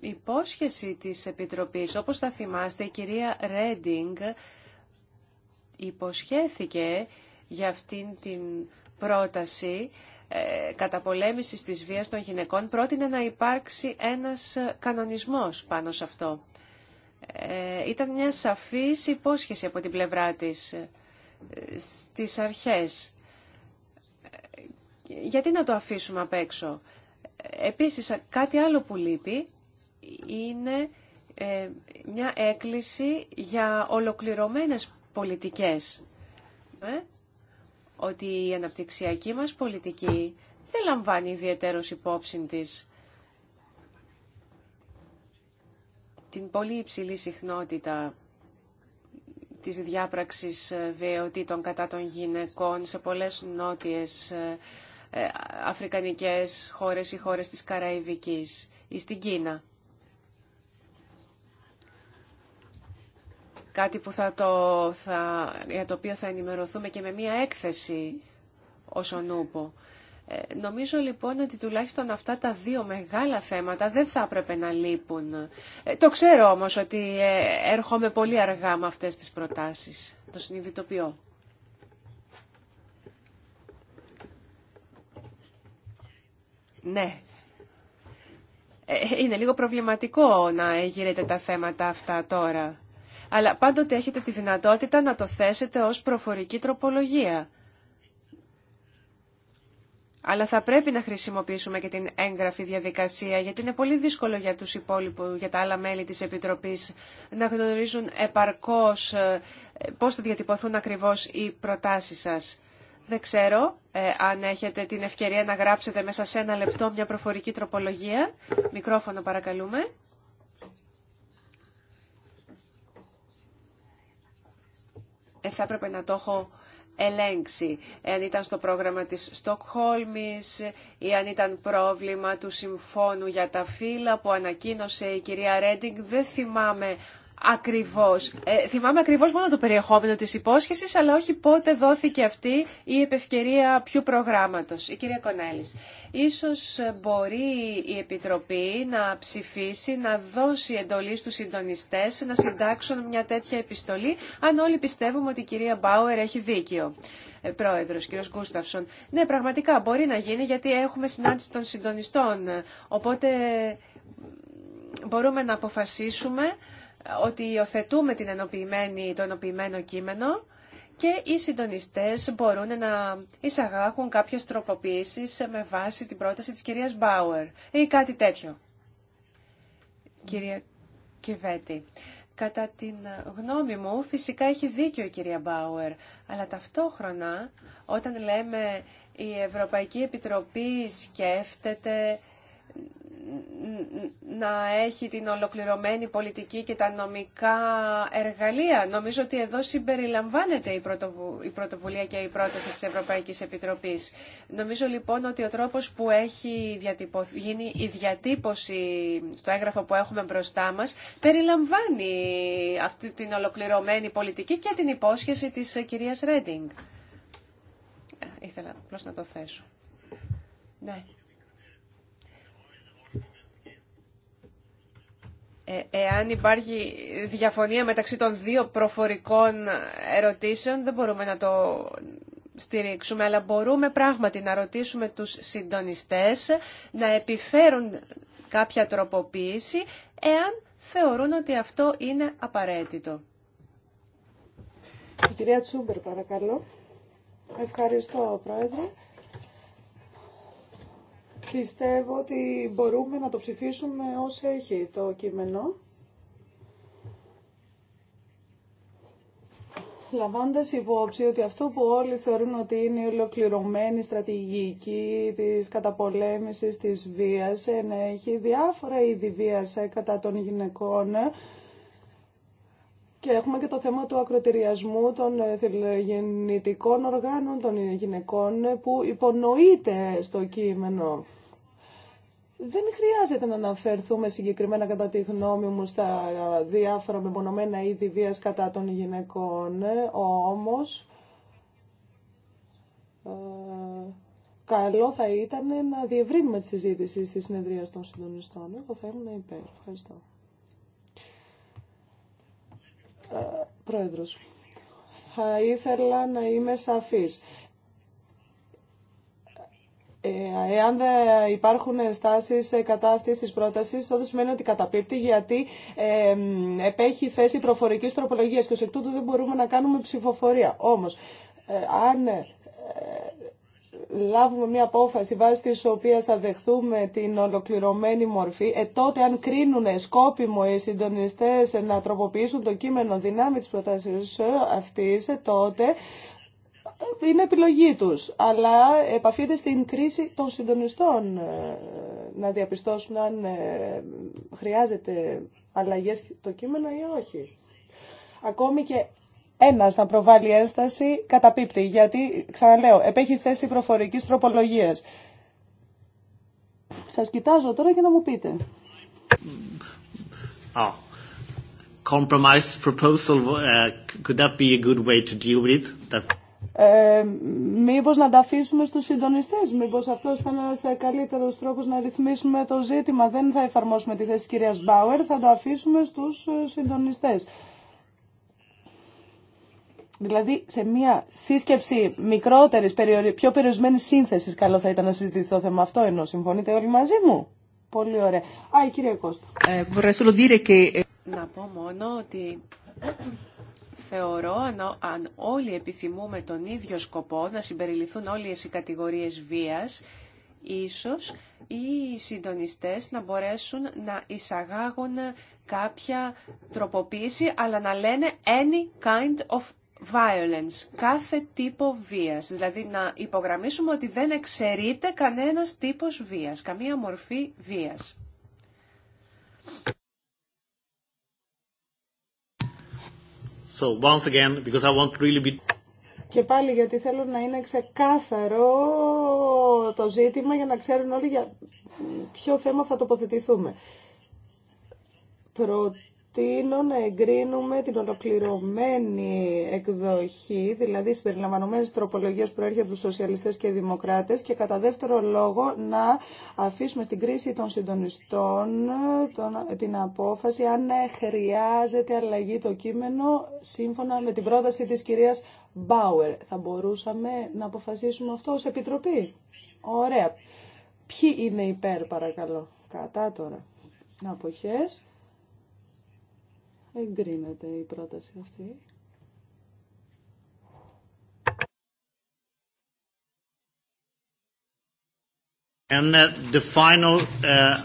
η υπόσχεση της Επιτροπής. Όπως θα θυμάστε, η κυρία Ρέντινγκ υποσχέθηκε για αυτήν την πρόταση ε, καταπολέμησης της βίας των γυναικών. Πρότεινε να υπάρξει ένας κανονισμός πάνω σε αυτό. Ε, ήταν μια σαφής υπόσχεση από την πλευρά της ε, στις αρχές. Ε, γιατί να το αφήσουμε απ' έξω. Επίσης, κάτι άλλο που λείπει είναι ε, μια έκκληση για ολοκληρωμένες πολιτικές. Ε, ότι η αναπτυξιακή μας πολιτική δεν λαμβάνει ιδιαίτερος υπόψη της την πολύ υψηλή συχνότητα της διάπραξης ε, βιαιοτήτων κατά των γυναικών σε πολλές νότιες αφρικανικές χώρες ή χώρες της Καραϊβικής ή στην Κίνα. Κάτι που θα το, θα, για το οποίο θα ενημερωθούμε και με μία έκθεση ως ούπο. Ε, νομίζω λοιπόν ότι τουλάχιστον αυτά τα δύο μεγάλα θέματα δεν θα έπρεπε να λείπουν. Ε, το ξέρω όμως ότι ε, έρχομαι πολύ αργά με αυτές τις προτάσεις. Το συνειδητοποιώ. Ναι. Ε, είναι λίγο προβληματικό να γυρετε τα θέματα αυτά τώρα αλλά πάντοτε έχετε τη δυνατότητα να το θέσετε ως προφορική τροπολογία. Αλλά θα πρέπει να χρησιμοποιήσουμε και την έγγραφη διαδικασία, γιατί είναι πολύ δύσκολο για τους υπόλοιπους, για τα άλλα μέλη της Επιτροπής, να γνωρίζουν επαρκώς ε, πώς θα διατυπωθούν ακριβώς οι προτάσεις σας. Δεν ξέρω ε, αν έχετε την ευκαιρία να γράψετε μέσα σε ένα λεπτό μια προφορική τροπολογία. Μικρόφωνο παρακαλούμε. Ε, θα έπρεπε να το έχω ελέγξει. Εάν ήταν στο πρόγραμμα της Στοκχόλμης ή αν ήταν πρόβλημα του Συμφώνου για τα φύλλα που ανακοίνωσε η κυρία Ρέντινγκ, δεν θυμάμαι ακριβώς. Ε, θυμάμαι ακριβώ μόνο το περιεχόμενο τη υπόσχεση, αλλά όχι πότε δόθηκε αυτή η επευκαιρία ποιου προγράμματο. Η κυρία Κονέλης. Ίσως μπορεί η Επιτροπή να ψηφίσει, να δώσει εντολή στου συντονιστέ να συντάξουν μια τέτοια επιστολή, αν όλοι πιστεύουμε ότι η κυρία Μπάουερ έχει δίκιο. Ε, Πρόεδρο, κύριο Γκούσταυσον. Ναι, πραγματικά μπορεί να γίνει γιατί έχουμε συνάντηση των συντονιστών. Οπότε μπορούμε να αποφασίσουμε ότι υιοθετούμε την ενοποιημένη, το ενοποιημένο κείμενο και οι συντονιστές μπορούν να εισαγάγουν κάποιες τροποποιήσεις με βάση την πρόταση της κυρίας Μπάουερ ή κάτι τέτοιο. Κυρία Κιβέτη, κατά την γνώμη μου φυσικά έχει δίκιο η κυρία Μπάουερ, αλλά ταυτόχρονα όταν λέμε η Ευρωπαϊκή Επιτροπή σκέφτεται να έχει την ολοκληρωμένη πολιτική και τα νομικά εργαλεία. Νομίζω ότι εδώ συμπεριλαμβάνεται η πρωτοβουλία και η πρόταση της Ευρωπαϊκής Επιτροπής. Νομίζω λοιπόν ότι ο τρόπος που έχει γίνει η διατύπωση στο έγγραφο που έχουμε μπροστά μας περιλαμβάνει αυτή την ολοκληρωμένη πολιτική και την υπόσχεση της κυρίας Ρέντινγκ. Ε, ήθελα απλώς να το θέσω. Ναι. Ε, εάν υπάρχει διαφωνία μεταξύ των δύο προφορικών ερωτήσεων, δεν μπορούμε να το στηρίξουμε, αλλά μπορούμε πράγματι να ρωτήσουμε τους συντονιστές να επιφέρουν κάποια τροποποίηση, εάν θεωρούν ότι αυτό είναι απαραίτητο. Η κυρία Τσούμπερ, παρακαλώ. Ευχαριστώ, Πρόεδρε. Πιστεύω ότι μπορούμε να το ψηφίσουμε όσο έχει το κείμενο. λαμβάνοντας υπόψη ότι αυτό που όλοι θεωρούν ότι είναι η ολοκληρωμένη στρατηγική της καταπολέμησης της βίας, ε, έχει διάφορα είδη βίας ε, κατά των γυναικών και έχουμε και το θέμα του ακροτηριασμού των ε, γεννητικών οργάνων των γυναικών που υπονοείται στο κείμενο. Δεν χρειάζεται να αναφερθούμε συγκεκριμένα κατά τη γνώμη μου στα διάφορα μεμονωμένα είδη βίας κατά των γυναικών, ε, όμως ε, καλό θα ήταν να διευρύνουμε τη συζήτηση στη συνεδρία των συντονιστών. Εγώ θα ήμουν υπέρ. Ευχαριστώ. Ε, πρόεδρος, θα ήθελα να είμαι σαφής. Ε, εάν δεν υπάρχουν στάσεις ε, κατά αυτής τη πρόταση, τότε σημαίνει ότι καταπίπτει γιατί ε, επέχει θέση προφορικής τροπολογίας και ω εκ τούτου δεν μπορούμε να κάνουμε ψηφοφορία. Όμως, ε, αν λάβουμε μια απόφαση βάσει της οποία θα δεχθούμε την ολοκληρωμένη μορφή, ε, τότε αν κρίνουν σκόπιμο οι συντονιστέ να τροποποιήσουν το κείμενο δυνάμει της πρότασης αυτής, τότε είναι επιλογή τους, αλλά επαφείται στην κρίση των συντονιστών ε, να διαπιστώσουν αν ε, χρειάζεται αλλαγές το κείμενο ή όχι. Ακόμη και ένα να προβάλλει ένσταση καταπίπτει, γιατί, ξαναλέω, επέχει θέση προφορικής τροπολογίας. Σας κοιτάζω τώρα για να μου πείτε. Oh. Compromise proposal, ε, could that be a good way to deal with That... Ε, μήπως να τα αφήσουμε στους συντονιστές, μήπως αυτός θα είναι ένας ε, καλύτερος τρόπος να ρυθμίσουμε το ζήτημα. Δεν θα εφαρμόσουμε τη θέση τη κυρίας Μπάουερ, θα το αφήσουμε στους ε, συντονιστές. Δηλαδή σε μια σύσκεψη μικρότερης, πιο περιορισμένη σύνθεση καλό θα ήταν να συζητηθεί το θέμα αυτό, ενώ συμφωνείτε όλοι μαζί μου. Πολύ ωραία. Α, η κυρία Κώστα. Ε, να πω μόνο ότι θεωρώ αν, αν όλοι επιθυμούμε τον ίδιο σκοπό να συμπεριληφθούν όλες οι κατηγορίες βίας, ίσως οι συντονιστές να μπορέσουν να εισαγάγουν κάποια τροποποίηση, αλλά να λένε any kind of violence, κάθε τύπο βίας. Δηλαδή να υπογραμμίσουμε ότι δεν εξαιρείται κανένας τύπος βίας, καμία μορφή βίας. So once again, because I want really be... Και πάλι γιατί θέλω να είναι ξεκάθαρο το ζήτημα για να ξέρουν όλοι για ποιο θέμα θα τοποθετηθούμε. πρώτο προτείνω να εγκρίνουμε την ολοκληρωμένη εκδοχή, δηλαδή συμπεριλαμβανομένες τροπολογία που προέρχεται του σοσιαλιστές και δημοκράτες και κατά δεύτερο λόγο να αφήσουμε στην κρίση των συντονιστών την απόφαση αν χρειάζεται αλλαγή το κείμενο σύμφωνα με την πρόταση της κυρίας Μπάουερ. Θα μπορούσαμε να αποφασίσουμε αυτό ω Επιτροπή. Ωραία. Ποιοι είναι υπέρ παρακαλώ. Κατά τώρα. Αποχές. Εγκρίνεται η πρόταση αυτή. And uh, the final, uh,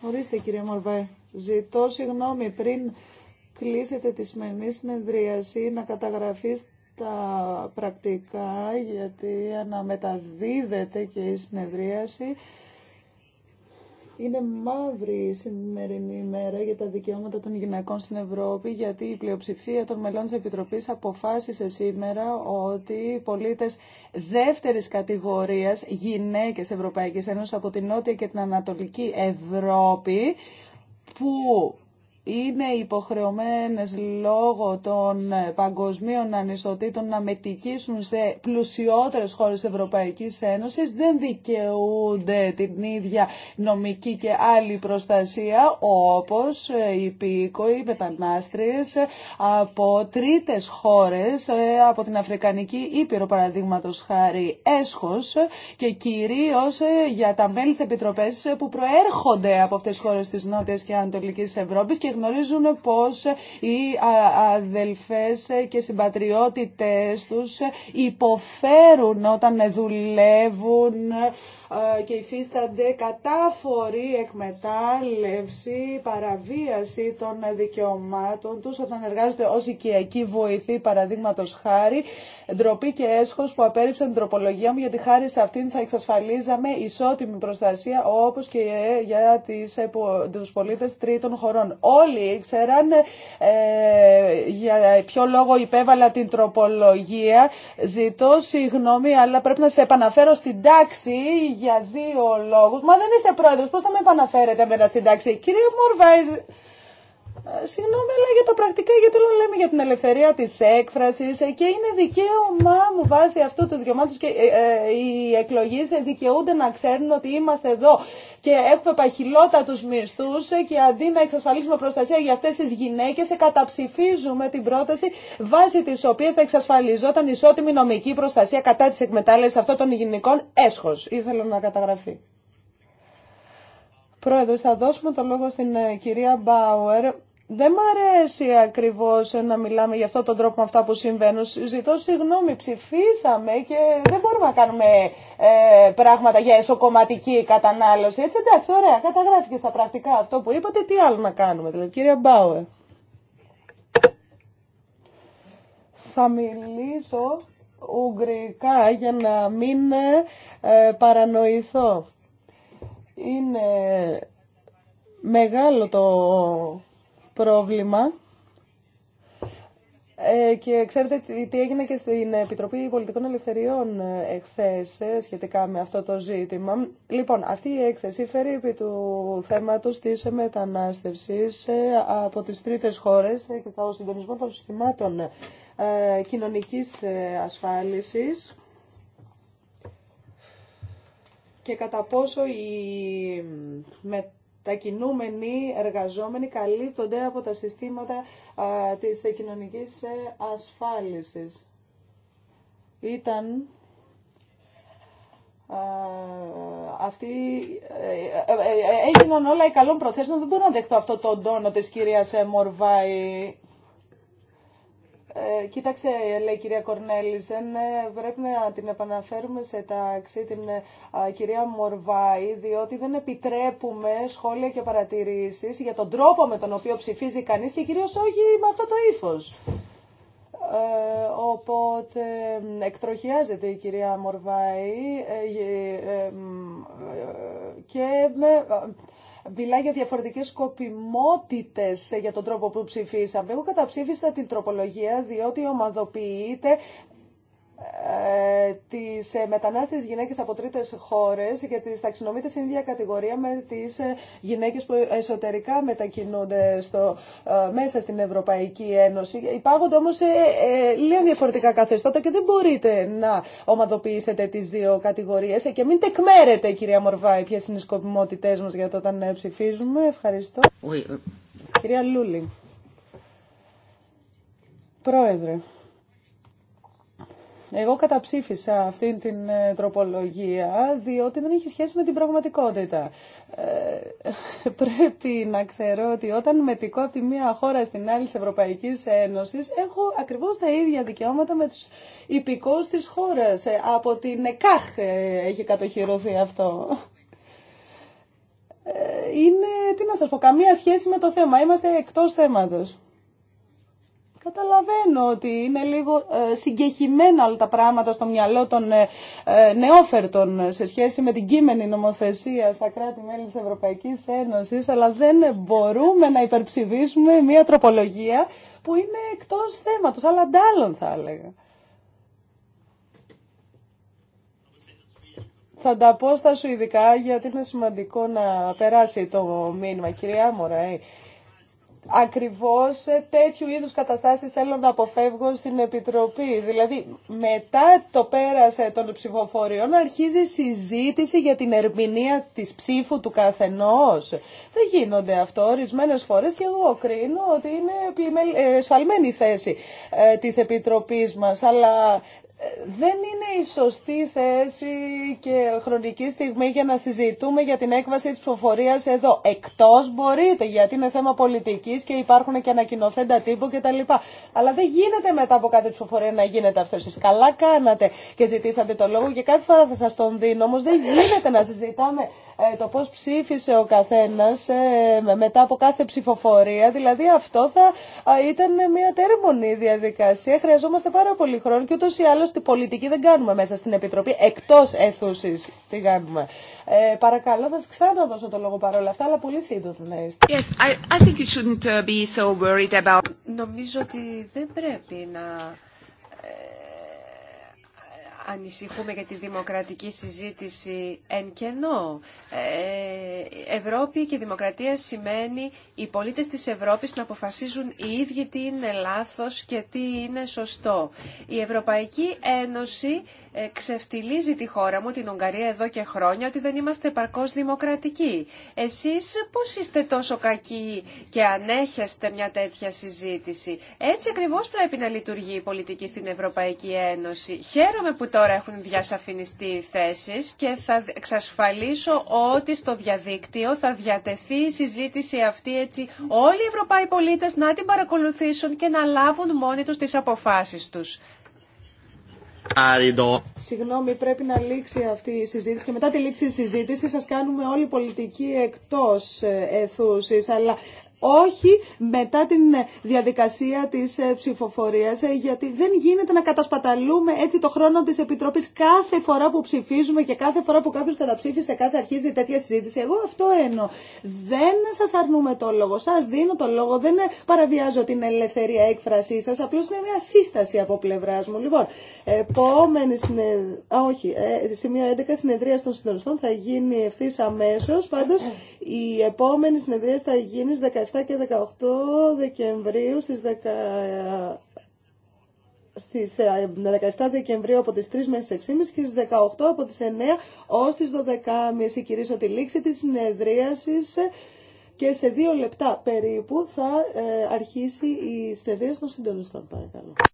Ορίστε κύριε Μορβέ, ζητώ συγγνώμη πριν κλείσετε τη σημερινή συνεδρίαση να καταγραφεί τα πρακτικά γιατί αναμεταδίδεται και η συνεδρίαση. Είναι μαύρη η σημερινή ημέρα για τα δικαιώματα των γυναικών στην Ευρώπη, γιατί η πλειοψηφία των μελών της Επιτροπής αποφάσισε σήμερα ότι οι πολίτες δεύτερης κατηγορίας, γυναίκες Ευρωπαϊκής Ένωσης από την Νότια και την Ανατολική Ευρώπη, που είναι υποχρεωμένες λόγω των παγκοσμίων ανισοτήτων να μετικήσουν σε πλουσιότερες χώρες Ευρωπαϊκής Ένωσης, δεν δικαιούνται την ίδια νομική και άλλη προστασία όπως οι πίκοοι, οι από τρίτες χώρες, ε, από την Αφρικανική Ήπειρο παραδείγματο χάρη έσχος και κυρίως ε, για τα μέλη της Επιτροπές που προέρχονται από αυτές τις χώρες της Νότιας και Ανατολικής Ευρώπης γνωρίζουν πως οι αδελφές και συμπατριώτητές τους υποφέρουν όταν δουλεύουν ε, και υφίστανται κατάφορη εκμετάλλευση, παραβίαση των δικαιωμάτων τους όταν εργάζονται ως οικιακή βοηθή, παραδείγματος χάρη, ντροπή και έσχος που απέρριψαν την τροπολογία μου, γιατί χάρη σε αυτήν θα εξασφαλίζαμε ισότιμη προστασία όπως και για τις, τους πολίτες τρίτων χωρών. Όλοι ήξεραν ε, για ποιο λόγο υπέβαλα την τροπολογία. Ζητώ συγγνώμη, αλλά πρέπει να σε επαναφέρω στην τάξη για δύο λόγους. Μα δεν είστε πρόεδρος, πώς θα με επαναφέρετε μετά στην τάξη. Κύριε Μορβάη, Συγγνώμη, αλλά για τα πρακτικά, γιατί όλα λέμε για την ελευθερία τη έκφραση και είναι δικαίωμά μου βάσει αυτού του δικαιωμάτου και ε, ε, οι εκλογεί δικαιούνται να ξέρουν ότι είμαστε εδώ και έχουμε παχυλότατου μισθού και αντί να εξασφαλίσουμε προστασία για αυτέ τι γυναίκε, καταψηφίζουμε την πρόταση βάσει τη οποία θα εξασφαλιζόταν ισότιμη νομική προστασία κατά τη εκμετάλλευση αυτών των γυναικών έσχο. Ήθελα να καταγραφεί. Πρόεδρος, θα δώσουμε το λόγο στην ε, κυρία Μπάουερ δεν μ' αρέσει ακριβώς να μιλάμε για αυτόν τον τρόπο με αυτά που συμβαίνουν. Ζητώ συγγνώμη, ψηφίσαμε και δεν μπορούμε να κάνουμε ε, πράγματα για εσωκομματική κατανάλωση. Έτσι εντάξει, ωραία, καταγράφηκε στα πρακτικά αυτό που είπατε, τι άλλο να κάνουμε, δηλαδή κύριε Μπάουερ. Θα μιλήσω ουγγρικά για να μην ε, παρανοηθώ. Είναι μεγάλο το πρόβλημα. Ε, και ξέρετε τι έγινε και στην Επιτροπή Πολιτικών Ελευθεριών ε, εχθές ε, σχετικά με αυτό το ζήτημα. Λοιπόν, αυτή η έκθεση φέρει επί του θέματος της μετανάστευσης από τις τρίτες χώρες και το συντονισμό των συστημάτων κοινωνικής ασφάλισης και κατά πόσο η τα κινούμενοι εργαζόμενοι καλύπτονται από τα συστήματα της κοινωνικής ε, ασφάλισης. Ήταν αυτή, ε, ε, έγιναν όλα οι καλών προθέσεων. Δεν μπορώ να δεχτώ αυτό το τόνο της κυρίας Μορβάη ε, κοίταξτε, λέει η κυρία Κορνέλη, ε, ναι, πρέπει να την επαναφέρουμε σε τάξη την ε, κυρία Μορβάη, διότι δεν επιτρέπουμε σχόλια και παρατηρήσεις για τον τρόπο με τον οποίο ψηφίζει κανείς και κυρίως όχι με αυτό το ύφος. Ε, οπότε εκτροχιάζεται η κυρία Μορβάη ε, και Μιλάει για διαφορετικέ σκοπιμότητες για τον τρόπο που ψηφίσαμε. Εγώ καταψήφισα την τροπολογία διότι ομαδοποιείται ε, τις ε, μετανάστες γυναίκες από τρίτες χώρες και τις ταξινομείται στην ίδια κατηγορία με τις ε, γυναίκες που εσωτερικά μετακινούνται στο, μέσα στην Ευρωπαϊκή Ένωση. υπάγονται όμως σε λίγα διαφορετικά καθεστώτα και δεν μπορείτε να ομαδοποιήσετε τις δύο κατηγορίες και μην τεκμέρετε κυρία Μορβάη ποιε είναι οι σκοπιμότητές μας για το όταν ψηφίζουμε. Ευχαριστώ. Κυρία Λούλη. Πρόεδρε. Εγώ καταψήφισα αυτήν την ε, τροπολογία διότι δεν έχει σχέση με την πραγματικότητα. Ε, πρέπει να ξέρω ότι όταν μετικό από τη μία χώρα στην άλλη της Ευρωπαϊκής Ένωσης έχω ακριβώς τα ίδια δικαιώματα με τους υπηκόους της χώρας. Ε, από την ΕΚΑΧ ε, έχει κατοχυρωθεί αυτό είναι, τι να σας πω, καμία σχέση με το θέμα. Είμαστε εκτός θέματος. Καταλαβαίνω ότι είναι λίγο ε, συγκεχημένα όλα τα πράγματα στο μυαλό των ε, ε, νεόφερτων σε σχέση με την κείμενη νομοθεσία στα κράτη-μέλη της Ευρωπαϊκής Ένωσης, αλλά δεν μπορούμε να υπερψηφίσουμε μια τροπολογία που είναι εκτός θέματος, αλλά αντάλλων θα έλεγα. Θα τα πω στα σου ειδικά γιατί είναι σημαντικό να περάσει το μήνυμα. Κυρία Μωραή. Ακριβώς ε, τέτοιου είδους καταστάσει θέλω να αποφεύγω στην Επιτροπή. Δηλαδή μετά το πέρασε των ψηφοφοριών αρχίζει συζήτηση για την ερμηνεία της ψήφου του καθενός. Δεν γίνονται αυτό ορισμένε φορές και εγώ κρίνω ότι είναι ε, σφαλμένη θέση ε, της Επιτροπής μας. Αλλά δεν είναι η σωστή θέση και χρονική στιγμή για να συζητούμε για την έκβαση της ψηφοφορία εδώ. Εκτός μπορείτε, γιατί είναι θέμα πολιτικής και υπάρχουν και ανακοινοθέντα τύπου κτλ. Αλλά δεν γίνεται μετά από κάθε ψηφοφορία να γίνεται αυτό. Εσείς καλά κάνατε και ζητήσατε το λόγο και κάθε φορά θα σας τον δίνω. Όμως δεν γίνεται να συζητάμε ε, το πώς ψήφισε ο καθένας ε, μετά από κάθε ψηφοφορία. Δηλαδή αυτό θα ε, ήταν μια τέρμονη διαδικασία. Χρειαζόμαστε πάρα πολύ χρόνο και ούτως ή στη πολιτική δεν κάνουμε μέσα στην Επιτροπή, εκτός αιθούση τι κάνουμε. Ε, παρακαλώ, θα σα ξαναδώσω το λόγο παρόλα αυτά, αλλά πολύ σύντομα να είστε. Yes, I, I think you shouldn't uh, be so worried about... Νομίζω ότι δεν πρέπει να ανησυχούμε για τη δημοκρατική συζήτηση εν κενό. Ε, Ευρώπη και δημοκρατία σημαίνει οι πολίτες της Ευρώπης να αποφασίζουν οι ίδιοι τι είναι λάθος και τι είναι σωστό. Η Ευρωπαϊκή Ένωση ξεφτιλίζει τη χώρα μου, την Ουγγαρία, εδώ και χρόνια ότι δεν είμαστε παρκώς δημοκρατικοί. Εσεί πώ είστε τόσο κακοί και ανέχεστε μια τέτοια συζήτηση. Έτσι ακριβώ πρέπει να λειτουργεί η πολιτική στην Ευρωπαϊκή Ένωση. Χαίρομαι που τώρα έχουν διασαφινιστεί οι θέσει και θα εξασφαλίσω ότι στο διαδίκτυο θα διατεθεί η συζήτηση αυτή έτσι όλοι οι Ευρωπαίοι πολίτε να την παρακολουθήσουν και να λάβουν μόνοι του τι αποφάσει του. Συγγνώμη, πρέπει να λήξει αυτή η συζήτηση και μετά τη λήξη της συζήτησης σα κάνουμε όλη πολιτική εκτός ε, αιθούσης, αλλά όχι μετά την διαδικασία της ε, ψηφοφορίας, ε, γιατί δεν γίνεται να κατασπαταλούμε έτσι το χρόνο της Επιτροπής κάθε φορά που ψηφίζουμε και κάθε φορά που κάποιος καταψήφισε, κάθε αρχίζει τέτοια συζήτηση. Εγώ αυτό εννοώ. Δεν σας αρνούμε το λόγο, σας δίνω το λόγο, δεν ε, παραβιάζω την ελευθερία έκφρασή σας, απλώς είναι μια σύσταση από πλευρά μου. Λοιπόν, επόμενη συνεδρία, όχι, ε, σημείο 11 συνεδρία των συντονιστών θα γίνει ευθύ αμέσω. Πάντω, η επόμενη συνεδρία θα γίνει 17 και 18 Δεκεμβρίου στις 10 17 ε, Δεκεμβρίου από τις 3 μέχρι τις 6.30 και στις 18 από τις 9 ως τις 12.30 τη λήξη τη συνεδρίαση ε, και σε δύο λεπτά περίπου θα ε, αρχίσει η συνεδρίαση των συντονιστών παρακαλώ.